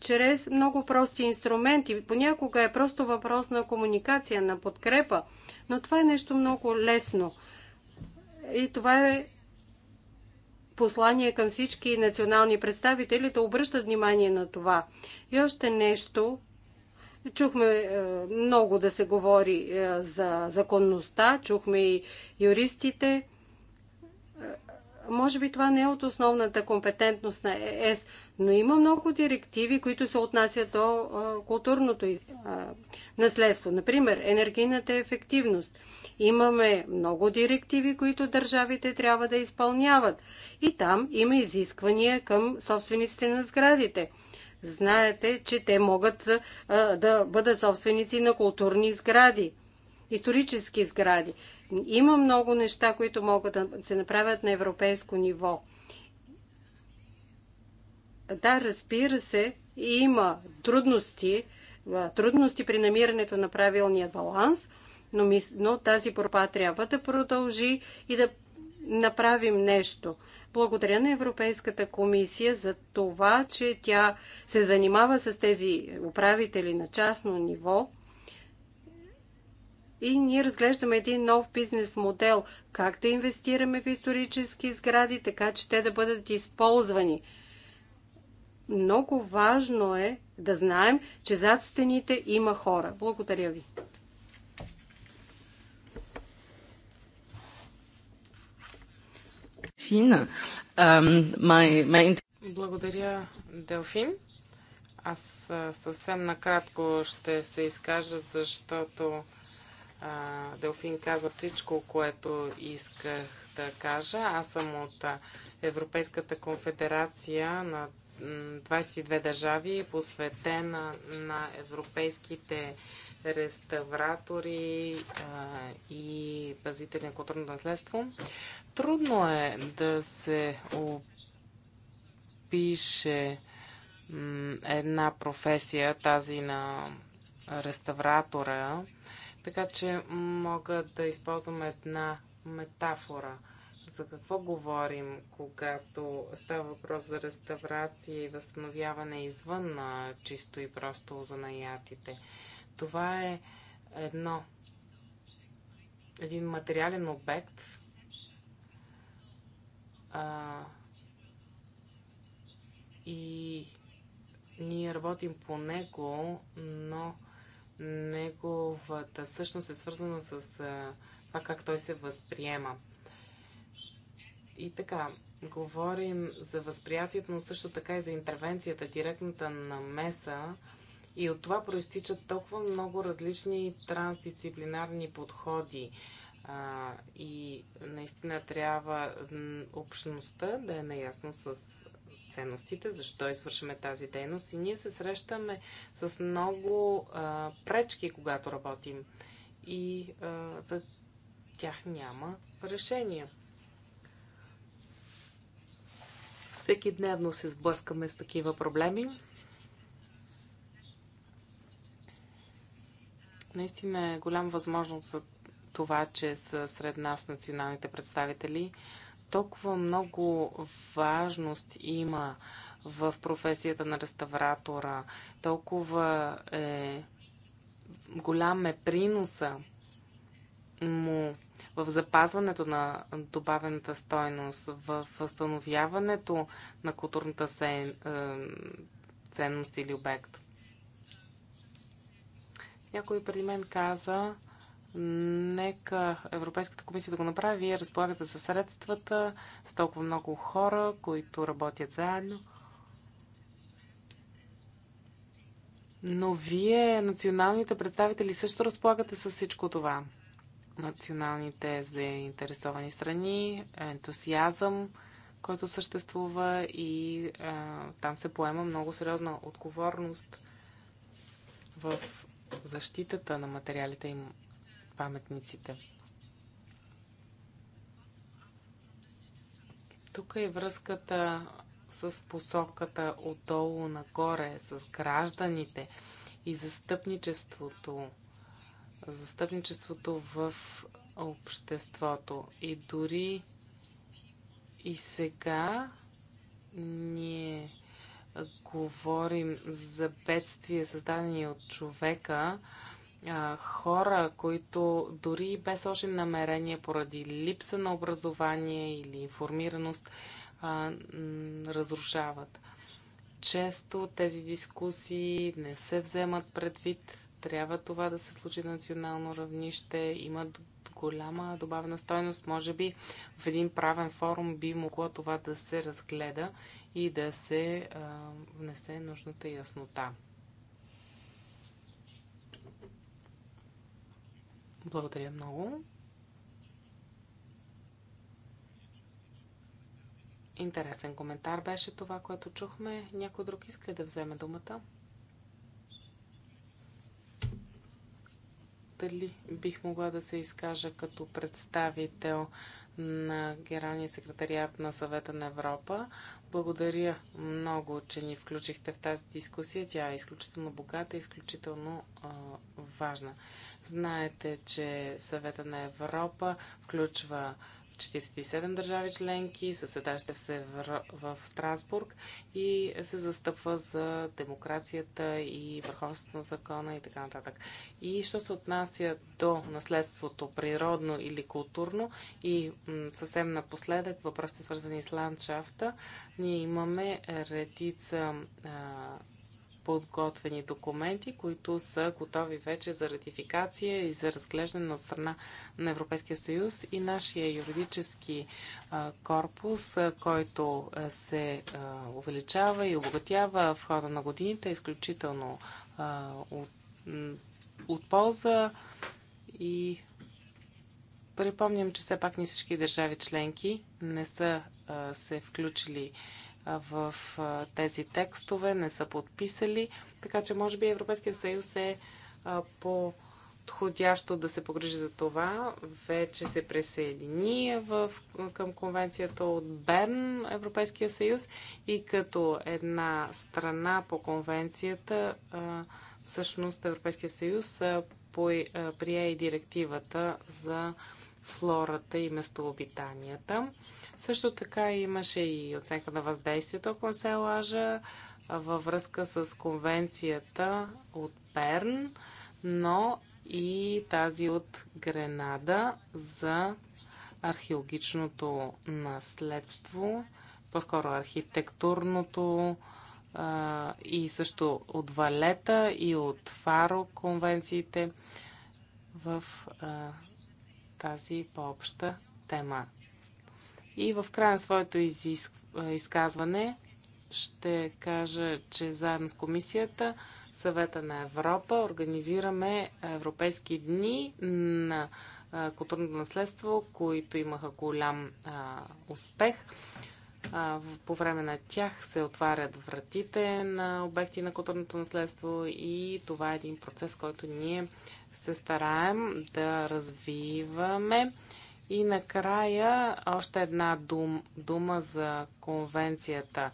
Speaker 2: чрез много прости инструменти. Понякога е просто въпрос на комуникация, на подкрепа, но това е нещо много лесно. И това е послание към всички национални представители да обръщат внимание на това. И още нещо. Чухме е, много да се говори е, за законността, чухме и юристите може би това не е от основната компетентност на ЕС, но има много директиви, които се отнасят до културното наследство. Например, енергийната ефективност. Имаме много директиви, които държавите трябва да изпълняват. И там има изисквания към собствениците на сградите. Знаете, че те могат да бъдат собственици на културни сгради исторически сгради. Има много неща, които могат да се направят на европейско ниво. Да, разбира се, има трудности, трудности при намирането на правилния баланс, но, мис... но тази борба трябва да продължи и да направим нещо. Благодаря на Европейската комисия за това, че тя се занимава с тези управители на частно ниво и ние разглеждаме един нов бизнес модел, как да инвестираме в исторически сгради, така че те да бъдат използвани. Много важно е да знаем, че зад стените има хора. Благодаря ви.
Speaker 3: Фина. Um, my, my... Благодаря, Делфин. Аз съвсем накратко ще се изкажа, защото Делфин каза всичко, което исках да кажа. Аз съм от Европейската конфедерация на 22 държави, посветена на европейските реставратори а, и пазители на културно наследство. Трудно е да се опише една професия, тази на реставратора, така че мога да използвам една метафора. За какво говорим, когато става въпрос за реставрация и възстановяване извън на чисто и просто занаятите? Това е едно, един материален обект, а, и ние работим по него, но неговата същност е свързана с това как той се възприема. И така, говорим за възприятието, но също така и за интервенцията, директната намеса. И от това проистичат толкова много различни трансдисциплинарни подходи. А, и наистина трябва общността да е наясно с ценностите, защо извършваме тази дейност. И ние се срещаме с много а, пречки, когато работим. И а, за тях няма решение. Всеки дневно се сблъскаме с такива проблеми. Наистина е голям възможност за това, че са сред нас националните представители толкова много важност има в професията на реставратора, толкова е, голям е приноса му в запазването на добавената стойност, в възстановяването на културната е, ценност или обект. Някой преди мен каза, Нека Европейската комисия да го направи. Вие разполагате със средствата, с толкова много хора, които работят заедно. Но вие, националните представители, също разполагате с всичко това. Националните заинтересовани страни, ентусиазъм, който съществува и а, там се поема много сериозна отговорност в защитата на материалите им паметниците. Тук е връзката с посоката отдолу нагоре, с гражданите и застъпничеството. Застъпничеството в обществото. И дори и сега ние говорим за бедствие, създадени от човека, а, хора, които дори без още намерение, поради липса на образование или информираност, а, разрушават. Често тези дискусии не се вземат предвид. Трябва това да се случи на национално равнище. Има голяма добавена стойност. Може би в един правен форум би могло това да се разгледа и да се а, внесе нужната яснота. Благодаря много. Интересен коментар беше това, което чухме. Някой друг иска да вземе думата? дали бих могла да се изкажа като представител на Генералния секретариат на съвета на Европа. Благодаря много, че ни включихте в тази дискусия. Тя е изключително богата, изключително а, важна. Знаете, че съвета на Европа включва 47 държави членки, със седаще в, Север, в Страсбург и се застъпва за демокрацията и върховството на закона и така нататък. И що се отнася до наследството, природно или културно и съвсем напоследък въпросите свързани с ландшафта, ние имаме редица а, подготвени документи, които са готови вече за ратификация и за разглеждане от страна на Европейския съюз и нашия юридически корпус, който се увеличава и обогатява в хода на годините, изключително от, от полза и припомням, че все пак ни всички държави членки не са се включили в тези текстове, не са подписали, така че може би Европейския съюз е подходящо да се погрижи за това. Вече се присъедини в, към конвенцията от Берн, Европейския съюз, и като една страна по конвенцията, всъщност Европейския съюз прие и директивата за флората и местообитанията. Също така имаше и оценка на въздействието, ако не се лажа, във връзка с конвенцията от Перн, но и тази от Гренада за археологичното наследство, по-скоро архитектурното и също от Валета и от Фаро конвенциите в тази по-обща тема. И в края на своето изказване ще кажа, че заедно с комисията, съвета на Европа, организираме европейски дни на културното наследство, които имаха голям а, успех. А, по време на тях се отварят вратите на обекти на културното наследство и това е един процес, който ние се стараем да развиваме и накрая още една дум, дума за конвенцията,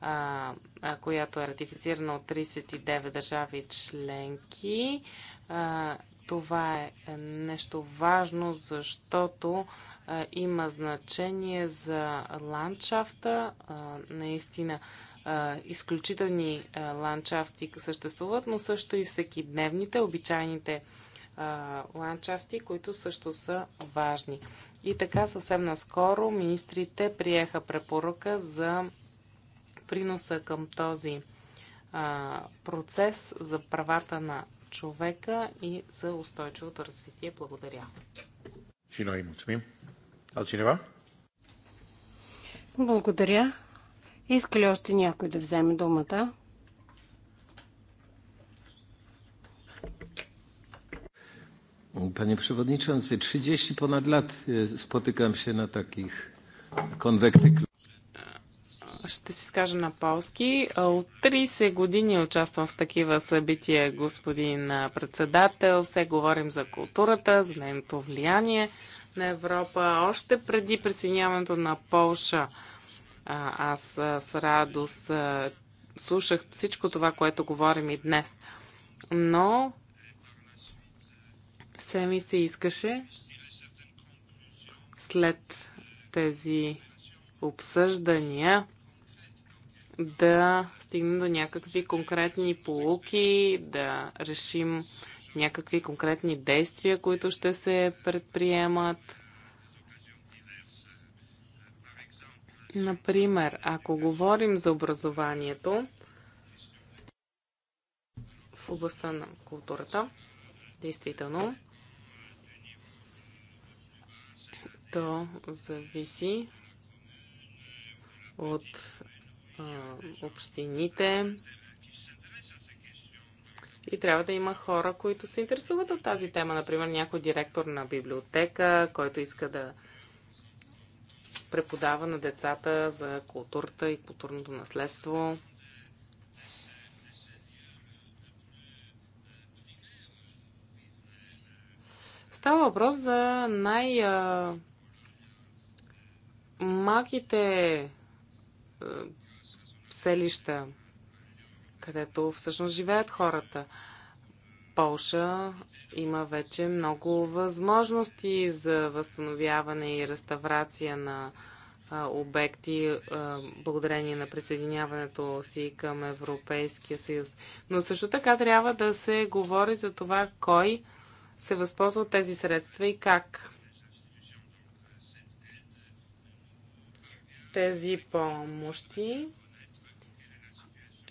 Speaker 3: а, а, която е ратифицирана от 39 държави членки. А, това е нещо важно, защото а, има значение за ландшафта. А, наистина, а, изключителни а, ландшафти съществуват, но също и всекидневните, обичайните а, ландшафти, които също са важни. И така съвсем наскоро министрите приеха препоръка за приноса към този а, процес за правата на човека и за устойчивото развитие. Благодаря.
Speaker 2: Благодаря. Иска ли още някой да вземе думата?
Speaker 3: Panie Przewodniczący, 30 ponad lat e, spotykam się na takich konwektykach. Ще си скажа на полски. От 30 години участвам в такива събития, господин председател. Все говорим за културата, за нейното влияние на Европа. Още преди присъединяването на Полша, аз с радост слушах всичко това, което говорим и днес. Но все ми се искаше след тези обсъждания да стигнем до някакви конкретни полуки, да решим някакви конкретни действия, които ще се предприемат. Например, ако говорим за образованието в областта на културата, действително, То зависи от а, общините. И трябва да има хора, които се интересуват от тази тема. Например, някой директор на библиотека, който иска да преподава на децата за културата и културното наследство. Става въпрос за най- малките е, селища, където всъщност живеят хората. Полша има вече много възможности за възстановяване и реставрация на обекти благодарение на присъединяването си към Европейския съюз. Но също така трябва да се говори за това кой се възползва от тези средства и как. Тези помощи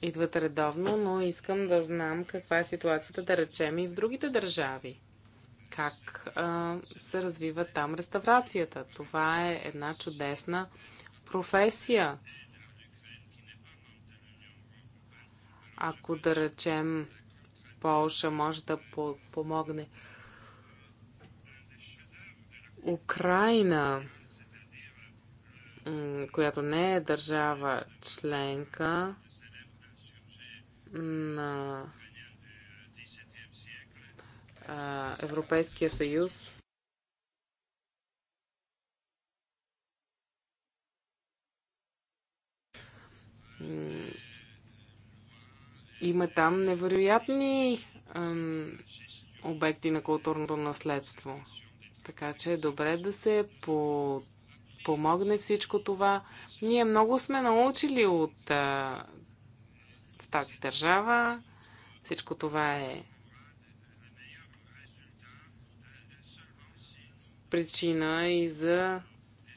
Speaker 3: идват редовно, но искам да знам каква е ситуацията, да речем, и в другите държави. Как а, се развива там реставрацията? Това е една чудесна професия. Ако да речем, Полша може да по- помогне Украина която не е държава членка на Европейския съюз, има там невероятни обекти на културното наследство. Така че е добре да се по помогне всичко това. Ние много сме научили от а, тази държава. Всичко това е причина и за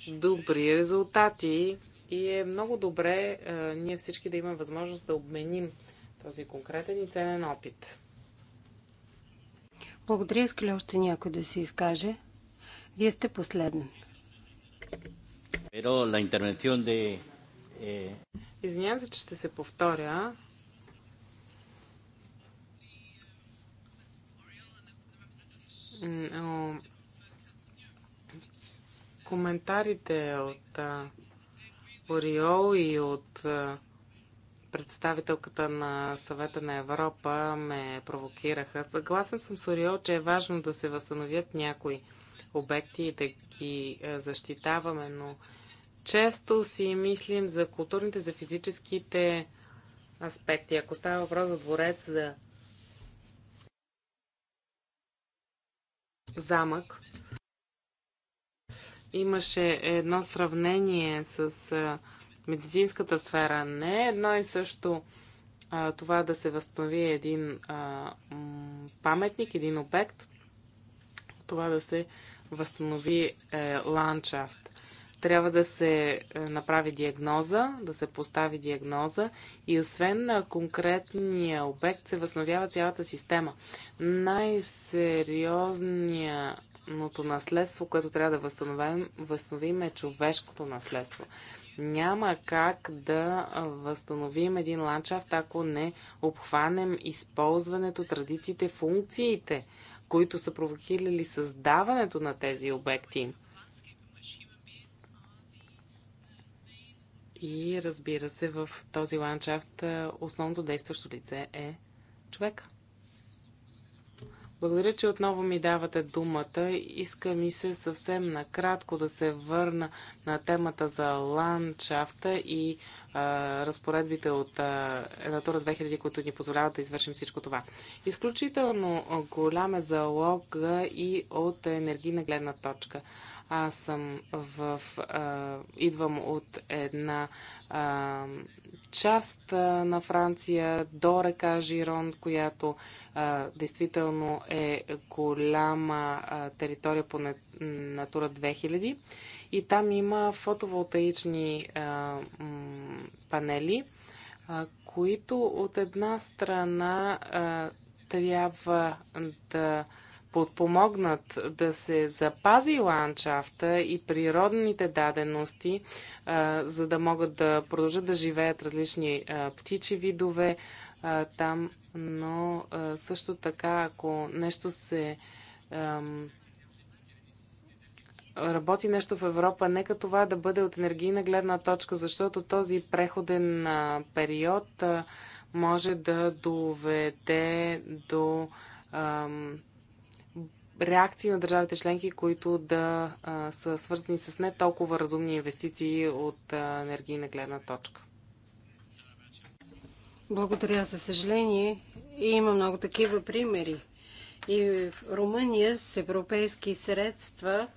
Speaker 3: добри резултати. И е много добре а, ние всички да имаме възможност да обменим този конкретен и ценен опит.
Speaker 2: Благодаря. Иска ли още някой да се изкаже?
Speaker 3: Вие сте последен.
Speaker 1: Pero la intervención de... Eh,
Speaker 3: Извинявам се, че ще се повторя. Но... Коментарите от Ориол и от представителката на съвета на Европа ме провокираха. Съгласен съм с Ориол, че е важно да се възстановят някои обекти и да ги защитаваме, но често си мислим за културните, за физическите аспекти. Ако става въпрос за дворец, за замък, имаше едно сравнение с медицинската сфера. Не е едно и също а, това да се възстанови един а, паметник, един обект, това да се възстанови е, ландшафт трябва да се е, направи диагноза, да се постави диагноза и освен на конкретния обект се възновява цялата система. Най-сериозното наследство, което трябва да възстановим, възстановим е човешкото наследство. Няма как да възстановим един ландшафт, ако не обхванем използването, традициите, функциите, които са провокирали създаването на тези обекти И разбира се, в този ландшафт е, основното действащо лице е човек. Благодаря, че отново ми давате думата. Иска ми се съвсем накратко да се върна на темата за ландшафта и а, е, разпоредбите от а, е, Натура 2000, които ни позволяват да извършим всичко това. Изключително голям е залога и от енергийна гледна точка. Аз съм в... А, идвам от една а, част а, на Франция до река Жирон, която а, действително е голяма а, територия по Натура 2000. И там има фотоволтаични а, м, панели, а, които от една страна а, трябва да а, подпомогнат да се запази ландшафта и природните дадености, за да могат да продължат да живеят различни птичи видове там, но също така, ако нещо се работи нещо в Европа, нека това да бъде от енергийна гледна точка, защото този преходен период може да доведе до ам, реакции на държавите членки, които да а, са свързани с не толкова разумни инвестиции от а, енергийна гледна точка.
Speaker 2: Благодаря. За съжаление, има много такива примери. И в Румъния с европейски средства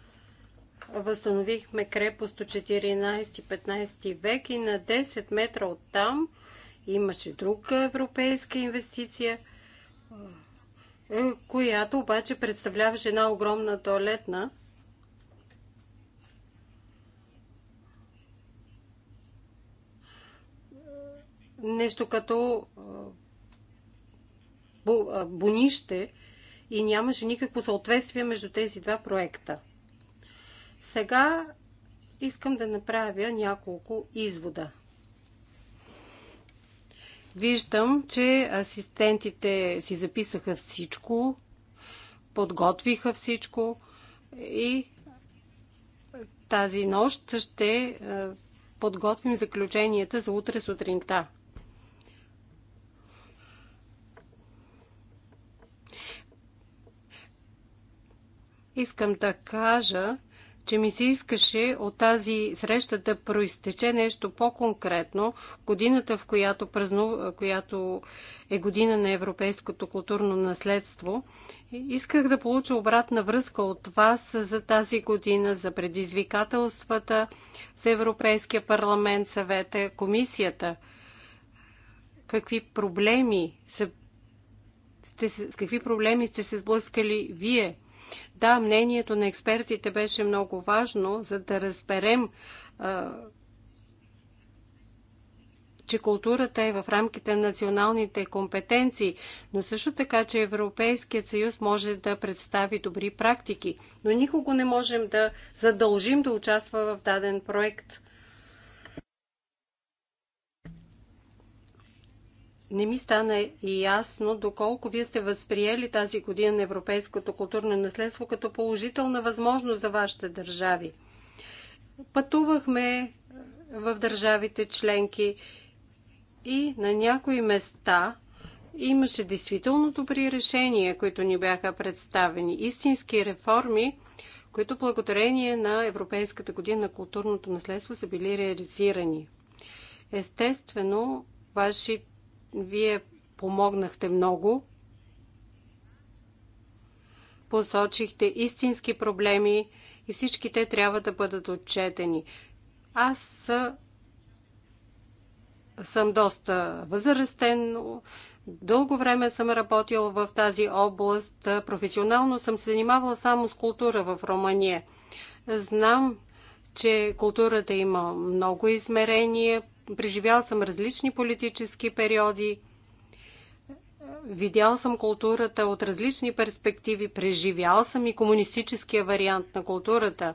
Speaker 2: възстановихме крепост от 14-15 век и на 10 метра от там имаше друга европейска инвестиция – е, която обаче представляваше една огромна туалетна. Нещо като е, е, бунище и нямаше никакво съответствие между тези два проекта. Сега искам да направя няколко извода. Виждам, че асистентите си записаха всичко, подготвиха всичко и тази нощ ще е, подготвим заключенията за утре сутринта. Искам да кажа, че ми се искаше от тази среща да проистече нещо по-конкретно. Годината, в която, празну... която е година на европейското културно наследство, исках да получа обратна връзка от вас за тази година, за предизвикателствата с Европейския парламент, съвета, комисията. Какви проблеми са сте, с какви проблеми сте се сблъскали вие да, мнението на експертите беше много важно, за да разберем, че културата е в рамките на националните компетенции, но също така, че Европейският съюз може да представи добри практики. Но никого не можем да задължим да участва в даден проект – не ми стана ясно доколко вие сте възприели тази година на европейското културно наследство като положителна възможност за вашите държави. Пътувахме в държавите членки и на някои места имаше действително добри решения, които ни бяха представени. Истински реформи, които благодарение на Европейската година на културното наследство са били реализирани. Естествено, вашите вие помогнахте много. Посочихте истински проблеми и всички те трябва да бъдат отчетени. Аз съм доста възрастен, дълго време съм работил в тази област, професионално съм се занимавала само с култура в Романия. Знам, че културата има много измерения, преживял съм различни политически периоди, видял съм културата от различни перспективи, преживял съм и комунистическия вариант на културата.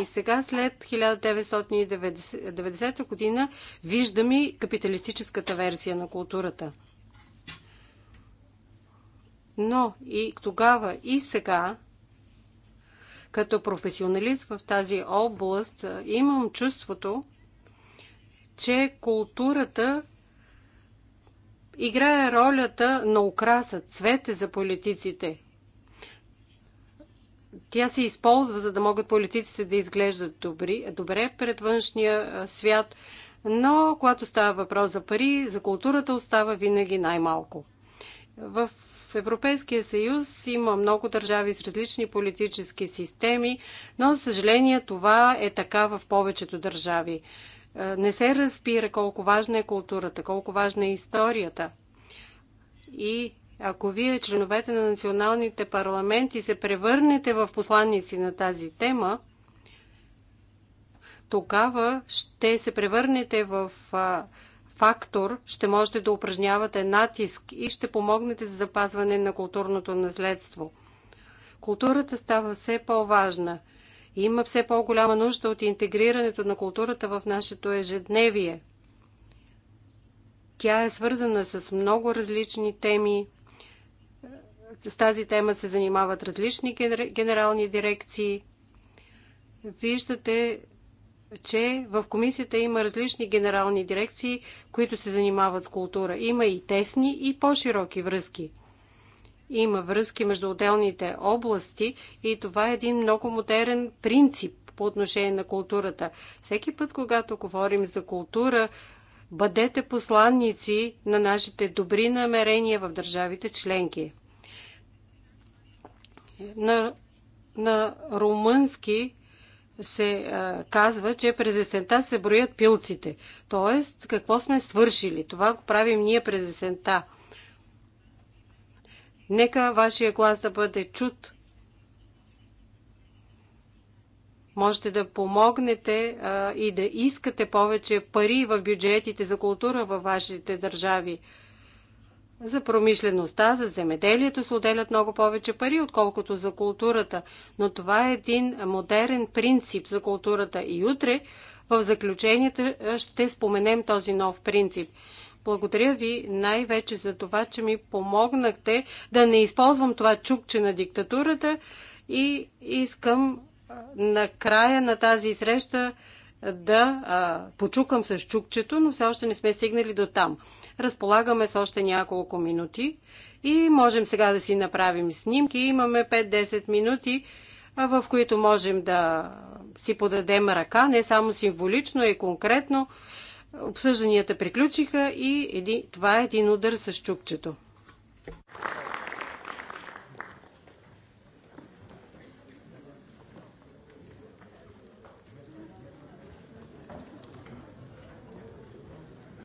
Speaker 2: И сега, след 1990 година, виждам и капиталистическата версия на културата. Но и тогава, и сега, като професионалист в тази област, имам чувството, че културата играе ролята на украса, цвете за политиците. Тя се използва, за да могат политиците да изглеждат добри, добре пред външния свят, но когато става въпрос за пари, за културата остава винаги най-малко. В Европейския съюз има много държави с различни политически системи, но, за съжаление, това е така в повечето държави. Е, не се разбира колко важна е културата, колко важна е историята. И ако вие, членовете на националните парламенти, се превърнете в посланници на тази тема, тогава ще се превърнете в фактор, ще можете да упражнявате натиск и ще помогнете за запазване на културното наследство. Културата става все по-важна – има все по-голяма нужда от интегрирането на културата в нашето ежедневие. Тя е свързана с много различни теми. С тази тема се занимават различни генерални дирекции. Виждате, че в комисията има различни генерални дирекции, които се занимават с култура. Има и тесни, и по-широки връзки. Има връзки между отделните области и това е един много модерен принцип по отношение на културата. Всеки път, когато говорим за култура, бъдете посланници на нашите добри намерения в държавите членки. На, на румънски се а, казва, че през есента се броят пилците. Тоест, какво сме свършили? Това го правим ние през есента. Нека вашия глас да бъде чут. Можете да помогнете а, и да искате повече пари в бюджетите за култура във вашите държави. За промишлеността, за земеделието се отделят много повече пари, отколкото за културата. Но това е един модерен принцип за културата. И утре в заключенията ще споменем този нов принцип. Благодаря ви най-вече за това, че ми помогнахте да не използвам това чукче на диктатурата и искам на края на тази среща да а, почукам с чукчето, но все още не сме стигнали до там. Разполагаме с още няколко минути и можем сега да си направим снимки. Имаме 5-10 минути, а, в които можем да си подадем ръка, не само символично, и конкретно. Обсъжданията приключиха и това е един удар с чукчето.